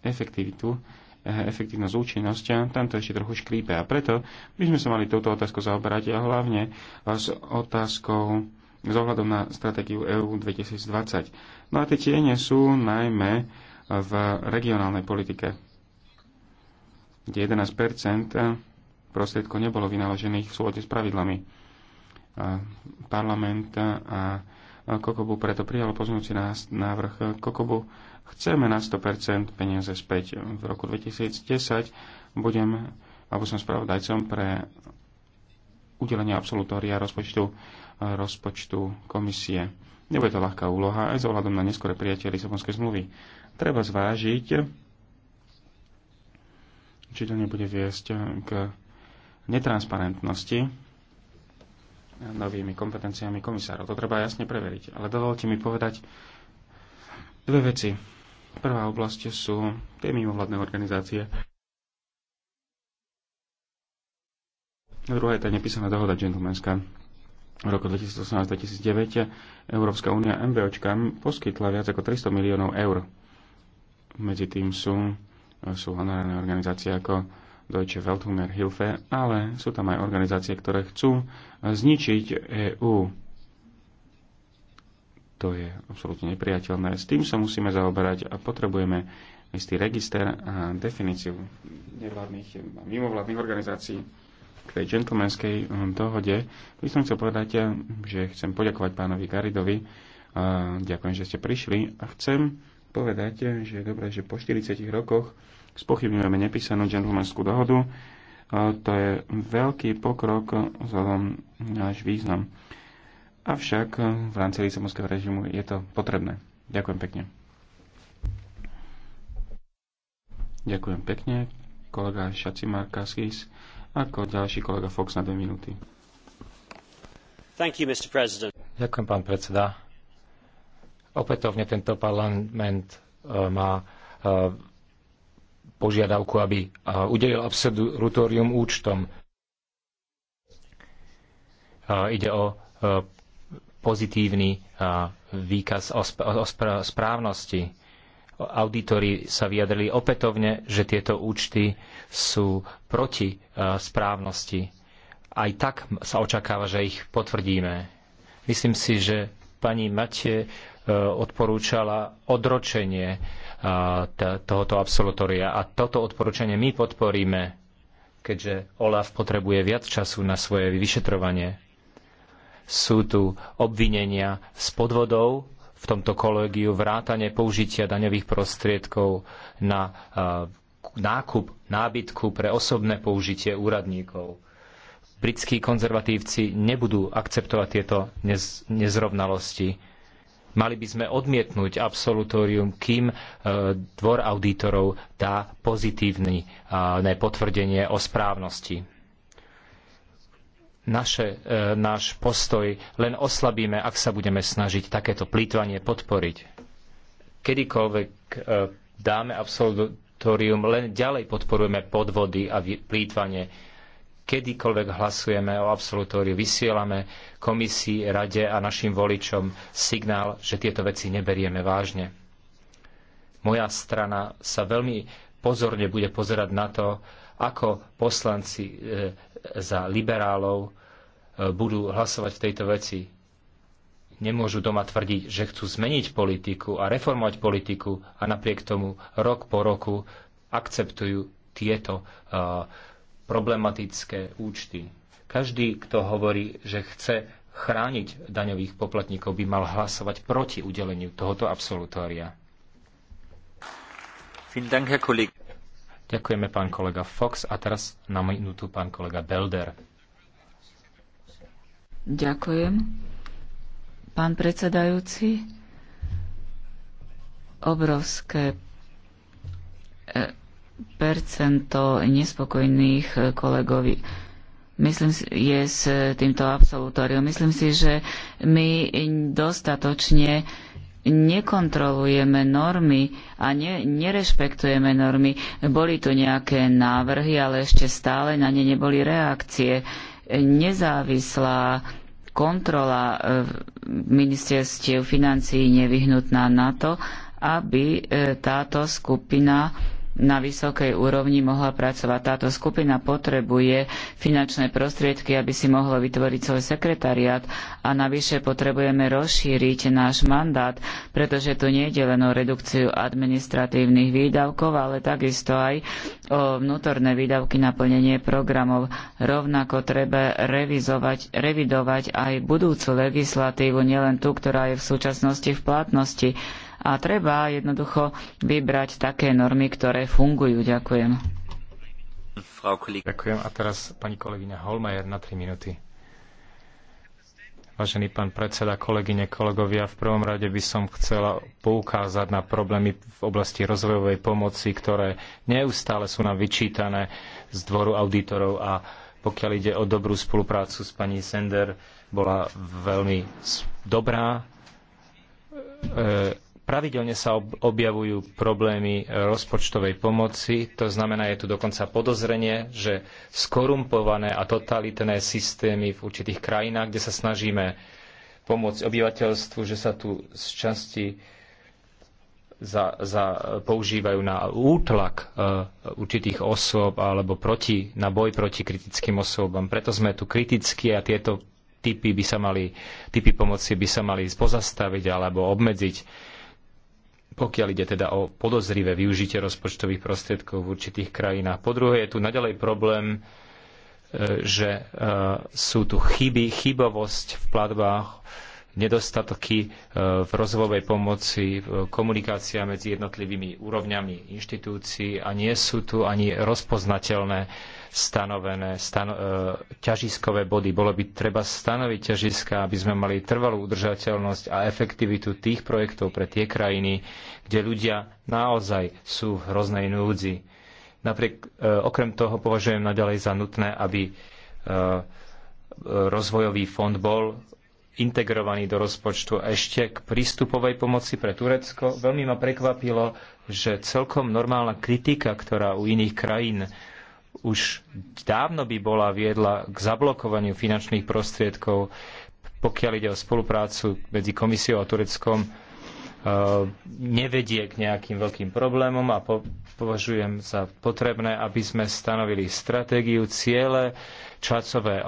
S6: efektivitu, Eh, efektívnosť, účinnosť, tam to ešte trochu škrípe. A preto by sme sa mali touto otázku zaoberať a hlavne s otázkou s ohľadom na stratégiu EU 2020. No a tie tiene sú najmä v regionálnej politike, kde 11 prostriedkov nebolo vynaložených v súlade s pravidlami. Parlament a Kokobu preto prijalo pozmeňujúci návrh Kokobu chceme na 100% peniaze späť. V roku 2010 budem, alebo som spravodajcom pre udelenie absolutória rozpočtu, rozpočtu komisie. Nebude to ľahká úloha aj za ohľadom na neskore prijatie Lisabonskej zmluvy. Treba zvážiť, či to nebude viesť k netransparentnosti novými kompetenciami komisárov. To treba jasne preveriť. Ale dovolte mi povedať dve veci Prvá oblasť sú tie mimovládne organizácie. Druhá je tá nepísaná dohoda džentlmenská. V roku 2018-2009 Európska únia MBOčkám poskytla viac ako 300 miliónov eur. Medzi tým sú, sú honorárne organizácie ako Deutsche Welthunger Hilfe, ale sú tam aj organizácie, ktoré chcú zničiť EÚ to je absolútne nepriateľné. S tým sa musíme zaoberať a potrebujeme istý register a definíciu nevládnych mimovládnych organizácií k tej džentlmenskej hm, dohode. By som chcel povedať, eh, že chcem poďakovať pánovi Garidovi. Ďakujem, že ste prišli a chcem povedať, eh, že je dobré, že po 40 rokoch spochybňujeme nepísanú džentlmenskú dohodu. To je veľký pokrok vzhľadom náš význam. Avšak eh, v rámci lisabonského režimu je to potrebné. Ďakujem pekne. Ďakujem pekne. Kolega Šacimar Kaskis ako ďalší kolega
S4: Fox na dve minúty. You, Ďakujem, pán predseda. Opätovne tento parlament eh, má eh, požiadavku, aby udelil absolutorium účtom. Ide o pozitívny výkaz o, správnosti. Auditori sa vyjadrili opätovne, že tieto účty sú proti správnosti. Aj tak sa očakáva, že ich potvrdíme. Myslím si, že pani Mate odporúčala odročenie tohoto absolutória a toto odporúčanie my podporíme, keďže OLAF potrebuje viac času na svoje vyšetrovanie sú tu obvinenia z podvodov v tomto kolegiu, vrátane použitia daňových prostriedkov na eh, nákup nábytku pre osobné použitie úradníkov. Britskí konzervatívci nebudú akceptovať tieto nez nezrovnalosti. Mali by sme odmietnúť absolutórium, kým eh, dvor auditorov dá pozitívne eh, potvrdenie o správnosti naše, e, náš postoj len oslabíme, ak sa budeme snažiť takéto plýtvanie podporiť. Kedykoľvek e, dáme absolutórium, len ďalej podporujeme podvody a plýtvanie. Kedykoľvek hlasujeme o absolutóriu, vysielame komisii, rade a našim voličom signál, že tieto veci neberieme vážne. Moja strana sa veľmi pozorne bude pozerať na to, ako poslanci e, za liberálov e, budú hlasovať v tejto veci. Nemôžu doma tvrdiť, že chcú zmeniť politiku a reformovať politiku a napriek tomu rok po roku akceptujú tieto e, problematické účty. Každý, kto hovorí, že chce chrániť daňových poplatníkov, by mal hlasovať proti udeleniu tohoto absolutória. Ďakujeme, pán kolega Fox. A teraz na minútu pán kolega Belder.
S5: Ďakujem. Pán predsedajúci, obrovské e, percento nespokojných e, kolegovi myslím si, je s týmto absolutóriom. Myslím si, že my dostatočne nekontrolujeme normy a ne, nerešpektujeme normy. Boli tu nejaké návrhy, ale ešte stále na ne neboli reakcie. Nezávislá kontrola eh, ministerstiev financií nevyhnutná na to, aby eh, táto skupina na vysokej úrovni mohla pracovať. Táto skupina potrebuje finančné prostriedky, aby si mohla vytvoriť svoj sekretariát a navyše potrebujeme rozšíriť náš mandát, pretože tu nie je len o redukciu administratívnych výdavkov, ale takisto aj o vnútorné výdavky na plnenie programov. Rovnako treba revizovať, revidovať aj budúcu legislatívu, nielen tú, ktorá je v súčasnosti v platnosti a treba jednoducho vybrať také normy, ktoré fungujú. Ďakujem.
S4: Ďakujem. A teraz pani kolegyňa Holmajer na 3 minúty. Vážený pán predseda, kolegyne, kolegovia, v prvom rade by som chcela poukázať na problémy v oblasti rozvojovej pomoci, ktoré neustále sú nám vyčítané z dvoru auditorov a pokiaľ ide o dobrú spoluprácu s pani Sender, bola veľmi dobrá. E Pravidelne sa objavujú problémy e, rozpočtovej pomoci, to znamená, je tu dokonca podozrenie, že skorumpované a totalitné systémy v určitých krajinách, kde sa snažíme pomôcť obyvateľstvu, že sa tu z časti za, za, e, používajú na útlak uh, určitých osôb alebo proti, na boj proti kritickým osobám. Preto sme tu kritickí a tieto typy, by sa mali, typy pomoci by sa mali pozastaviť alebo obmedziť pokiaľ ide teda o podozrivé využitie rozpočtových prostriedkov v určitých krajinách. Po druhé je tu naďalej problém, e, že e, sú tu chyby, chybovosť v platbách, nedostatky e, v rozvojovej pomoci, komunikácia medzi jednotlivými úrovňami inštitúcií a nie sú tu ani rozpoznateľné stanovené stano, e, ťažiskové body. Bolo by treba stanoviť ťažiska, aby sme mali trvalú udržateľnosť a efektivitu tých projektov pre tie krajiny, kde ľudia naozaj sú v hroznej núdzi. Napriek, e, okrem toho považujem naďalej za nutné, aby rozvojový fond bol integrovaný do rozpočtu. ešte k prístupovej pomoci pre Turecko. Veľmi ma prekvapilo, že celkom normálna kritika, ktorá u iných krajín už dávno by bola viedla k zablokovaniu finančných prostriedkov, pokiaľ ide o spoluprácu medzi komisiou a Tureckom, e, nevedie k nejakým veľkým problémom a považujem za potrebné, aby sme stanovili stratégiu, ciele, časové e,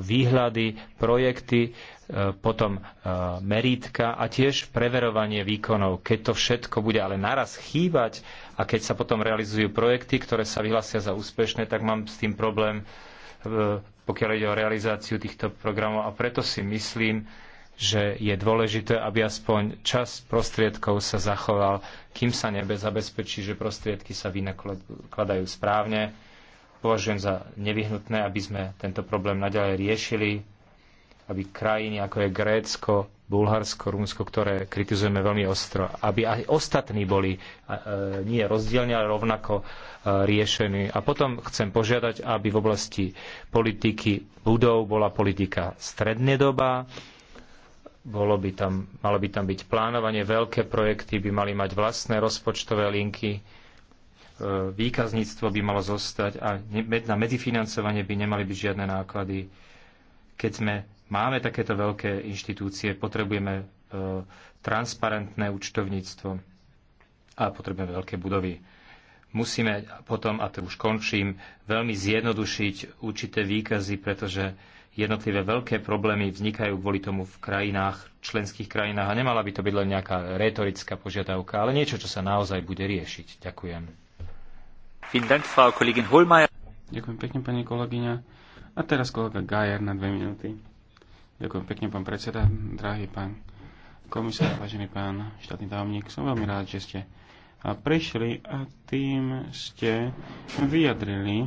S4: výhľady, projekty, E, potom e, merítka a tiež preverovanie výkonov. Keď to všetko bude ale naraz chýbať a keď sa potom realizujú projekty, ktoré sa vyhlasia za úspešné, tak mám s tým problém, e, pokiaľ ide o realizáciu týchto programov. A preto si myslím, že je dôležité, aby aspoň čas prostriedkov sa zachoval, kým sa nebe zabezpečí, že prostriedky sa vynakladajú správne. Považujem za nevyhnutné, aby sme tento problém naďalej riešili aby krajiny ako je Grécko, Bulharsko, Rumunsko, ktoré kritizujeme veľmi ostro, aby aj ostatní boli e, nie rozdielne, ale rovnako e, riešení. A potom chcem požiadať, aby v oblasti politiky budov bola politika strednedobá, bolo by tam, malo by tam byť plánovanie, veľké projekty by mali mať vlastné rozpočtové linky, e, výkazníctvo by malo zostať a na medzifinancovanie by nemali byť žiadne náklady. Keď sme máme takéto veľké inštitúcie, potrebujeme e, transparentné účtovníctvo a potrebujeme veľké budovy. Musíme potom, a to už končím, veľmi zjednodušiť určité výkazy, pretože jednotlivé veľké problémy vznikajú kvôli tomu v krajinách, členských krajinách a nemala by to byť len nejaká retorická požiadavka, ale niečo, čo sa naozaj bude riešiť. Ďakujem. Ďakujem pekne, pani kolegyňa. A teraz
S6: kolega Gajer na dve minúty. Ďakujem pekne, pán predseda, drahý pán komisár, vážený pán štátny tajomník. Som veľmi rád, že ste prišli a tým ste vyjadrili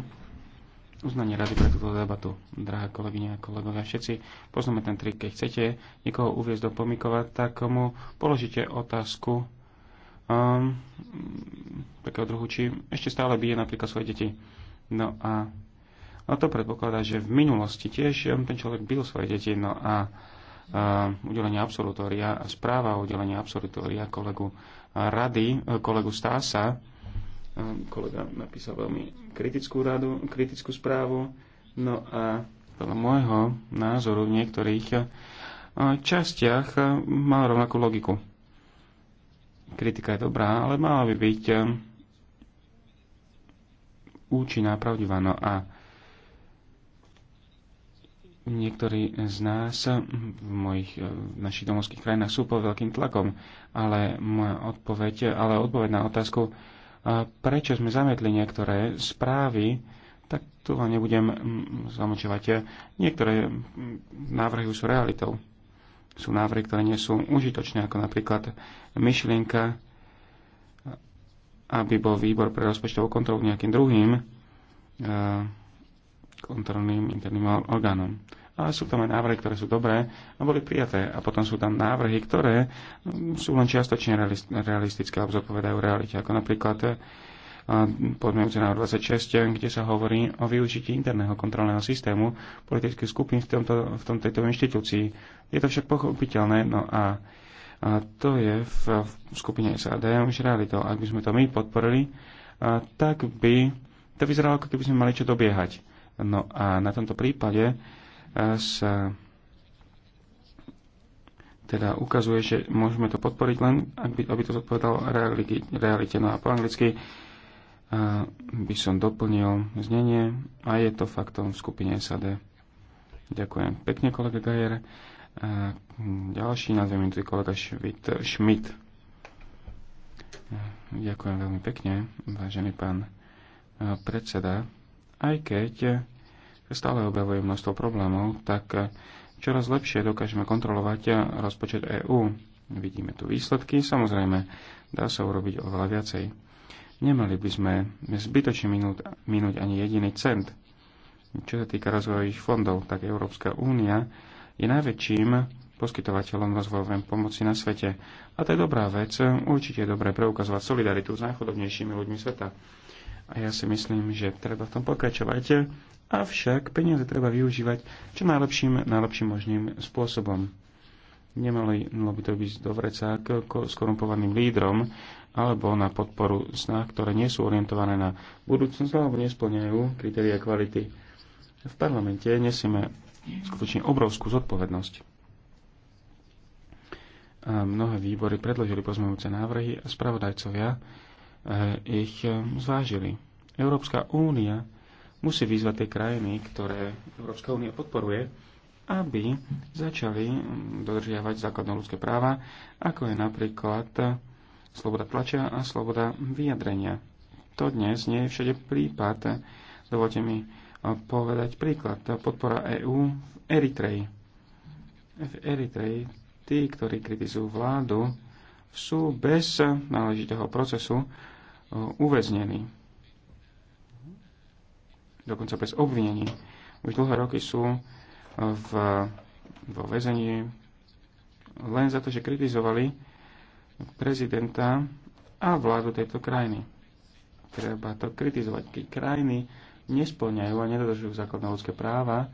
S6: uznanie rady pre túto debatu. Drahá kolegyňa a kolegovia, všetci poznáme ten trik. Keď chcete niekoho uviezť do pomikova, tak mu položíte otázku um, takého druhu, či ešte stále bije napríklad svoje deti. No a No to predpokladá, že v minulosti tiež um, ten človek bil svoje deti. No a, um, udelenie absolutória a správa o udelení absolutória kolegu rady, kolegu Stása, um, kolega napísal veľmi kritickú radu, kritickú správu. No a podľa môjho názoru v niektorých uh, častiach uh, mal rovnakú logiku. Kritika je dobrá, ale mala by byť účinná, pravdivá. No a Niektorí z nás v, mojich, e, v našich domovských krajinách sú pod veľkým tlakom, ale moja odpoveď, ale odpoveď na otázku, e, prečo sme zametli niektoré správy, tak tu vám nebudem zamočovať. E, niektoré návrhy sú realitou. Sú návrhy, ktoré nie sú užitočné, ako napríklad myšlienka, aby bol výbor pre rozpočtovú kontrolu nejakým druhým kontrolným interným orgánom ale sú tam aj návrhy, ktoré sú dobré a boli prijaté. A potom sú tam návrhy, ktoré sú len čiastočne realistické alebo zodpovedajú realite, ako napríklad eh, podmienujúce návrh eh, 26, kde sa hovorí o využití interného kontrolného systému politických skupín v, tomto, v tom, tejto inštitúcii. Je to však pochopiteľné, no a, a to je v, v skupine SAD už realitou. Ak by sme to my podporili, a, eh, tak by to vyzeralo, ako keby sme mali čo dobiehať. No a na tomto prípade sa teda ukazuje, že môžeme to podporiť len, aby, aby to zodpovedalo realite. No a po anglicky by som doplnil znenie a je to faktom v skupine SAD. Ďakujem pekne, kolega Gajer. ďalší názvem je kolega Schmidt. Ďakujem veľmi pekne, vážený pán predseda. Aj keď stále objavuje množstvo problémov, tak eh, čoraz lepšie dokážeme kontrolovať eh, rozpočet EÚ. Vidíme tu výsledky, samozrejme dá sa urobiť oveľa viacej. Nemali by sme zbytočne minúť, minúť ani jediný cent. Čo sa týka rozvojových fondov, tak Európska únia je najväčším poskytovateľom rozvojovej pomoci na svete. A to je dobrá vec. Určite je dobré preukazovať solidaritu s najchodobnejšími ľuďmi sveta. A ja si myslím, že treba v tom pokračovať Avšak peniaze treba využívať čo najlepším, najlepším možným spôsobom. Nemali by to byť do vreca k skorumpovaným lídrom alebo na podporu snah, ktoré nie sú orientované na budúcnosť alebo nesplňajú kritéria kvality. V parlamente nesieme skutočne obrovskú zodpovednosť. A mnohé výbory predložili pozmeňujúce návrhy a spravodajcovia eh, ich eh, zvážili. Európska únia musí vyzvať tie krajiny, ktoré Európska únia podporuje, aby začali mm, dodržiavať základné ľudské práva, ako je napríklad sloboda tlača a sloboda vyjadrenia. To dnes nie je všade prípad. Dovolte mi eh, povedať príklad. Podpora EÚ v Eritreji. V Eritreji tí, ktorí kritizujú vládu, sú bez náležitého procesu eh, uväznení dokonca bez obvinení. Už dlhé roky sú e, v, vo väzení len za to, že kritizovali prezidenta a vládu tejto krajiny. Treba to kritizovať. Keď krajiny nesplňajú a nedodržujú základné ľudské práva,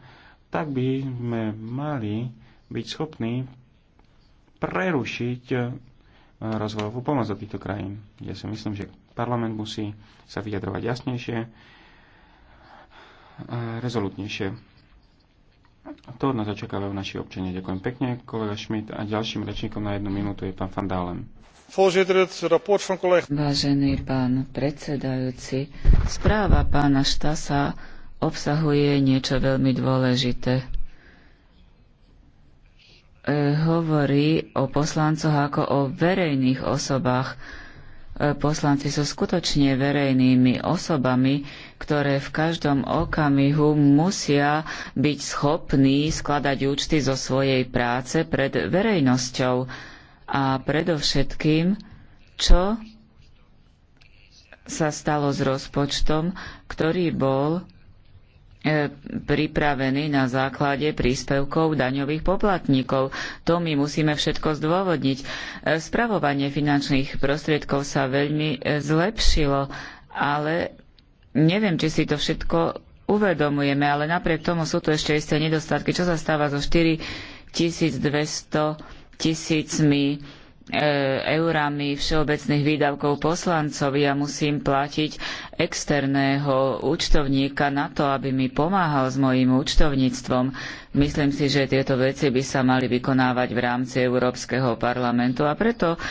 S6: tak by sme mali byť schopní prerušiť e, rozvojovú pomoc do týchto krajín. Ja si myslím, že parlament musí sa vyjadrovať jasnejšie, rezolutnejšie. To od nás očakávajú naši občania. Ďakujem pekne, kolega Schmidt. A ďalším rečníkom na jednu minútu je pán Van Dalen.
S5: Vážený pán predsedajúci, správa pána Štasa obsahuje niečo veľmi dôležité. E, hovorí o poslancoch ako o verejných osobách, poslanci sú skutočne verejnými osobami, ktoré v každom okamihu musia byť schopní skladať účty zo svojej práce pred verejnosťou a predovšetkým, čo sa stalo s rozpočtom, ktorý bol E, pripravený na základe príspevkov daňových poplatníkov. To my musíme všetko zdôvodniť. E, spravovanie finančných prostriedkov sa veľmi e, zlepšilo, ale neviem, či si to všetko uvedomujeme, ale napriek tomu sú tu ešte isté nedostatky. Čo sa stáva so 4200 tisícmi E, eurami všeobecných výdavkov poslancovi a musím platiť externého účtovníka na to, aby mi pomáhal s mojím účtovníctvom. Myslím si, že tieto veci by sa mali vykonávať v rámci Európskeho parlamentu a preto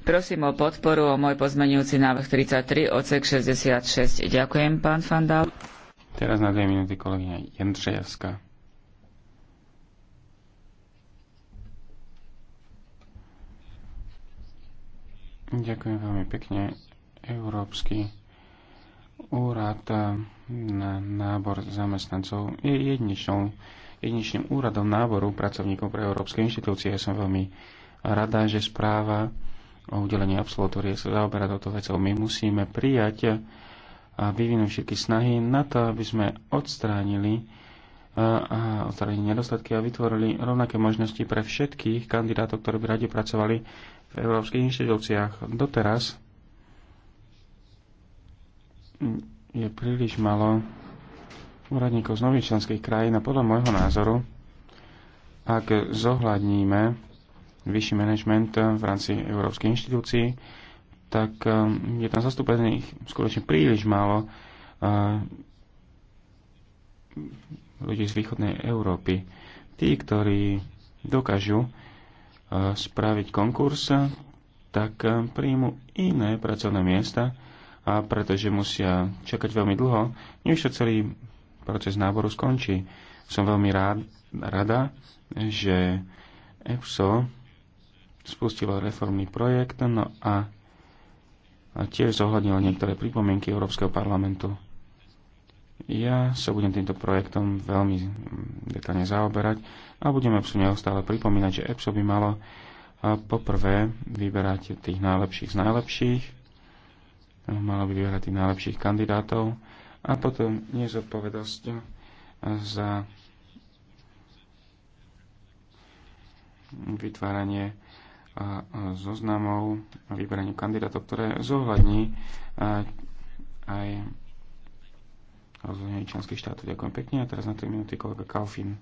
S5: prosím o podporu o môj pozmenujúci návrh 33 odsek 66. Ďakujem, pán Fandal.
S6: Teraz na dve minúty kolegyňa Jendřejevská. Ďakujem veľmi pekne. Európsky úrad na nábor zamestnancov je jedničnou, jedničným úradom náboru pracovníkov pre európske inštitúcie. Ja som veľmi rada, že správa o udelení absolutórie sa zaoberá toto vecou. My musíme prijať a vyvinúť všetky snahy na to, aby sme odstránili a odstránili nedostatky a vytvorili rovnaké možnosti pre všetkých kandidátov, ktorí by radi pracovali v európskych inštitúciách. Doteraz je príliš malo úradníkov z nových členských krajín a podľa môjho názoru, ak zohľadníme vyšší manažment v rámci Európskej inštitúcií, tak um, je tam zastúpených skutočne príliš málo uh, ľudí z východnej Európy. Tí, ktorí dokážu spraviť konkurs, tak eh, príjmu iné pracovné miesta, a pretože musia čakať veľmi dlho, než sa celý proces náboru skončí. Som veľmi rád, rada, že EPSO spustilo reformný projekt no a, a tiež zohľadnilo niektoré pripomienky Európskeho parlamentu. Ja sa budem týmto projektom veľmi detálne zaoberať a budem EPSu neustále pripomínať, že EPSO by malo poprvé vyberať tých najlepších z najlepších, malo by vyberať tých najlepších kandidátov a potom nezodpovedosť za vytváranie zoznamov a vyberanie kandidátov, ktoré zohľadní aj rozhodnení členských štátov. Ďakujem pekne a teraz na 3 minúty kolega Kalfin.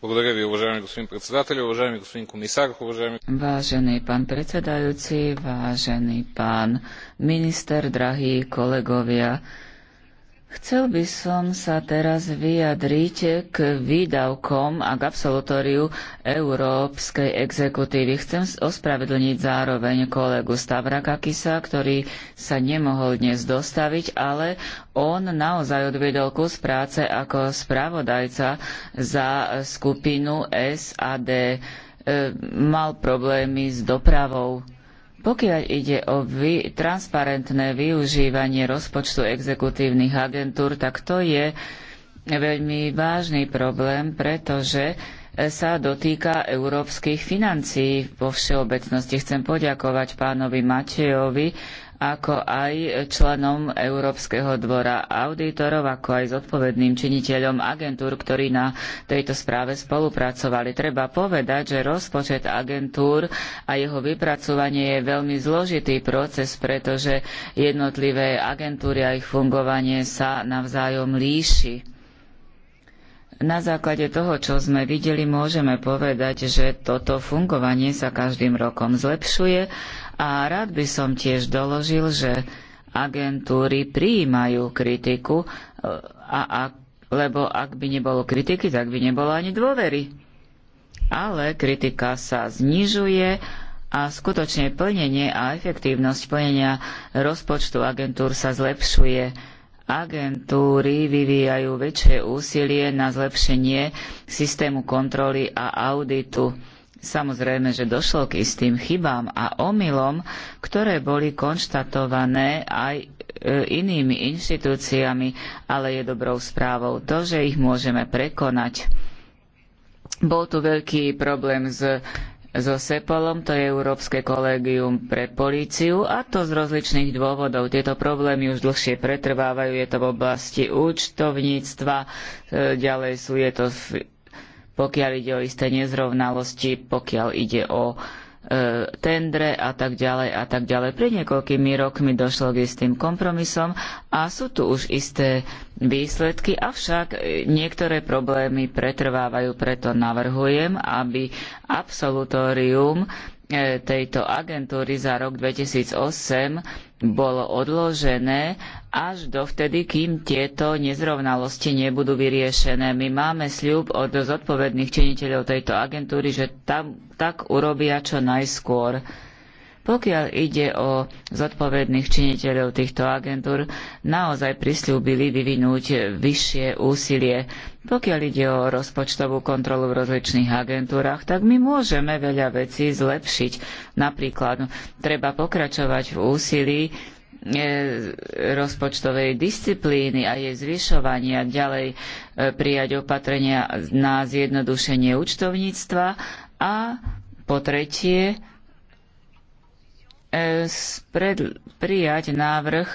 S4: Благодаря ви, уважаеми господин председател, уважаеми господин комисар, уважаеми...
S5: Vážený pán predsedajúci, vážený pán minister, drahí kolegovia, Chcel by som sa teraz vyjadriť k výdavkom a k absolutóriu Európskej exekutívy. Chcem ospravedlniť zároveň kolegu Kakisa, ktorý sa nemohol dnes dostaviť, ale on naozaj odvedol kus práce ako spravodajca za skupinu SAD. E, mal problémy s dopravou pokiaľ ide o vy, transparentné využívanie rozpočtu exekutívnych agentúr, tak to je veľmi vážny problém, pretože sa dotýka európskych financií vo všeobecnosti. Chcem poďakovať pánovi Matejovi ako aj členom Európskeho dvora auditorov, ako aj zodpovedným činiteľom agentúr, ktorí na tejto správe spolupracovali. Treba povedať, že rozpočet agentúr a jeho vypracovanie je veľmi zložitý proces, pretože jednotlivé agentúry a ich fungovanie sa navzájom líši. Na základe toho, čo sme videli, môžeme povedať, že toto fungovanie sa každým rokom zlepšuje a rád by som tiež doložil, že agentúry prijímajú kritiku, e, a, a, lebo ak by nebolo kritiky, tak by nebolo ani dôvery. Ale kritika sa znižuje a skutočne plnenie a efektívnosť plnenia rozpočtu agentúr sa zlepšuje. Agentúry vyvíjajú väčšie úsilie na zlepšenie systému kontroly a auditu. Samozrejme, že došlo k istým chybám a omylom, ktoré boli konštatované aj e, inými inštitúciami, ale je dobrou správou to, že ich môžeme prekonať. Bol tu veľký problém s so SEPOLom, to je Európske kolégium pre políciu, a to z rozličných dôvodov. Tieto problémy už dlhšie pretrvávajú, je to v oblasti účtovníctva, e, ďalej sú je to v pokiaľ ide o isté nezrovnalosti, pokiaľ ide o e, tendre a tak ďalej a tak ďalej. Pred niekoľkými rokmi došlo k istým kompromisom a sú tu už isté výsledky, avšak e, niektoré problémy pretrvávajú, preto navrhujem, aby absolutórium E, tejto agentúry za rok 2008 bolo odložené až dovtedy, kým tieto nezrovnalosti nebudú vyriešené. My máme sľub od zodpovedných činiteľov tejto agentúry, že tam, tak urobia čo najskôr. Pokiaľ ide o zodpovedných činiteľov týchto agentúr, naozaj prislúbili vyvinúť vyššie úsilie. Pokiaľ ide o rozpočtovú kontrolu v rozličných agentúrach, tak my môžeme veľa vecí zlepšiť. Napríklad treba pokračovať v úsilí e, rozpočtovej disciplíny a jej zvyšovania, ďalej e, prijať opatrenia na zjednodušenie účtovníctva a po tretie prijať návrh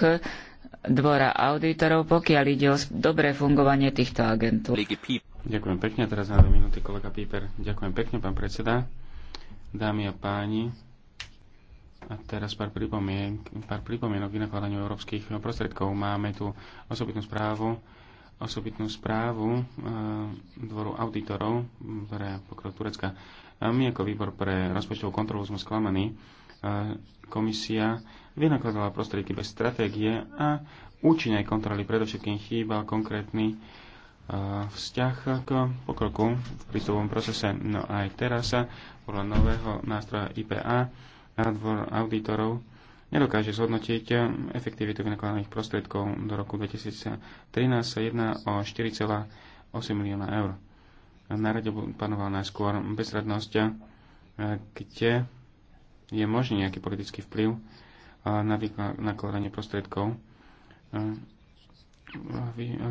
S5: dvora auditorov, pokiaľ ide o dobré fungovanie týchto agentúr. Ďakujem pekne,
S6: teraz na dve minúty kolega Píper. Ďakujem pekne, pán predseda, dámy a páni. A teraz pár, pripomien- pár pripomienok k vynakladaniu európskych prostriedkov. Máme tu osobitnú správu, osobitnú správu e, dvoru auditorov, ktoré pokrok Turecka. A my ako výbor pre rozpočtovú kontrolu sme sklamaní, komisia vynakladala prostriedky bez stratégie a účinnej kontroly predovšetkým chýbal konkrétny vzťah k pokroku v prístupovom procese. No aj teraz sa podľa nového nástroja IPA nádvor auditorov nedokáže zhodnotiť efektivitu vynakladaných prostriedkov. Do roku 2013 sa jedná o 4,8 milióna eur. Na rade panovala najskôr bezradnosť, kde je možný nejaký politický vplyv na nakladanie prostriedkov.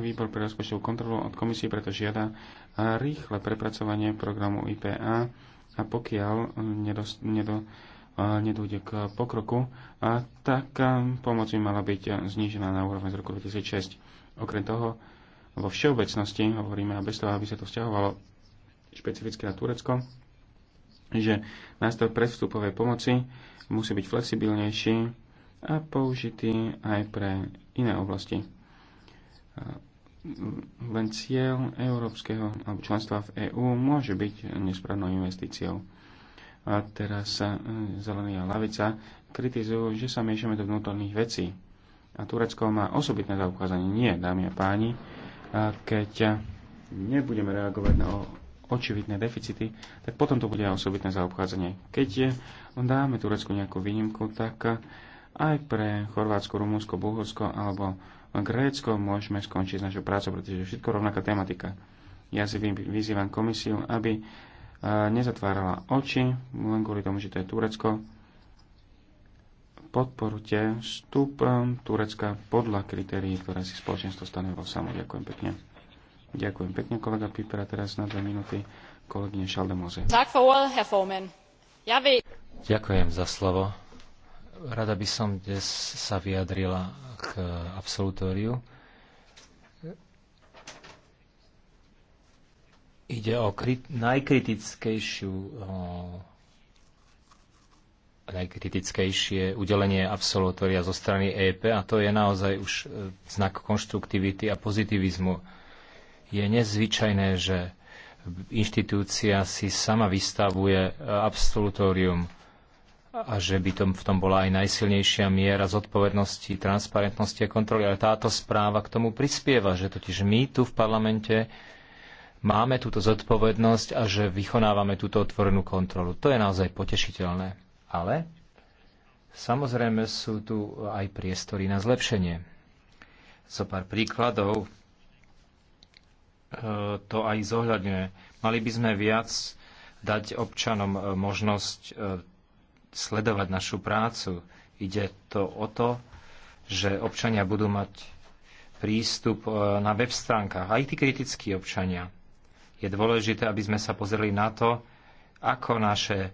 S6: Výbor pre rozpočtovú kontrolu od komisie preto žiada rýchle prepracovanie programu IPA a pokiaľ nedôjde k pokroku, tak pomoc by mala byť znížená na úroveň z roku 2006. Okrem toho, vo všeobecnosti hovoríme, a bez toho, aby sa to vzťahovalo špecificky na Turecko, že nástroj predvstupovej pomoci musí byť flexibilnejší a použitý aj pre iné oblasti. Len cieľ európskeho alebo členstva v EÚ môže byť nesprávnou investíciou. A teraz sa e, Zelený a Lavica kritizujú, že sa miešame do vnútorných vecí. A Turecko má osobitné zaukázanie. Nie, dámy a páni, keď nebudeme reagovať na očividné deficity, tak potom to bude aj osobitné zaobchádzanie. Keď je, dáme Turecku nejakú výnimku, tak aj pre Chorvátsko, Rumunsko, Bulharsko alebo Grécko môžeme skončiť s našou prácou, pretože je všetko rovnaká tematika. Ja si vyzývam komisiu, aby e, nezatvárala oči, len kvôli tomu, že to je Turecko. Podporujte vstup Turecka podľa kritérií, ktoré si spoločenstvo stanovilo samo. Ďakujem pekne. Ďakujem pekne, kolega Piper. A teraz na
S4: dve minúty kolegyne Šaldemoze. Ďakujem za slovo. Rada by som dnes sa vyjadrila k absolutóriu. Ide o najkritickejšiu najkritickejšie udelenie absolutória zo strany EP a to je naozaj už e, znak konštruktivity a pozitivizmu je nezvyčajné, že inštitúcia si sama vystavuje e, absolutórium a že by tom, v tom bola aj najsilnejšia miera zodpovednosti, transparentnosti a kontroly. Ale táto správa k tomu prispieva, že totiž my tu v parlamente máme túto zodpovednosť a že vykonávame túto otvorenú kontrolu. To je naozaj potešiteľné. Ale samozrejme sú tu aj priestory na zlepšenie. Zo pár príkladov to aj zohľadňuje. Mali by sme viac dať občanom e, možnosť e, sledovať našu prácu. Ide to o to, že občania budú mať prístup e, na web stránkach, aj tí kritickí občania. Je dôležité, aby sme sa pozreli na to, ako naše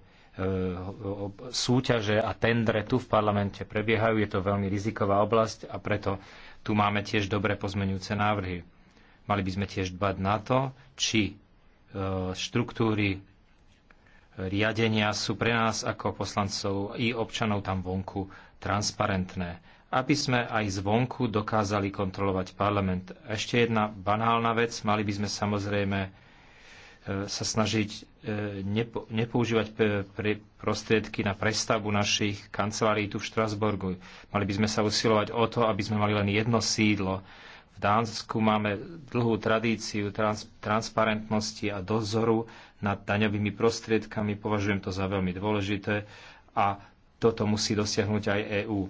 S4: súťaže a tendre tu v parlamente prebiehajú. Je to veľmi riziková oblasť a preto tu máme tiež dobre pozmenujúce návrhy Mali by sme tiež dbať na to, či e, štruktúry e, riadenia sú pre nás ako poslancov i občanov tam vonku transparentné, aby sme aj zvonku dokázali kontrolovať parlament. Ešte jedna banálna vec, mali by sme samozrejme e, sa snažiť nepoužívať prostriedky na prestavbu našich kancelárií tu v Štrasburgu. Mali by sme sa usilovať o to, aby sme mali len jedno sídlo, v Dánsku máme dlhú tradíciu trans- transparentnosti a dozoru nad daňovými prostriedkami. Považujem to za veľmi dôležité a toto musí dosiahnuť aj EÚ.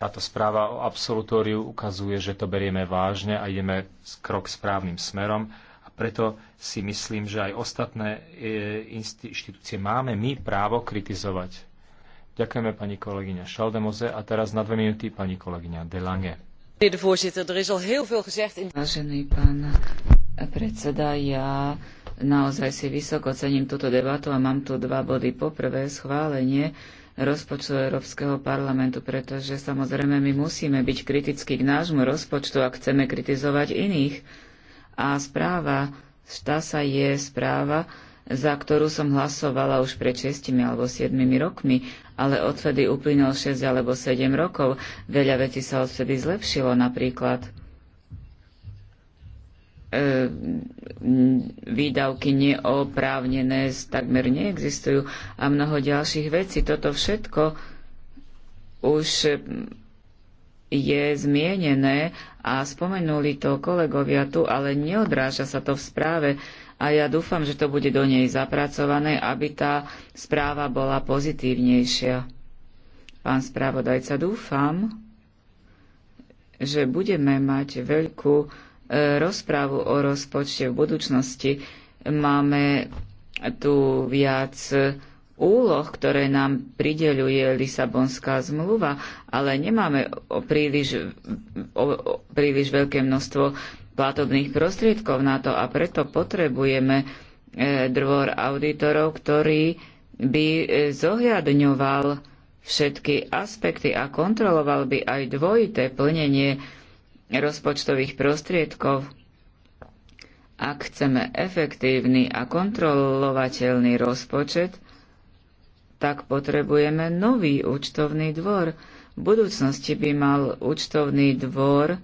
S4: Táto správa o absolutóriu ukazuje, že to berieme vážne a ideme krok správnym smerom a preto si myslím, že aj ostatné e, inštitúcie máme my právo kritizovať. Ďakujeme pani kolegyňa Šaldemoze a teraz na dve minúty pani kolegyňa Delange.
S5: Er Vážený pán predseda, ja naozaj si vysoko cením túto debatu a mám tu dva body. Poprvé schválenie rozpočtu Európskeho parlamentu, pretože samozrejme my musíme byť kritickí k nášmu rozpočtu a chceme kritizovať iných. A správa štasa je správa, za ktorú som hlasovala už pred 6 alebo 7 rokmi, ale odvtedy uplynulo 6 alebo 7 rokov. Veľa vecí sa odvtedy zlepšilo, napríklad e, výdavky neoprávnené takmer neexistujú a mnoho ďalších vecí. Toto všetko už je zmienené a spomenuli to kolegovia tu, ale neodráža sa to v správe a ja dúfam, že to bude do nej zapracované, aby tá správa bola pozitívnejšia. Pán spravodajca, dúfam, že budeme mať veľkú e, rozprávu o rozpočte v budúcnosti. Máme tu viac úloh, ktoré nám prideľuje Lisabonská zmluva, ale nemáme príliš, o, o príliš veľké množstvo platobných prostriedkov na to a preto potrebujeme e, dvor auditorov, ktorý by e, zohľadňoval všetky aspekty a kontroloval by aj dvojité plnenie rozpočtových prostriedkov. Ak chceme efektívny a kontrolovateľný rozpočet, tak potrebujeme nový účtovný dvor. V budúcnosti by mal účtovný dvor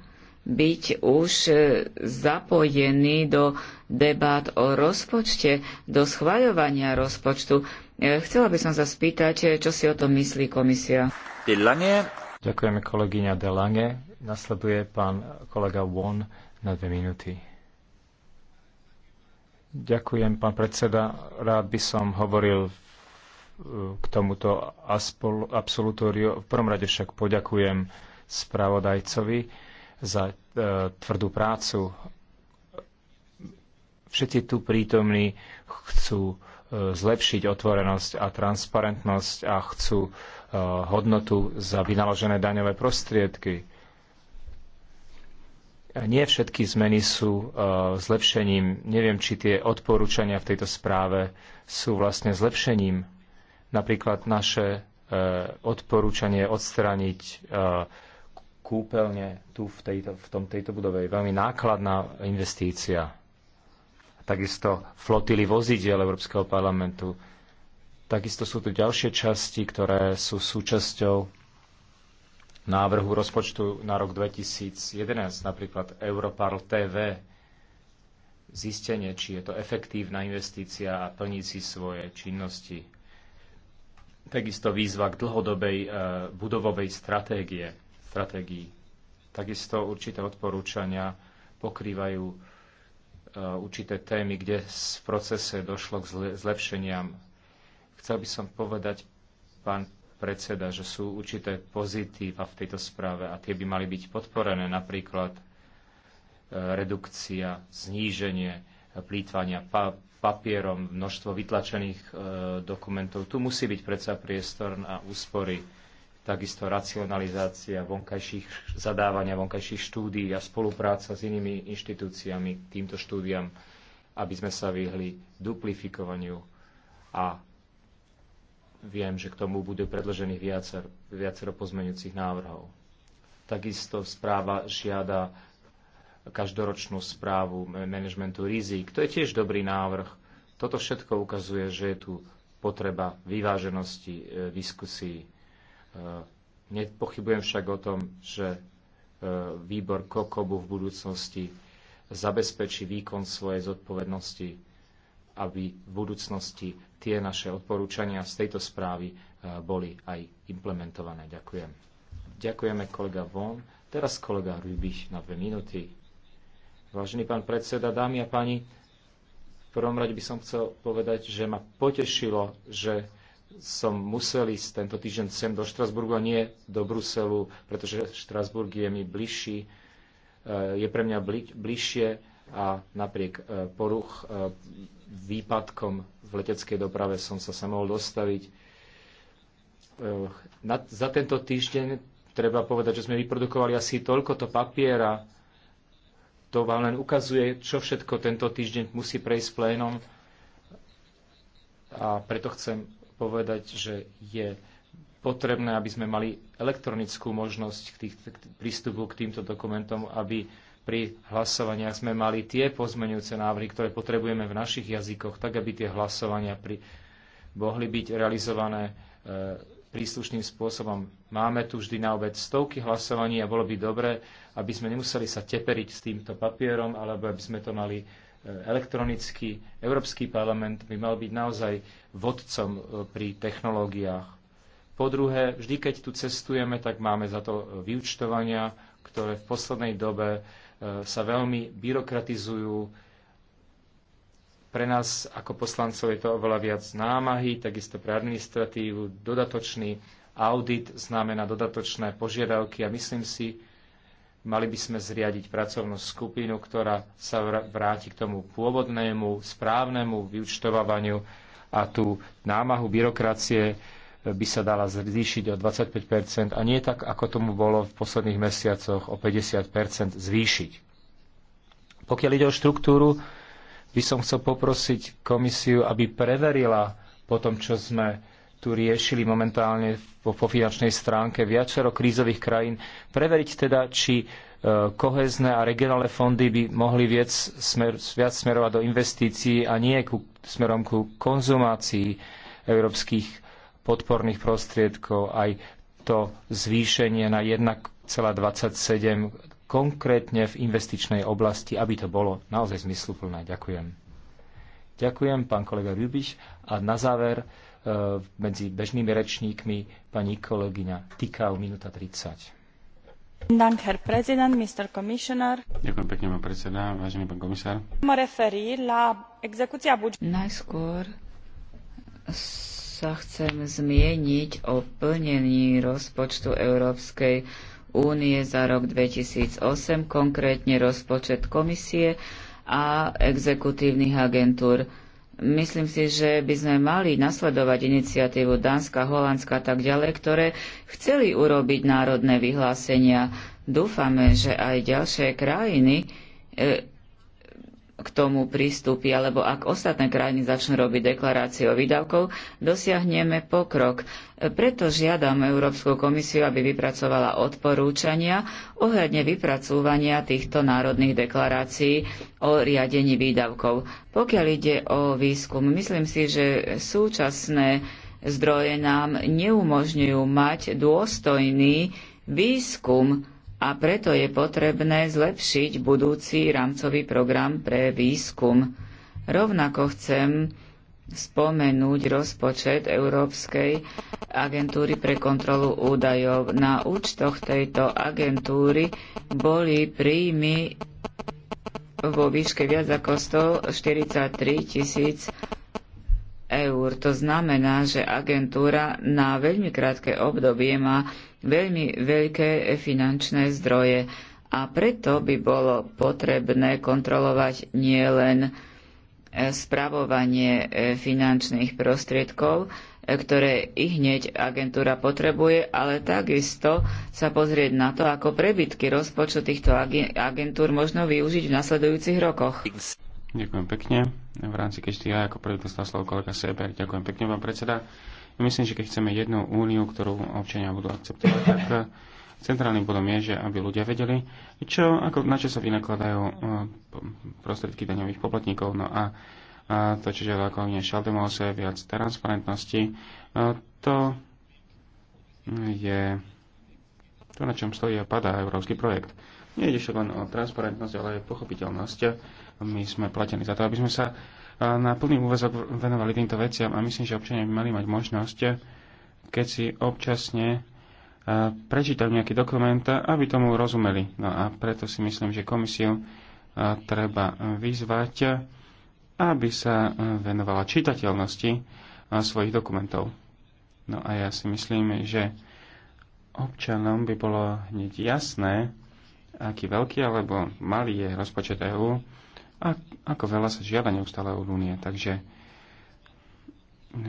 S5: byť už e, zapojení do debát o rozpočte, do schvaľovania rozpočtu. E, chcela by som sa spýtať, e, čo si o tom myslí komisia. Ďakujeme kolegyňa Delange.
S4: Nasleduje pán kolega Won na dve minúty. Ďakujem, pán predseda. Rád by som hovoril k tomuto absolutóriu. V prvom rade však poďakujem spravodajcovi za e, tvrdú prácu. Všetci tu prítomní chcú e, zlepšiť otvorenosť a transparentnosť a chcú e, hodnotu za vynaložené daňové prostriedky. Nie všetky zmeny sú zlepšením. Neviem, či tie odporúčania v tejto správe sú vlastne zlepšením. Napríklad naše odporúčanie odstrániť kúpeľne tu v, tejto, v tom, tejto budove. Je veľmi nákladná investícia. Takisto flotily vozidiel Európskeho parlamentu. Takisto sú tu ďalšie časti, ktoré sú súčasťou návrhu rozpočtu na rok 2011, napríklad Europarl TV. Zistenie, či je to efektívna investícia a plní si svoje činnosti. Takisto výzva k dlhodobej eh, budovovej stratégie stratégií. Takisto určité odporúčania pokrývajú e, určité témy, kde v procese došlo k zlepšeniam. Chcel by som povedať, pán predseda, že sú určité pozitíva v tejto správe a tie by mali byť podporené, napríklad e, redukcia, zníženie e, plýtvania papierom, množstvo vytlačených dokumentov. Tu musí byť predsa priestor na úspory takisto racionalizácia vonkajších zadávania, vonkajších štúdií a spolupráca s inými inštitúciami týmto štúdiam, aby sme sa vyhli duplifikovaniu a viem, že k tomu budú predložených viacer, viacero pozmeňujúcich návrhov. Takisto správa žiada každoročnú správu manažmentu rizik. To je tiež dobrý návrh. Toto všetko ukazuje, že je tu potreba vyváženosti e, diskusí Eh, nepochybujem však o tom, že eh, výbor Kokobu v budúcnosti zabezpečí výkon svojej zodpovednosti, aby v budúcnosti tie naše odporúčania z tejto správy eh, boli aj implementované. Ďakujem. Ďakujeme kolega Von. Teraz kolega Rubich na dve minúty. Vážený pán predseda, dámy a páni, v prvom rade by som chcel povedať, že ma potešilo, že som musel ísť tento týždeň sem do Štrasburgu a nie do Bruselu, pretože Štrasburg je mi bližší, eh, je pre mňa bližšie a napriek eh, poruch eh, výpadkom v leteckej doprave som sa sa mohol dostaviť. Na, za tento týždeň treba povedať, že sme vyprodukovali asi toľkoto papiera. To vám len ukazuje, čo všetko tento týždeň musí prejsť plénom. A preto chcem povedať, že je potrebné, aby sme mali elektronickú možnosť k tých, k prístupu k týmto dokumentom, aby pri hlasovaniach sme mali tie pozmeňujúce návrhy, ktoré potrebujeme v našich jazykoch, tak aby tie hlasovania pri, mohli byť realizované e, príslušným spôsobom. Máme tu vždy na obed stovky hlasovaní a bolo by dobre, aby sme nemuseli sa teperiť s týmto papierom, alebo aby sme to mali e, elektronicky. Európsky parlament by mal byť naozaj vodcom e, pri technológiách. Po druhé, vždy keď tu cestujeme, tak máme za to e, vyučtovania, ktoré v poslednej dobe sa veľmi byrokratizujú, pre nás ako poslancov je to oveľa viac námahy, takisto pre administratívu dodatočný audit znamená dodatočné požiadavky a myslím si, mali by sme zriadiť pracovnú skupinu, ktorá sa vráti k tomu pôvodnému, správnemu vyučtovávaniu a tú námahu byrokracie eh, by sa dala zvýšiť o 25 a nie tak, ako tomu bolo v posledných mesiacoch, o 50 zvýšiť. Pokiaľ ide o štruktúru, by som chcel poprosiť komisiu, aby preverila po tom, čo sme tu riešili momentálne po, po finančnej stránke viacero krízových krajín, preveriť teda, či e, kohezné a regionálne fondy by mohli viac, smer, viac smerovať do investícií a nie ku, smerom ku konzumácii európskych podporných prostriedkov. Aj to zvýšenie na 1,27 konkrétne v investičnej oblasti, aby to bolo naozaj zmysluplné. Ďakujem. Ďakujem, pán kolega Rubiš. A na záver eh, medzi bežnými rečníkmi pani kolegyňa Tikal, minúta 30.
S5: Ďakujem
S4: pekne, pán predseda, vážený pán komisár.
S5: Najskôr sa chcem zmieniť o plnení rozpočtu Európskej únie za rok 2008, konkrétne rozpočet komisie a exekutívnych agentúr. Myslím si, že by sme mali nasledovať iniciatívu Dánska, Holandska a tak ďalej, ktoré chceli urobiť národné vyhlásenia. Dúfame, že aj ďalšie krajiny e, k tomu pristúpi, alebo ak ostatné krajiny začnú robiť deklarácie o výdavkov, dosiahneme pokrok. Preto žiadam Európsku komisiu, aby vypracovala odporúčania ohľadne vypracúvania týchto národných deklarácií o riadení výdavkov. Pokiaľ ide o výskum, myslím si, že súčasné zdroje nám neumožňujú mať dôstojný výskum a preto je potrebné zlepšiť budúci rámcový program pre výskum. Rovnako chcem spomenúť rozpočet Európskej agentúry pre kontrolu údajov. Na účtoch tejto agentúry boli príjmy vo výške viac ako 143 tisíc eur. To znamená, že agentúra na veľmi krátke obdobie má veľmi veľké finančné zdroje a preto by bolo potrebné kontrolovať nielen e, spravovanie e, finančných prostriedkov, e, ktoré i hneď agentúra potrebuje, ale takisto sa pozrieť na to, ako prebytky rozpočtu týchto agentúr možno využiť v nasledujúcich rokoch.
S6: Ďakujem pekne v rámci keď ja ako prvý dostal slovo kolega Seber. Ďakujem pekne, pán predseda. Myslím, že keď chceme jednu úniu, ktorú občania budú akceptovať, tak eh, centrálnym bodom je, že aby ľudia vedeli, čo, ako, na čo sa vynakladajú eh, prostriedky daňových poplatníkov. No a, a to, čo žiadala kolegyňa Šaldemose, viac transparentnosti, eh, to je to, na čom stojí a padá európsky projekt. Nejde však len o transparentnosť, ale aj pochopiteľnosť my sme platení za to, aby sme sa e, na plný úvezok venovali týmto veciam a myslím, že občania by mali mať možnosť, keď si občasne e, prečítajú nejaký dokument, aby tomu rozumeli. No a preto si myslím, že komisiu e, treba vyzvať, aby sa venovala čitateľnosti svojich dokumentov. No a ja si myslím, že občanom by bolo hneď jasné, aký veľký alebo malý je rozpočet EÚ a ako veľa sa žiada neustále od únie. Takže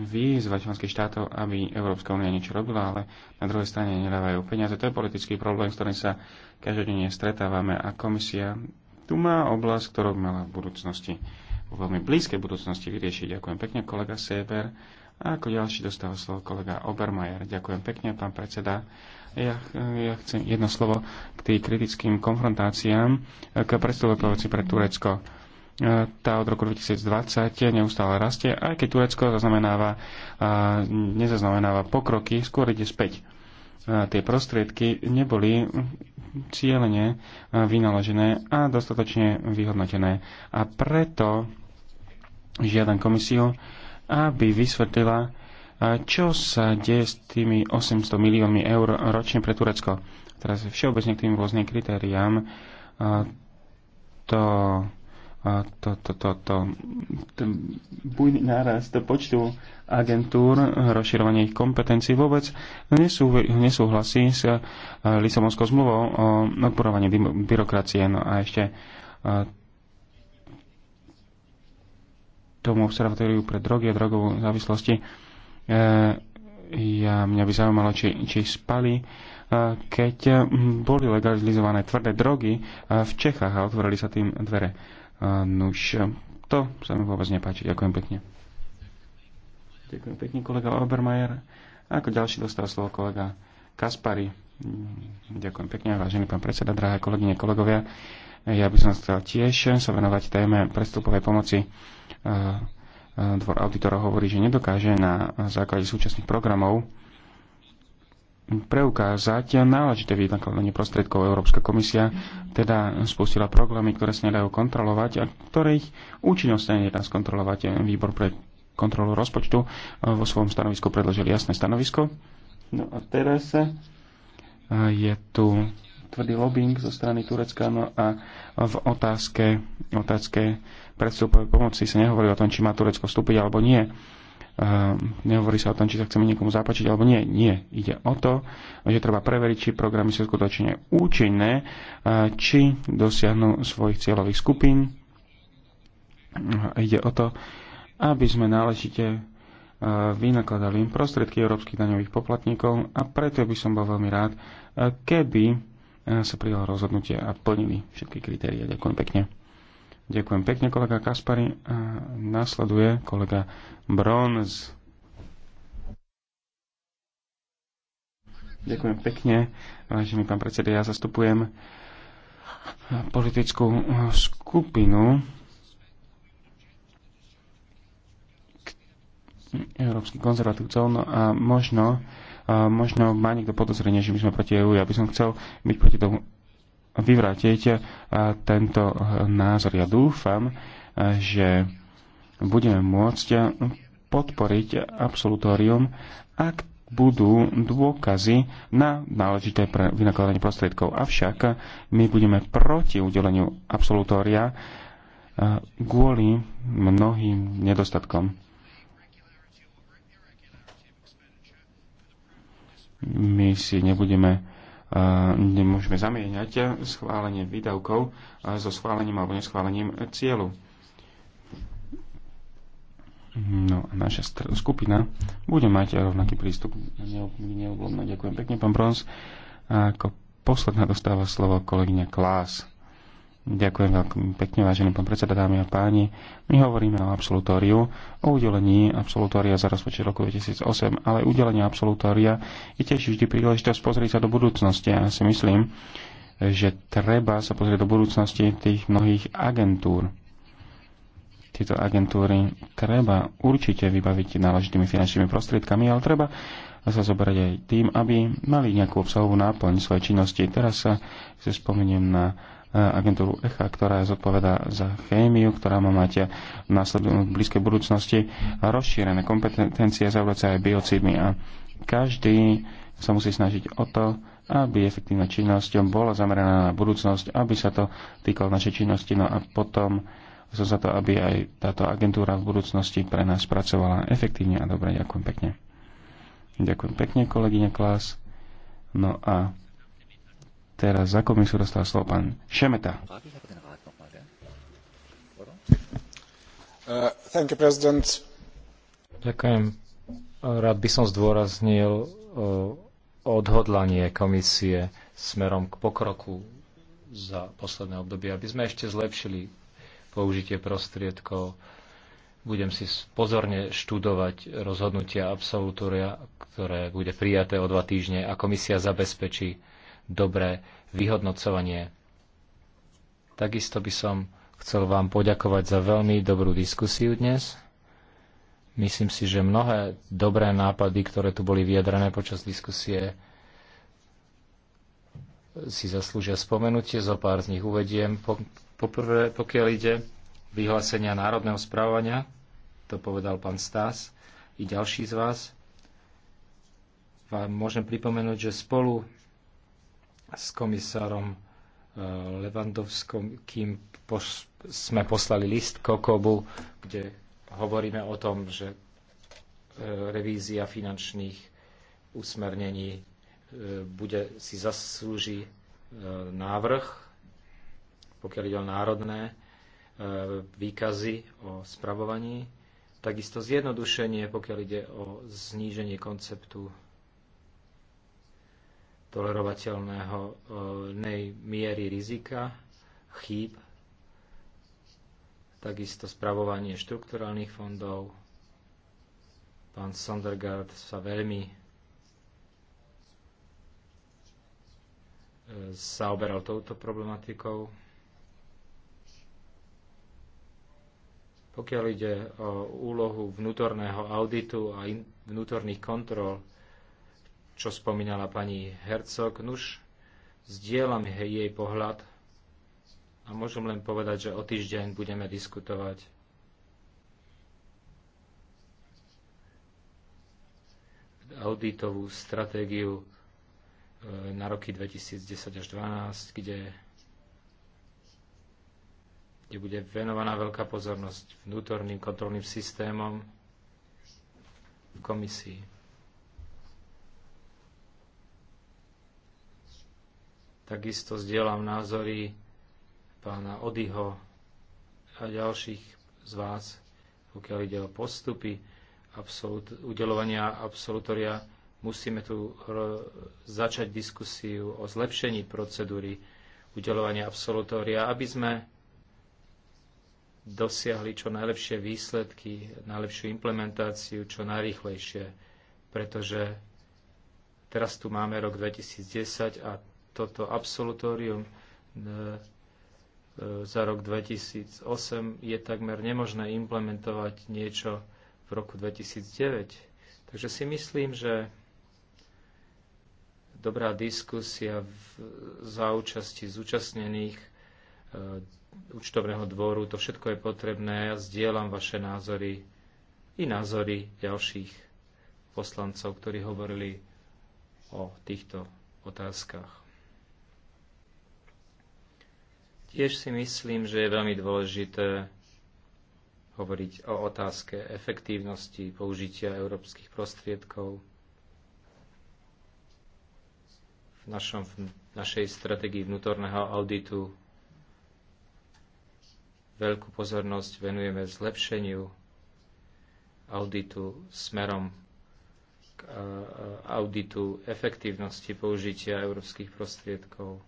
S6: výzva členských štátov, aby Európska únia niečo robila, ale na druhej strane nedávajú peniaze. To je politický problém, s ktorým sa každodenne stretávame a komisia tu má oblasť, ktorú by mala v budúcnosti, v veľmi blízkej budúcnosti vyriešiť. Ďakujem pekne, kolega Seber. A ako ďalší dostáva slovo kolega Obermajer. Ďakujem pekne, pán predseda. Ja, ja chcem jedno slovo k tým kritickým konfrontáciám k predstavu pre Turecko tá od roku 2020 neustále rastie, aj keď Turecko zaznamenáva, nezaznamenáva pokroky, skôr ide späť. Tie prostriedky neboli cieľene vynaložené a dostatočne vyhodnotené. A preto žiadam komisiu, aby vysvetlila, čo sa deje s tými 800 miliónmi eur ročne pre Turecko. Teraz všeobecne k tým rôznym kritériám to to, to, to, to, to bujný nárast počtu agentúr, rozširovanie ich kompetencií vôbec nesú, nesúhlasí s eh, Lisabonskou zmluvou o odporovaní byrokracie. No a ešte eh, tomu observatóriu pre drogy a drogovú závislosti. Eh, ja, mňa by zaujímalo, či, či spali, keď hm, boli legalizované tvrdé drogy v Čechách a otvorili sa tým dvere Nuž, to sa mi vôbec nepáči. Ďakujem pekne. Ďakujem pekne, kolega Obermajer. A ako ďalší dostal slovo kolega Kaspari. Ďakujem pekne, vážený pán predseda, drahé kolegyne, kolegovia. Ja by som chcel tiež sa venovať téme prestupovej pomoci. Dvor auditorov hovorí, že nedokáže na základe súčasných programov preukázať náležité vynakladanie prostriedkov. Európska komisia teda spustila programy, ktoré sa nedajú kontrolovať a ktorých účinnosť sa nedá skontrolovať. Výbor pre kontrolu rozpočtu eh, vo svojom stanovisku predložil jasné stanovisko. No a teraz eh, je tu tvrdý lobbying zo strany Turecka no a v otázke, otázke predstupovej pomoci sa nehovorí o tom, či má Turecko vstúpiť alebo nie nehovorí sa o tom, či sa chceme niekomu zapačiť alebo nie. Nie. Ide o to, že treba preveriť, či programy sú skutočne účinné, či dosiahnu svojich cieľových skupín. Ide o to, aby sme náležite e, vynakladali prostriedky európskych daňových poplatníkov a preto by som bol veľmi rád, e, keby e, sa prijalo rozhodnutie a plnili všetky kritéria. Ďakujem pekne. Ďakujem pekne, kolega Kaspari. A nasleduje kolega Bronz. Ďakujem pekne, vážený pán predseda. Ja zastupujem politickú skupinu európskych konzervatívcov no a možno, možno má niekto podozrenie, že my sme proti EU. Ja by som chcel byť proti tomu vyvrátiť e, tento názor. Ja dúfam, e, že budeme môcť podporiť absolutórium, ak budú dôkazy na náležité pre vynakladanie prostriedkov. Avšak my budeme proti udeleniu absolutória e, kvôli mnohým nedostatkom. My si nebudeme nemôžeme zamieňať schválenie výdavkov so schválením alebo neschválením cieľu. No a naša skupina bude mať rovnaký prístup. Neoblomne ďakujem pekne, pán Brons. A ako posledná dostáva slovo kolegyňa Klás. Ďakujem veľmi pekne, vážený pán predseda, dámy a páni. My hovoríme o absolutóriu, o udelení absolutória za rozpočet roku 2008, ale udelenie absolutória je tiež vždy príležitosť pozrieť sa do budúcnosti. Ja si myslím, že treba sa pozrieť do budúcnosti tých mnohých agentúr. Tieto agentúry treba určite vybaviť náležitými finančnými prostriedkami, ale treba sa zoberať aj tým, aby mali nejakú obsahovú náplň svojej činnosti. Teraz sa, sa spomeniem na E, agentúru ECHA, ktorá zodpovedá za chémiu, ktorá má mať v, v blízkej budúcnosti rozšírené kompetencie zaujúce aj biocidmi A každý sa musí snažiť o to, aby efektívna činnosť bola zameraná na budúcnosť, aby sa to týkalo našej činnosti, no a potom som za to, aby aj táto agentúra v budúcnosti pre nás pracovala efektívne a dobre. Ďakujem pekne. Ďakujem pekne, kolegyňa Klas. No a Teraz za komisiu dostal slovo pán
S4: Šemeta.
S1: Uh, thank you, president.
S4: Ďakujem. Rád by som zdôraznil uh, odhodlanie komisie smerom k pokroku za posledné obdobie, aby sme ešte zlepšili použitie prostriedkov. Budem si pozorne študovať rozhodnutia absolutória, ktoré bude prijaté o dva týždne a komisia zabezpečí dobré vyhodnocovanie. Takisto by som chcel vám poďakovať za veľmi dobrú diskusiu dnes. Myslím si, že mnohé dobré nápady, ktoré tu boli vyjadrené počas diskusie, si zaslúžia spomenutie, zo pár z nich uvediem. Poprvé, pokiaľ ide vyhlásenia národného správania, to povedal pán Stás, i ďalší z vás, vám môžem pripomenúť, že spolu s komisárom eh, Levandovským kým sme poslali list Kokobu, kde hovoríme o tom, že eh, revízia finančných usmernení eh, bude, si zaslúži návrh, pokiaľ ide o národné výkazy o spravovaní, takisto zjednodušenie, pokiaľ ide o zníženie konceptu tolerovateľného nej eh, miery rizika, chýb, takisto spravovanie štrukturálnych fondov. Pán Sondergaard sa veľmi eh, zaoberal touto problematikou. Pokiaľ ide o úlohu vnútorného auditu a vnútorných kontrol, čo spomínala pani Hercog. Nuž, zdieľam jej pohľad a môžem len povedať, že o týždeň budeme diskutovať auditovú stratégiu e, na roky 2010 až 2012, kde, kde bude venovaná veľká pozornosť vnútorným kontrolným systémom v komisii. Takisto zdieľam názory pána Odyho a ďalších z vás, pokiaľ ide o postupy absolut, udelovania absolutoria. Musíme tu začať diskusiu o zlepšení procedúry udelovania absolutória, aby sme dosiahli čo najlepšie výsledky, najlepšiu implementáciu, čo najrychlejšie, pretože teraz tu máme rok 2010 a toto absolutórium e, e, za rok 2008 je takmer nemožné implementovať niečo v roku 2009. Takže si myslím, že dobrá diskusia v, za účasti zúčastnených e, účtovného dvoru, to všetko je potrebné. Ja zdieľam vaše názory i názory ďalších poslancov, ktorí hovorili o týchto otázkach. Tiež si myslím, že je veľmi dôležité hovoriť o otázke efektívnosti použitia európskych prostriedkov. V, našom, v našej strategii vnútorného auditu veľkú pozornosť venujeme zlepšeniu auditu smerom k eh, auditu efektívnosti použitia európskych prostriedkov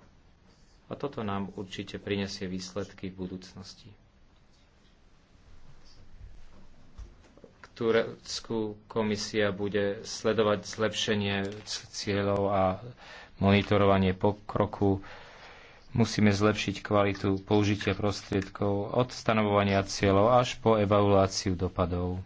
S4: a toto nám určite prinesie výsledky v budúcnosti. K Turecku komisia bude sledovať zlepšenie cieľov a monitorovanie pokroku. Musíme zlepšiť kvalitu použitia prostriedkov od stanovovania cieľov až po evaluáciu dopadov.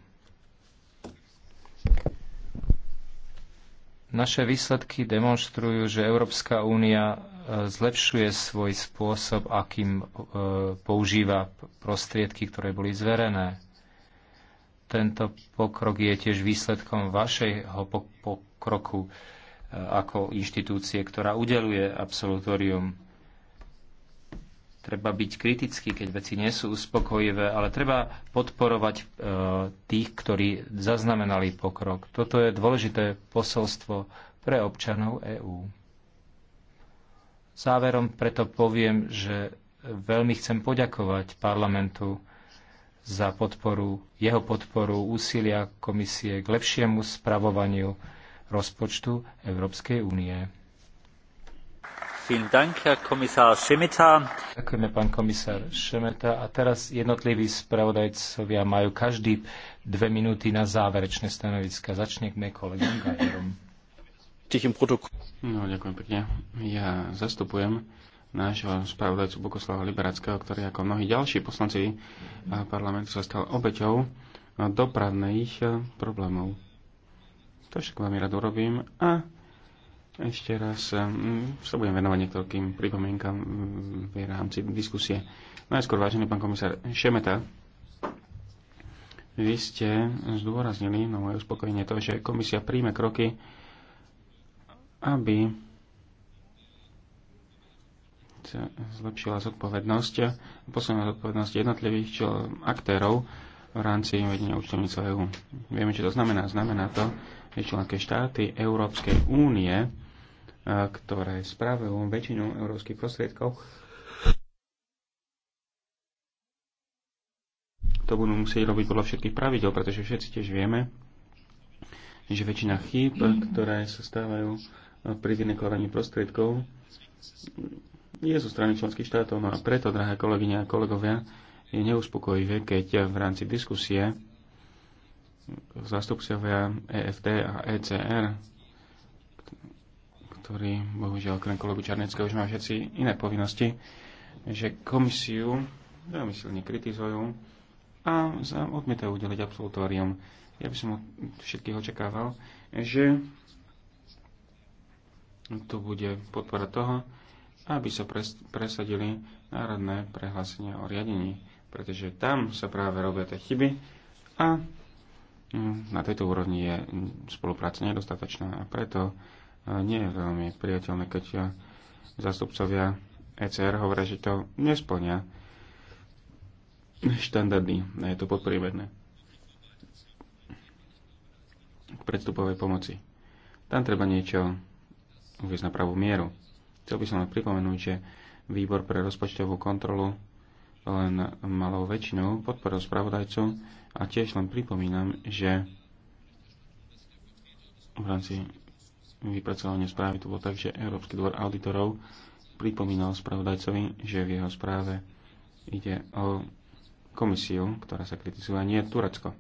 S4: Naše výsledky demonstrujú, že Európska únia zlepšuje svoj spôsob, akým e, používa prostriedky, ktoré boli zverené. Tento pokrok je tiež výsledkom vašeho pokroku e, ako inštitúcie, ktorá udeluje absolutórium. Treba byť kritický, keď veci nie sú uspokojivé, ale treba podporovať e, tých, ktorí zaznamenali pokrok. Toto je dôležité posolstvo pre občanov EÚ. Záverom preto poviem, že veľmi chcem poďakovať parlamentu za podporu, jeho podporu úsilia komisie k lepšiemu spravovaniu rozpočtu Európskej únie. Ďakujeme, pán komisár Šemeta. A teraz jednotliví spravodajcovia majú každý dve minúty na záverečné stanoviska. Začneme kolegom Gajerom
S6: tichým protokolom. No, ďakujem pekne. Ja zastupujem nášho spravodajcu Bogoslava Liberackého, ktorý ako mnohí ďalší poslanci eh, parlamentu sa stal obeťou eh, dopravných eh, problémov. To však veľmi rád urobím a ešte raz mm, sa budem venovať niektorým pripomienkam v rámci diskusie. Najskôr, vážený pán komisár Šemeta, vy ste zdôraznili na no moje uspokojenie to, že komisia príjme kroky, aby sa zlepšila zodpovednosť, posledná zodpovednosť jednotlivých čo, aktérov v rámci vedenia účtovníctva EÚ. Vieme, čo to znamená. Znamená to, že členské štáty Európskej únie, e, ktoré spravujú väčšinu európskych prostriedkov, to budú musieť robiť podľa všetkých pravidel, pretože všetci tiež vieme, že väčšina chýb, ktoré sa stávajú pri vynakladaniu prostriedkov je zo strany členských štátov. No a preto, drahé kolegyne a kolegovia, je neuspokojivé, keď v rámci diskusie zástupcovia EFT a ECR, ktorí, bohužiaľ, okrem kolegu Čarneckého, už majú všetci iné povinnosti, že komisiu veľmi silne kritizujú a odmietajú udeliť absolutórium. Ja by som od všetkých očakával, že tu bude podpora toho, aby sa presadili národné prehlásenia o riadení, pretože tam sa práve robia tie chyby a mm, na tejto úrovni je spolupráca nedostatočná a preto e, nie je veľmi priateľné, keď e, zástupcovia ECR hovoria, že to nesplňa štandardy. Je to podpriemerné k predstupovej pomoci. Tam treba niečo uviezť na pravú mieru. Chcel by som len pripomenúť, že výbor pre rozpočtovú kontrolu len malou väčšinou podporil spravodajcu a tiež len pripomínam, že v rámci vypracovania správy to bolo tak, že Európsky dvor auditorov pripomínal spravodajcovi, že v jeho správe ide o komisiu, ktorá sa kritizuje, a nie Turecko.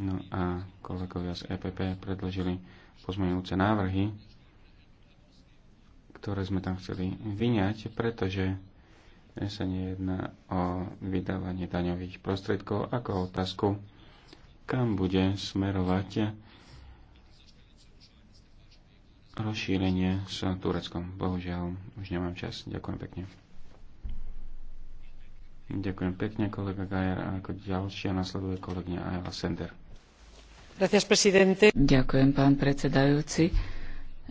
S6: No a kolegovia z EPP predložili pozmeňujúce návrhy, ktoré sme tam chceli vyňať, pretože sa nejedná o vydávanie daňových prostriedkov ako otázku, kam bude smerovať rozšírenie s Tureckom. Bohužiaľ, už nemám čas. Ďakujem pekne. Ďakujem pekne, kolega Gajer. A ako ďalšia nasleduje kolegyňa Ayala Sender.
S5: Ďakujem, pán predsedajúci.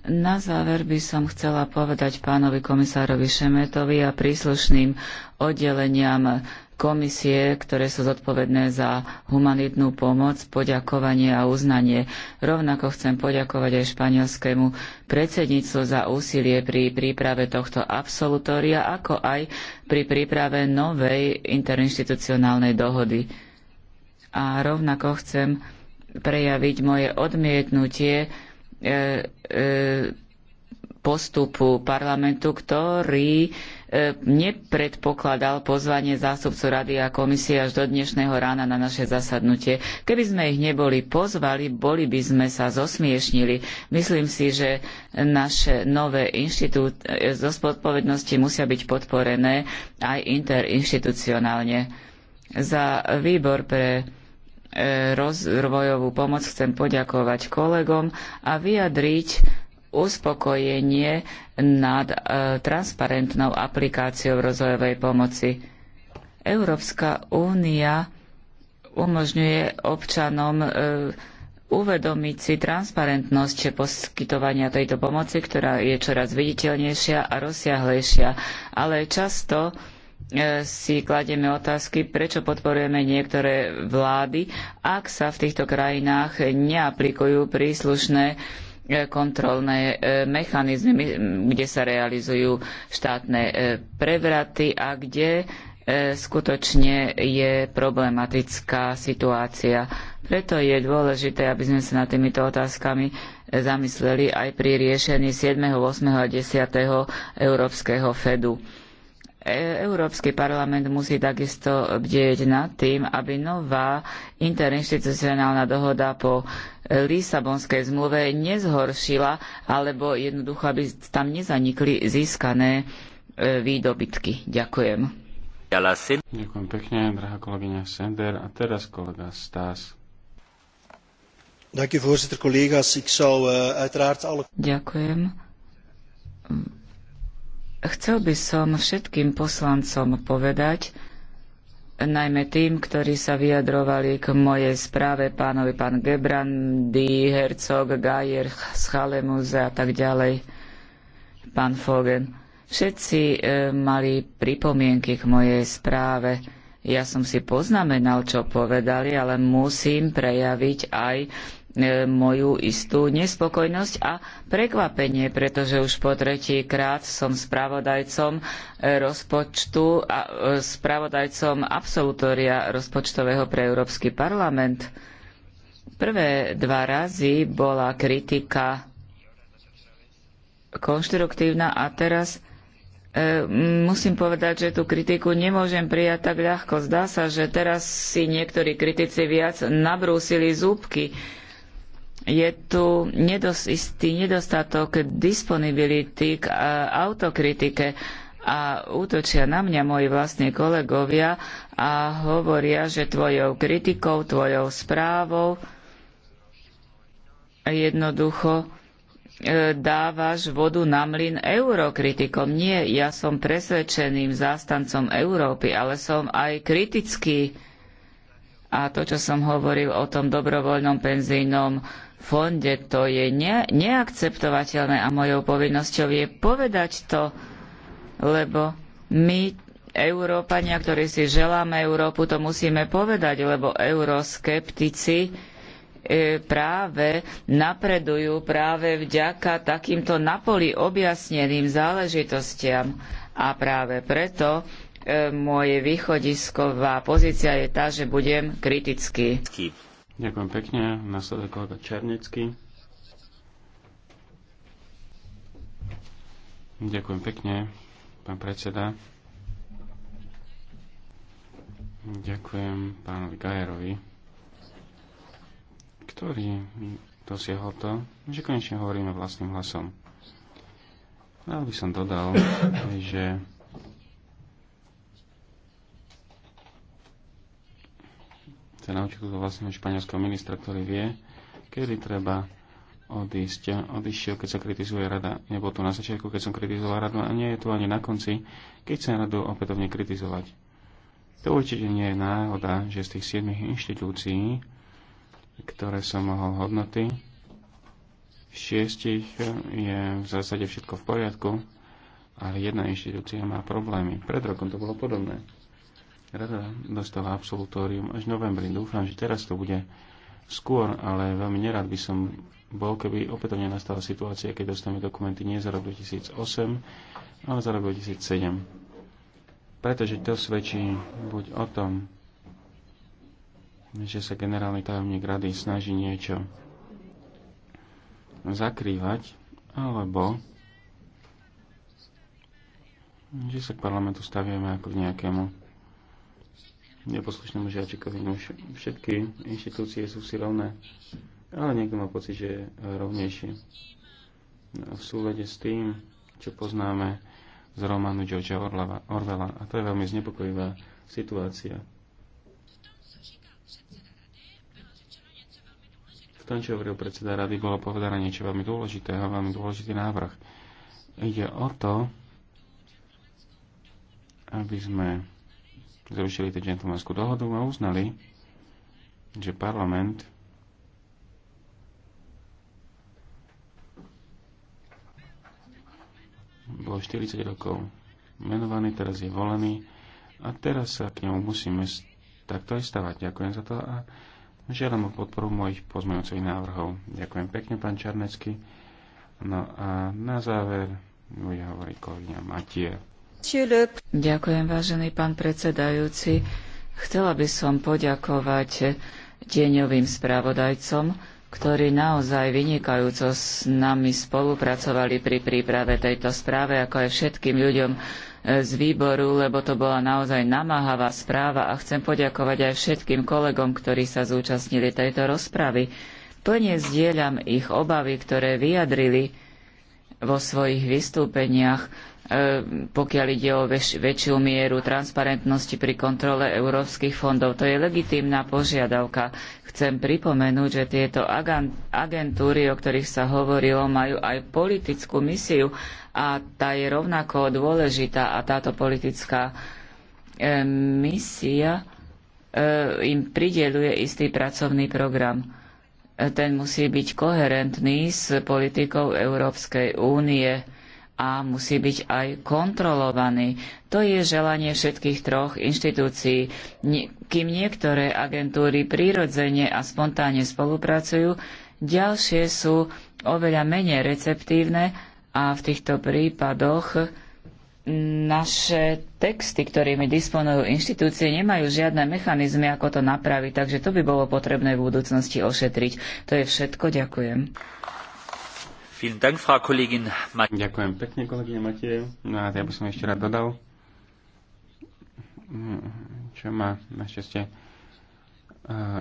S5: Na záver by som chcela povedať pánovi komisárovi Šemetovi a príslušným oddeleniam komisie, ktoré sú zodpovedné za humanitnú pomoc, poďakovanie a uznanie. Rovnako chcem poďakovať aj španielskému predsedníctvu za úsilie pri príprave tohto absolutória, ako aj pri príprave novej interinštitucionálnej dohody. A rovnako chcem prejaviť moje odmietnutie E, e, postupu parlamentu, ktorý e, nepredpokladal pozvanie zástupcu Rady a komisie až do dnešného rána na naše zasadnutie. Keby sme ich neboli pozvali, boli by sme sa zosmiešnili. Myslím si, že naše nové inštitút zo spodpovednosti musia byť podporené aj interinštitucionálne. Za výbor pre E, rozvojovú pomoc chcem poďakovať kolegom a vyjadriť uspokojenie nad e, transparentnou aplikáciou rozvojovej pomoci. Európska únia umožňuje občanom e, uvedomiť si transparentnosť poskytovania tejto pomoci, ktorá je čoraz viditeľnejšia a rozsiahlejšia, ale často E, si kladieme otázky, prečo podporujeme niektoré vlády, ak sa v týchto krajinách neaplikujú príslušné e, kontrolné e, mechanizmy, kde sa realizujú štátne prevraty a kde skutočne je problematická situácia. Preto je dôležité, aby sme sa nad týmito otázkami zamysleli aj pri riešení 7., 8. a 10. Európskeho Fedu. E, Európsky parlament musí takisto bdieť nad tým, aby nová interinstitucionálna dohoda po Lisabonskej zmluve nezhoršila, alebo jednoducho, aby tam nezanikli získané e, výdobytky. Ďakujem.
S6: Ďakujem pekne, drahá kolegyňa Sender. A teraz kolega
S1: Stas. Eh,
S5: Ďakujem, Chcel by som všetkým poslancom povedať, najmä tým, ktorí sa vyjadrovali k mojej správe, pánovi pán Gebrandy, Hercog, Gajer, Schalemuze a tak ďalej, pán Fogen. Všetci e, mali pripomienky k mojej správe. Ja som si poznamenal, čo povedali, ale musím prejaviť aj E, moju istú nespokojnosť a prekvapenie, pretože už po tretí krát som spravodajcom rozpočtu a e, spravodajcom absolutória rozpočtového pre Európsky parlament. Prvé dva razy bola kritika konštruktívna a teraz e, musím povedať, že tú kritiku nemôžem prijať tak ľahko. Zdá sa, že teraz si niektorí kritici viac nabrúsili zúbky je tu nedos, istý nedostatok disponibility k e, autokritike a útočia na mňa moji vlastní kolegovia a hovoria, že tvojou kritikou, tvojou správou jednoducho e, dávaš vodu na mlyn eurokritikom. Nie, ja som presvedčeným zástancom Európy, ale som aj kritický. A to, čo som hovoril o tom dobrovoľnom penzijnom fonde. To je ne- neakceptovateľné a mojou povinnosťou je povedať to, lebo my, Európania, ktorí si želáme Európu, to musíme povedať, lebo euroskeptici e, práve napredujú práve vďaka takýmto napoli objasneným záležitostiam. A práve preto e, moje východisková pozícia je tá, že budem kritický.
S6: Ďakujem pekne. Nasleduje kolega Černecký. Ďakujem pekne, pán predseda. Ďakujem pánovi Gajerovi, ktorý dosiahol to, že konečne hovoríme vlastným hlasom. Rád by som dodal, že sa naučil zo vlastného španielského ministra, ktorý vie, kedy treba odísť. Odišiel, keď sa kritizuje rada. Nebol tu na začiatku, keď som kritizoval radu a nie je tu ani na konci, keď sa radu opätovne kritizovať. To určite nie je náhoda, že z tých siedmých inštitúcií, ktoré som mohol hodnoty, v šiestich je v zásade všetko v poriadku, ale jedna inštitúcia má problémy. Pred rokom to bolo podobné. Rada dostala absolutórium až novembri. Dúfam, že teraz to bude skôr, ale veľmi nerad by som bol, keby opätovne nastala situácia, keď dostaneme dokumenty nie za rok 2008, ale za rok 2007. Pretože to svedčí buď o tom, že sa generálny tajomník rady snaží niečo zakrývať, alebo že sa k parlamentu stavíme ako k nejakému neposlušnému žiačikovi. No, všetky inštitúcie sú si rovné, ale niekto má pocit, že je rovnejší. No, v súlede s tým, čo poznáme z románu George Orwella. A to je veľmi znepokojivá situácia. V tom, čo hovoril predseda rady, bolo povedané niečo veľmi dôležitého, veľmi dôležitý návrh. Ide o to, aby sme zrušili tú džentlmanskú dohodu a uznali, že parlament bol 40 rokov menovaný, teraz je volený a teraz sa k nemu musíme takto aj stavať. Ďakujem za to a želám o podporu mojich pozmeňujúcich návrhov. Ďakujem pekne, pán Čarnecký. No a na záver bude hovoriť kolegyňa Matie.
S5: Ďakujem, vážený pán predsedajúci. Chcela by som poďakovať tieňovým spravodajcom, ktorí naozaj vynikajúco s nami spolupracovali pri príprave tejto správy, ako aj všetkým ľuďom e, z výboru, lebo to bola naozaj namáhavá správa a chcem poďakovať aj všetkým kolegom, ktorí sa zúčastnili tejto rozpravy. Plne zdieľam ich obavy, ktoré vyjadrili vo svojich vystúpeniach Ehm, pokiaľ ide o väč väčšiu mieru transparentnosti pri kontrole európskych fondov. To je legitímna požiadavka. Chcem pripomenúť, že tieto agentúry, o ktorých sa hovorilo, majú aj politickú misiu a tá je rovnako dôležitá a táto politická e, misia e, im prideľuje istý pracovný program. E, ten musí byť koherentný s politikou Európskej únie a musí byť aj kontrolovaný. To je želanie všetkých troch inštitúcií. Kým niektoré agentúry prirodzene a spontánne spolupracujú, ďalšie sú oveľa menej receptívne a v týchto prípadoch naše texty, ktorými disponujú inštitúcie, nemajú žiadne mechanizmy, ako to napraviť, takže to by bolo potrebné v budúcnosti ošetriť. To je všetko. Ďakujem.
S6: Ďakujem pekne, kolegyne Matiev. No a ja by som ešte rád dodal, čo ma našťastie eh,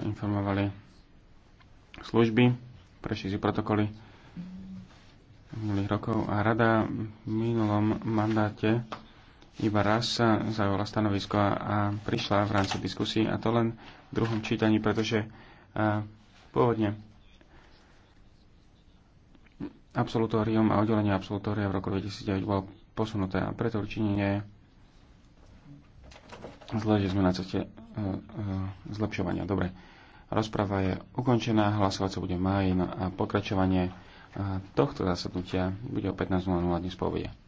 S6: informovali služby, prešli protokoly minulých rokov a rada v minulom mandáte iba raz sa zaujala stanovisko a, a prišla v rámci diskusie a to len v druhom čítaní, pretože eh, pôvodne absolutórium a oddelenie absolutória v roku 2009 bolo posunuté a preto určite nie je zle, že sme na ceste e, e, zlepšovania. Dobre, rozpráva je ukončená, hlasovať sa bude v máji no a pokračovanie e, tohto zasadnutia bude o 15.00 dnes po obede.